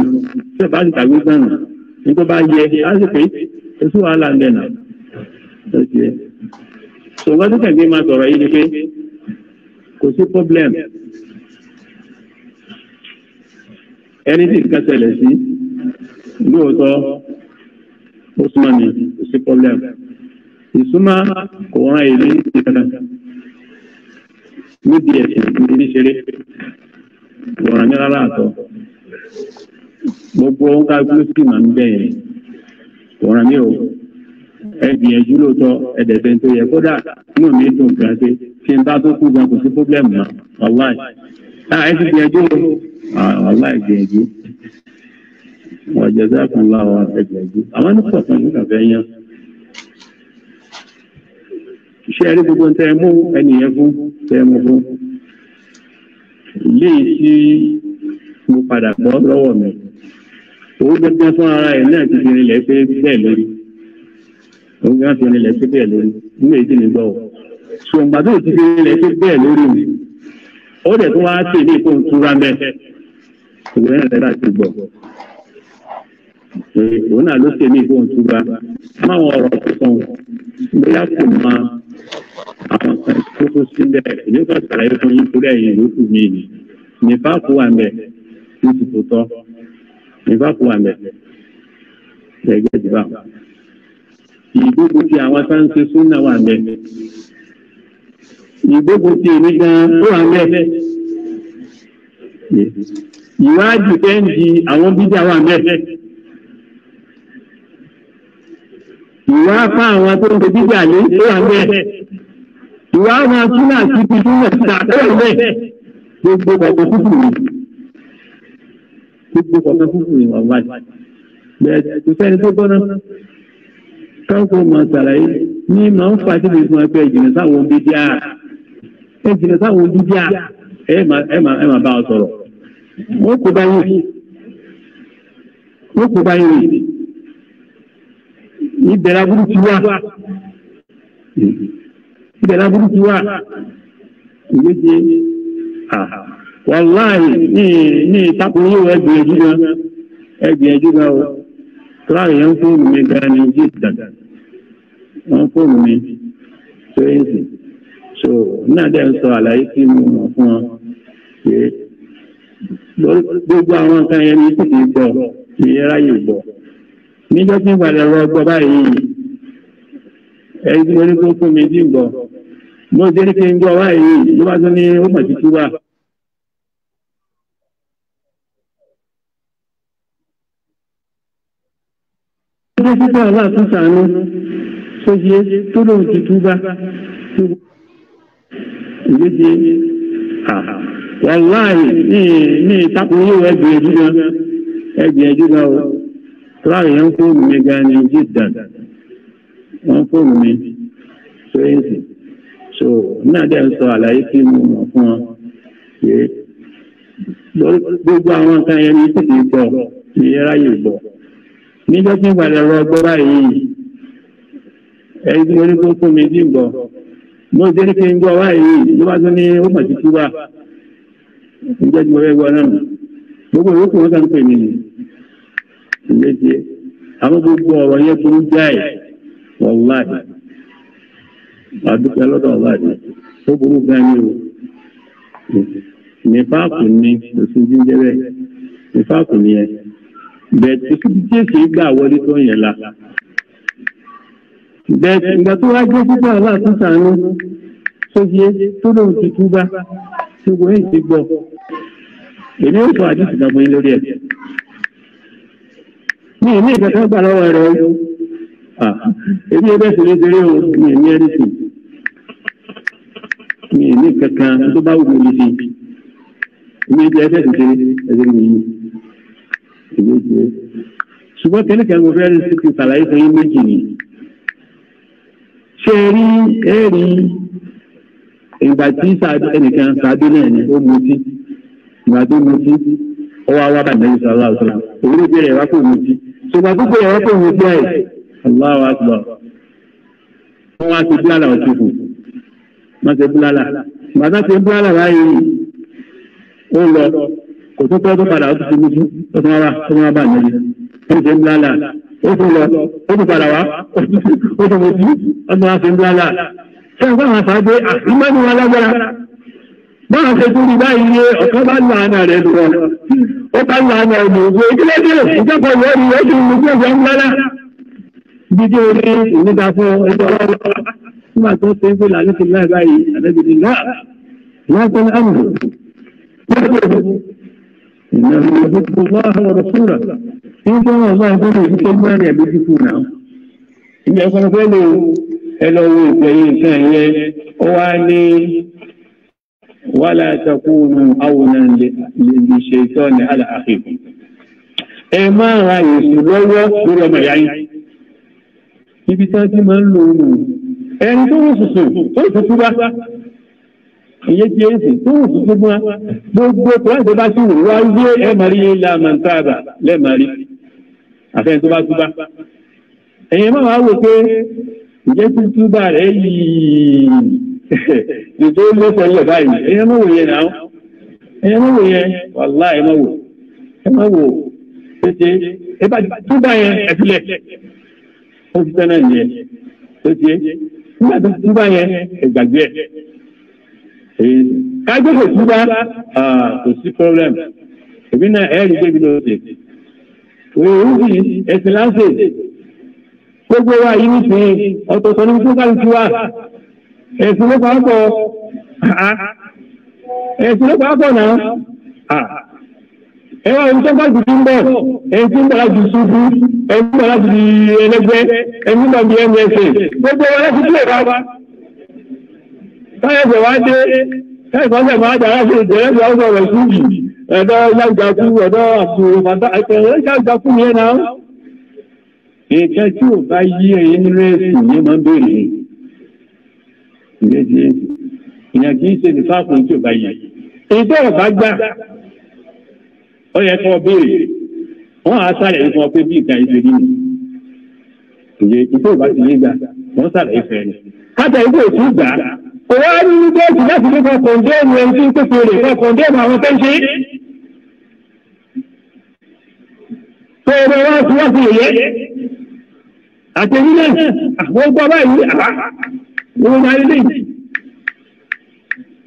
tí ọba ti tàgbé gbọ̀n ní tó bá yẹ láti pé oṣù wàhálà ń bẹ̀ nà ó ti yẹ. ṣùgbọ́n tó kẹ̀gbẹ́ máa sọ̀rọ̀ yìí ni pé kò sí problem ẹni tí nǹkan ṣẹlẹ̀ sí lóòótọ́ ó ni kò sí problem ìsúnmọ́ kò rán èlé ti kankan níbi ẹ̀sìn ìdílé ṣeré kò rán ní rárá àtọ̀ gbogbo ohun kájú sì máa ń bẹ̀ yẹn kò rán mi o ẹ gbìyànjú lóòótọ́ ẹ̀dẹ̀fẹ́ tó yẹ kódà inú mi dùn gan pé kí n bá tó kú gan kò sí pọ́blẹ́mù mọ́ wàláì náà ẹ ti gbìyànjú o wàláì gbìyànjú wàjẹ̀dá kan láwọn ẹgbẹ̀gbẹ̀ àwọn ní pọ̀ kan nígbà fẹ́ yán iṣẹ́ rí gbogbo tẹ́ mú ẹnìyẹn fún tẹ́ mú fún léè tí mo padà gbọ́ lọ́wọ́ mi owó gbẹgbẹ fún ara ẹ̀ náà ti fi rinlẹ̀ pé bẹ́ẹ̀ lórí òun gbẹ fi rinlẹ̀ pé bẹ́ẹ̀ lórí nínú èyí tí gbọ́ ṣùgbọ́n tó ti fi rinlẹ̀ pé bẹ́ẹ̀ lórí mi ó dẹ̀ tó wá sí ilé ìfowópamọ́ tura mẹ́ ìwé rẹ̀ láti gbọ́ òun náà ló ṣe ní ìfowó ìtura máwọn ọ̀rọ̀ tuntun bóyá kò mọ àwọn kan tó kó síbẹ̀ ìlú kan sàlàyé fún yín torí ẹ̀yìn ìlú kù mí nípa kó wà mẹ́ẹ̀ ní ti tó tọ́ nígbà kó wà àwọn sáńsẹ súnà wà mẹ́ ìgbógun ti gan ó wà mẹ́ ìwádìí fẹ́ àwọn bídíà wà mẹ́ ìwà apá àwọn tó ń ṣe bídíà lé ó wà mẹ́ ìwà àwọn akúnà àti pípínlẹ̀ ta ó wà mẹ́ gbogbo ọ̀gbọ̀n kúkú rẹ̀ gbogbo kọ̀ọ̀kan fúnfún yìí wà wáyé bẹ́ẹ̀ kò sẹ́ni tó gbọ́ná káwọn máa ṣàlàyé ní máa ń fa sí ìfún ẹgbẹ́ ìjìnlẹ̀ sáwọn bíbí à ẹ jìnlẹ̀ sáwọn bíbí à ẹ máa bá ọ sọ̀rọ̀ wọ́n kò bá yín wọ́n kò bá yín rè ìbẹ̀rẹ̀ aburú ti wá ìbẹ̀rẹ̀ aburú ti wá ìwé jẹ́ àhà wàláì ní ní ìtàkùnrin yóò ẹgbìyànjú gan ẹgbìyànjú gan o tíráì yẹn fóònù mi gan ni jí dàgbà wọn fóònù mi tó yẹn sì so náà dẹ́ ń sọ àlàyé kí mo mọ̀ fún wọn pé gbogbo àwọn nǹkan yẹn ní tìlí gbọ́ ìyẹra yìí gbọ́ níjọ́ tí ìgbàlẹ̀ rọ gbọ́ báyìí ẹni tí mo ní kó fún mi dín gbọ́ mo dé ní kí n gbọ́ báyìí ló bá tún ní ó mọ̀ títí wà. jẹ́ pípẹ́ aláàtún sàánú tó yẹ tó lóun ti túbá ìgbéje wàláì ní ní ìtakùn yóò ẹgbẹ̀ ẹjú gan ẹgbẹ̀ ẹjú gan o láàrin yẹn fóònù mi gan ni jìdàn wọn fóònù mi tó yẹ so náà dẹ̀ ń sọ àlàyé kí mo mọ̀ fún ọ pé gbogbo àwọn nǹkan yẹn ní tètè gbọ́ ní ráyè gbọ́ níjọ́ tí ìpàdé ọ̀rọ̀ ọgbọ́n báyìí ẹni tí mo ní kó fún mi sí ìgbọ́ mo ṣe ní kí n gbọ́ báyìí ló bá tún ní ó mọ̀ sí túbà níjọ́ tí mo fẹ́ gbọ́ náà gbogbo ìwé kò wọ́n kàn ń pè mí ni ìgbé tiẹ̀ àwọn gbogbo ọ̀rọ̀ yẹn burú jáì wọ̀láì àdúpẹ́ lọ́dọ̀ ọ̀láì ó burú gan ni o nífàkù ni òsì jíjẹ bẹ́ẹ̀ nífàkù ni ẹ̀ bẹ́ẹ̀ tí jésù gbà wọlé tó yẹn la bẹ́ẹ̀ ìgbà tó wá gbé púpọ̀ ọlá tó sànú sóyè tó lóun ti tú bá tí wọ́n yìí ti gbọ́ èmi ò fọ àdìsí ìdàgbọ́n yín lórí ẹ̀ mi ò ní gbà lọ́wọ́ rẹ̀ o èmi ẹgbẹ́ sì lédèrè o mi ò ní ẹni sì mi ò ní kankan tó bá wù mí sí mi ò ní ẹgbẹ́ sì lédèrè ẹgbẹ́ mi yìí sì méjì o ṣùgbọ́n kẹ́lẹ́kẹ́ mo fẹ́ rí síbi ṣàlàyé fún yín méjì ni ṣé rí ẹ rí ìgbà tí ẹnìkan ṣáájú náà ni ó mutí ìgbà tó mutí ó wá wá bàbá yìí sọlá ọsọlá òwúrọ̀ bẹ̀rẹ̀ wá kó mutí ṣùgbọ́n tó bẹ̀rẹ̀ wá kó mutí ẹ̀ Allahu akbar wọ́n wá ti bílálà ọ̀tún kù wọ́n ti bílálà bàtà ti bílálà báyìí ó lọ kò tó tọ́ tó padà ó ti fi mú fún ó tó máa bá ó máa bá àjẹjẹ ó ti fi ń lálà ó tún lọ ó tún padà wá ó tún mú fún ó tún máa fi ń lálà. sẹ́yìn fún àwọn àfáàgbé ah, ìmọ̀nù wọn lágbára báwọn ṣe tún rí báyìí yé ọ̀kan bá lu àna rẹ̀ lọ ó bá lu àna rẹ̀ lọ ìdílé dé ìjọba ìwé rí ó ti mú fún ọ̀gá ńlá dídé orí ìníta fún ẹgbẹ́ ọlọ́wọ́ nígbà tó ṣe ń pè lálẹ́ ti láì báyìí àdébìnrin náà ìyá tó ń àmì إنه يحب الله ورسوله إن الله يقول لك كلمة أنا بيجيكونا إن يقول فلو هلو كان وأني ولا تكونوا أولا للشيطان على أخيكم ẹ máa الله èsì lọ́wọ́ lórí ọmọ ìyá yín ibi tí ìyẹn ti èsì tó wù sí gbogbo gbogbo tíwájú bá sì wù wá yé ẹ máa rí ilé amọ̀ntàbà lẹ́ẹ̀máa rí àfẹ́yìn tó bá túbá ẹ̀yìn máa wá wò pé ìyẹn ti túbà rẹ̀ yìí ètò lẹ́sẹ̀ ńlẹ̀ báyìí ẹ̀yìn máa wò yẹn náà ẹ̀yìn máa wò yẹn wàlá ẹ̀ máa wò ẹ̀ máa wò ṣe ẹ bá túbà yẹn ẹ̀fílẹ̀ ó ti tẹ́ náà nìyẹn ṣe ṣe nígbà túbà yẹn ẹ̀gbàgbé kágbèsè tí bá kò sí problem èmi náà ẹ̀rí débi ló ṣe òun sì ẹ̀sìn láǹṣe gbogbo wa yìí ní sìn ọ̀tọ̀ọ̀tọ̀ ní gbogbo àti tiwa ẹ̀sìn ló pa pọ̀ ẹ̀sìn ló pa pọ̀ náà ẹ̀rọ ẹni tó bá jù sí ń bọ̀ ẹni tó ń bọ̀ láti ṣubú ẹni tó ń bọ̀ láti ẹlẹgbẹ́ ẹni bọ̀ láti ẹmẹsẹ̀ gbogbo wa láti tó ìbá wa. táyẹ̀gbẹ̀ wá dé táyẹ̀gbẹ̀ wá rẹ̀ ẹ̀dọ́ àti yẹn náà. tí ò bá yí máa ń béèrè. Ìyẹn kì í ṣe ní fáàkùn tí ò bá yí. ọ̀bá gbà yẹ béèrè. Wọ́n á ọ pé bí ìka ìṣe nínú. Ìjẹ́ ti yé gbà, wọ́n kò wá ní bẹ́ẹ̀dì láti ní kan kọ̀ǹdẹ́ẹ̀mù ẹni tí ń pèsè rẹ̀ kan kọ̀ǹdẹ́ẹ̀mù àwọn tó ń ṣe. tó o bẹ wá sí wá sí ìyẹ́ àtẹ̀yìn náà àwọn ọgbà báyìí àá wọn máa ń lè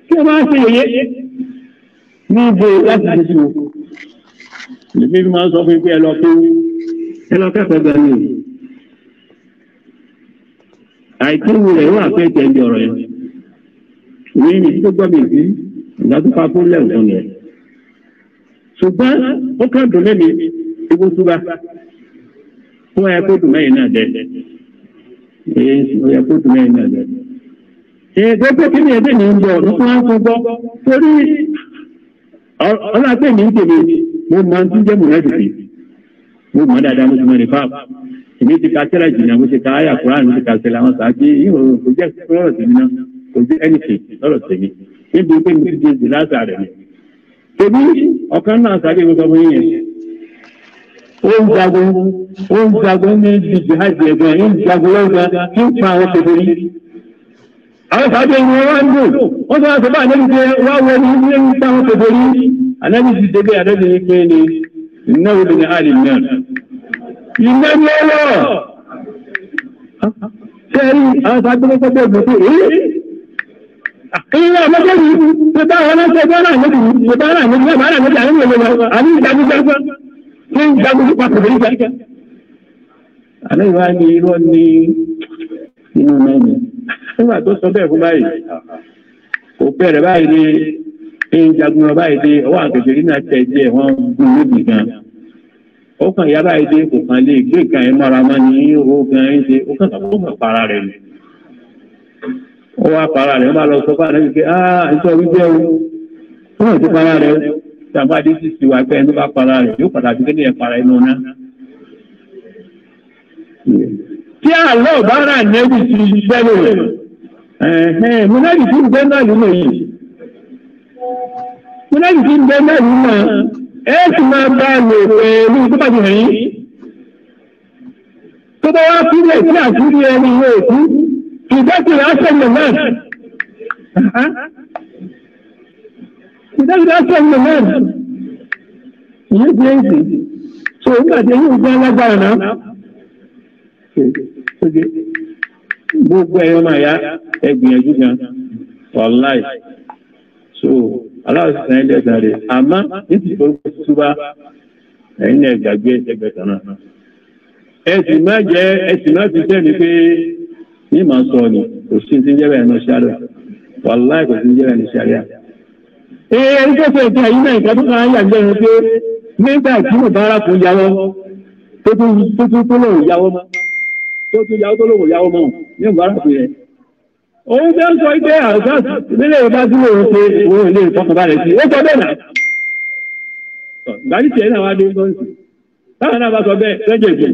kí wọ́n máa ń ṣe ìyẹ́ ní ibo láti ṣe sí o. èmi máa ń sọ fún pé ẹ lọ pé ẹ lọ kẹ́kọ̀ọ́ rẹ̀ wà pé tẹ̀lé ọ̀rọ̀ ní ibi tó gbọ́ bíi bí ìgbà tó fa fún lẹ́wọ̀n yẹn. ṣùgbọ́n ó kàn dùn lẹ́mi ewu túbà fún ẹ kó dùn mẹ́yìn náà dẹ ẹ kó dùn mẹ́yìn náà dẹ. ẹ̀ẹ́dẹ́ pé kí ni ẹ̀dẹ́ mi ń bọ̀ ní kí wọ́n gbọ́ torí ọlọ́pàá mi ń tèmi mo máa ń tún jẹ́ mùnádìrí mo mọ̀ dáadáa mo ti mọ̀ nípa èmi ti ka tẹ́lẹ̀ jìnnà mo ti ka ayà kúránì ti ka tẹ́lẹ̀ àwọn sàákì yìí ò jẹ́ kúrọ̀ọ̀sì mi náà kò sí ẹnìkì lọ́rọ̀ tèmi níbi pé mi ti di láti àrẹ̀ mi. tèmi ọ̀kan náà sáré mi sọ fún yín yẹn ó ń jagun ó ń jagun ní ìdìbò àti ẹ̀gbọ́n ó ń jagun lọ́gbà tí ń pa àwọn kékeré yìí. àwọn sáré mi wọ́n ń dùn wọ́n sọ àti bá àlejò pé wá wọ ní ilé ń pa àwọn kékeré yìí. àlejò ti débẹ̀ àlejò yìí pé ni ìnáwó ni àlè náà. ìná ni ọlọ́ọ̀. sẹ́ẹ̀rì àwọn sáré mi sọ pé ògbó kíni náà mọ́tò yìí ṣe bá wọn ṣe bá náà níbi ṣe bá náà níbi bá náà níbi àwọn ènìyàn wọn àbí ìjagunjagun ṣé ìjagunjú papọ̀ lórí ìjà. àlẹ́ ìwà ni irọ́ ni inú mẹ́rin nígbà tó sọ bẹ́ẹ̀ fún báyìí kò bẹ̀rẹ̀ báyìí ni ìjagun ọba yìí dé ọwọ́ àgbègbè nínú àti ẹ̀jẹ̀ wọn gún níbi gan ó kàn yá báyìí dé kò kàn lè gbé ìkànnì mọ́ra mọ́ ní ó gan ẹ̀ ṣe ó kàn kàn fún ọ̀pá ara rẹ̀ nìyí ó wá para rẹ̀ ó bá lọ sọ fún àlẹ́ wípé ah ìtọ́ wípé o ó lè ti para rẹ̀ o tàbá dé sí ti wà pé ẹni bá para rẹ̀ yóò padà bí kéde yẹn para inú ná. tí àlọ́ bá rà nẹ́bí ti sẹ́lẹ̀ rẹ̀ mo náà ti ń bẹ́ náà nínú yìí mo náà ti ń bẹ́ nínú náà ẹ sì máa bá a lò pẹ̀lú tó bá ti tó bá wá sílẹ̀ sí ìdájọ́ rẹ̀ aṣẹ́lẹ̀ náà ìdájọ́ rẹ̀ aṣẹ́lẹ̀ náà ìyẹn ti ń sì so nígbà tí yóò gbé alágbára náà gbogbo ẹ̀yọ́ máa yá ẹgbìyànjú gan wàláì so aláwọ̀ sísan ẹ̀ lẹ́sàn rẹ̀ àmọ́ ní ti forúkọ túbá ẹ̀yìn ẹ̀gbàgbé ẹgbẹ̀tàn náà ẹ sì má jẹ́ ẹ sì má fi sẹ́ni pé ní ìmọ̀ sọ ni kò sí ti jẹ́ bẹ́ẹ̀ ní ṣàríà wàláì kò sí ń jẹ́ bẹ́ẹ̀ ní ṣàríà. ee ẹni tó fẹ́ ìta yìí náà ìta tó máa ń yà lẹ́nu pé nígbà tí mo bá rákò yàwọ́ tó tún tó lòun yàwọ́ mọ́ tó tún yàwọ́ tó lòun yàwọ́ mọ́ ní ìgbà rákò yẹn. òun bẹ́ẹ̀ sọ pé àgbà nílé ìbá sí òun pé òun ilé ìfọkànbalẹ̀ sí ó sọ bẹ́ẹ̀ náà. gbàdí tiẹ̀ náà wá dé sọ́ọ̀sì táwọn náà bá sọ bẹ́ẹ̀ lọ́jọ́ ìgbẹ̀yìn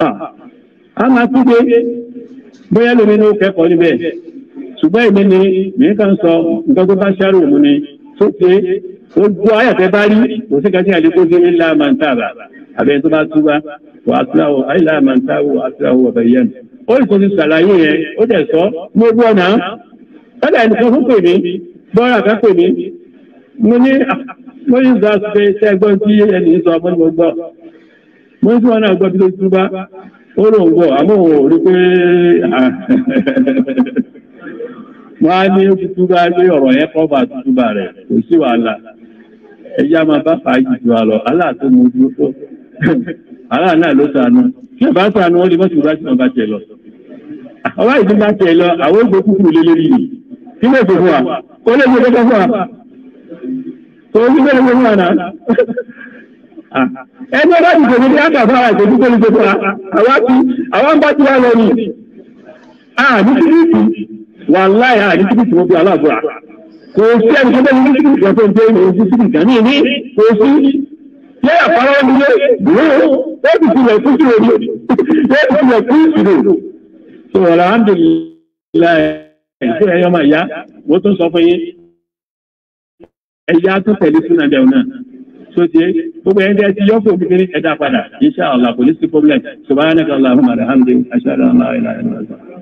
Ah. a máa kú pé bóyá lómi ní ó kẹ́kọ̀ọ́ níbẹ̀ ṣùgbọ́n èmi ni mi kàn sọ nǹkan tó bá ṣàrò òun ni tó ṣe gbogbo ayàtẹ bá rí kò sí kàtí àdínkù sí ní ńlá máa ń tààrà àbẹ̀ tó bá túbá wà á túra wọ àìlá máa ń tààrà wà á túra wọ ọbẹ̀ yẹn ó lè tó ti ṣàlàyé yẹn ó dẹ̀ sọ mo gbọ́ náà kọ́dà ẹnìkan fún pè mí gbọ́ra kan pè mí mo ní ah, mo ní zọ́ọ̀sì pé ṣẹ́gbọ́n tí ẹnì sọ wọ́n tí wọ́n náà gbọ́ bí ló tún bá ó lóun bọ̀ àmọ́ òun rí pé wọ́n á ní bá gbé ọ̀rọ̀ yẹn kọ́ bá bá rẹ̀ kò sí wàhálà ẹ̀yà máa bá tó mú ojú lọ. ọba ìdí bá tẹ̀ lọ àwọn ògbó kúkú lé lórí yìí kí ló dé fún wa kó lè gbé fún wa kó lè ẹni ọba dìbò ní ká kàfà àìsèjú tó ní gbogbo àwa ti àwa ń bá ti wá lọ ní àní síbìtì wà láì àní síbìtì wọn fi aláàbòrà kò sí ẹni tó bẹ́ẹ̀ ní síbìtì kan tó ń tẹ́ ìròyìn sí síbìtì kan ní ìní kò sí yẹ àpárá wọn nílé dúró ó ti tilẹ̀ kú sí òní ó ti tilẹ̀ kú ìdò. sọ̀rọ̀ alhamdulilayi ẹ̀jẹ̀ ẹ̀yọ́ máa yá mo tún sọ fún yín ẹ̀yà tó tẹ̀lé sínú àdéhùn náà sóti gbogbo ẹni tẹ́ ti yọ fún mi kiri ẹ̀dá padà insha Allah kò ní sí problem subhanaka Allahumma wa bihamdika ashhadu an la ilaha illa anta.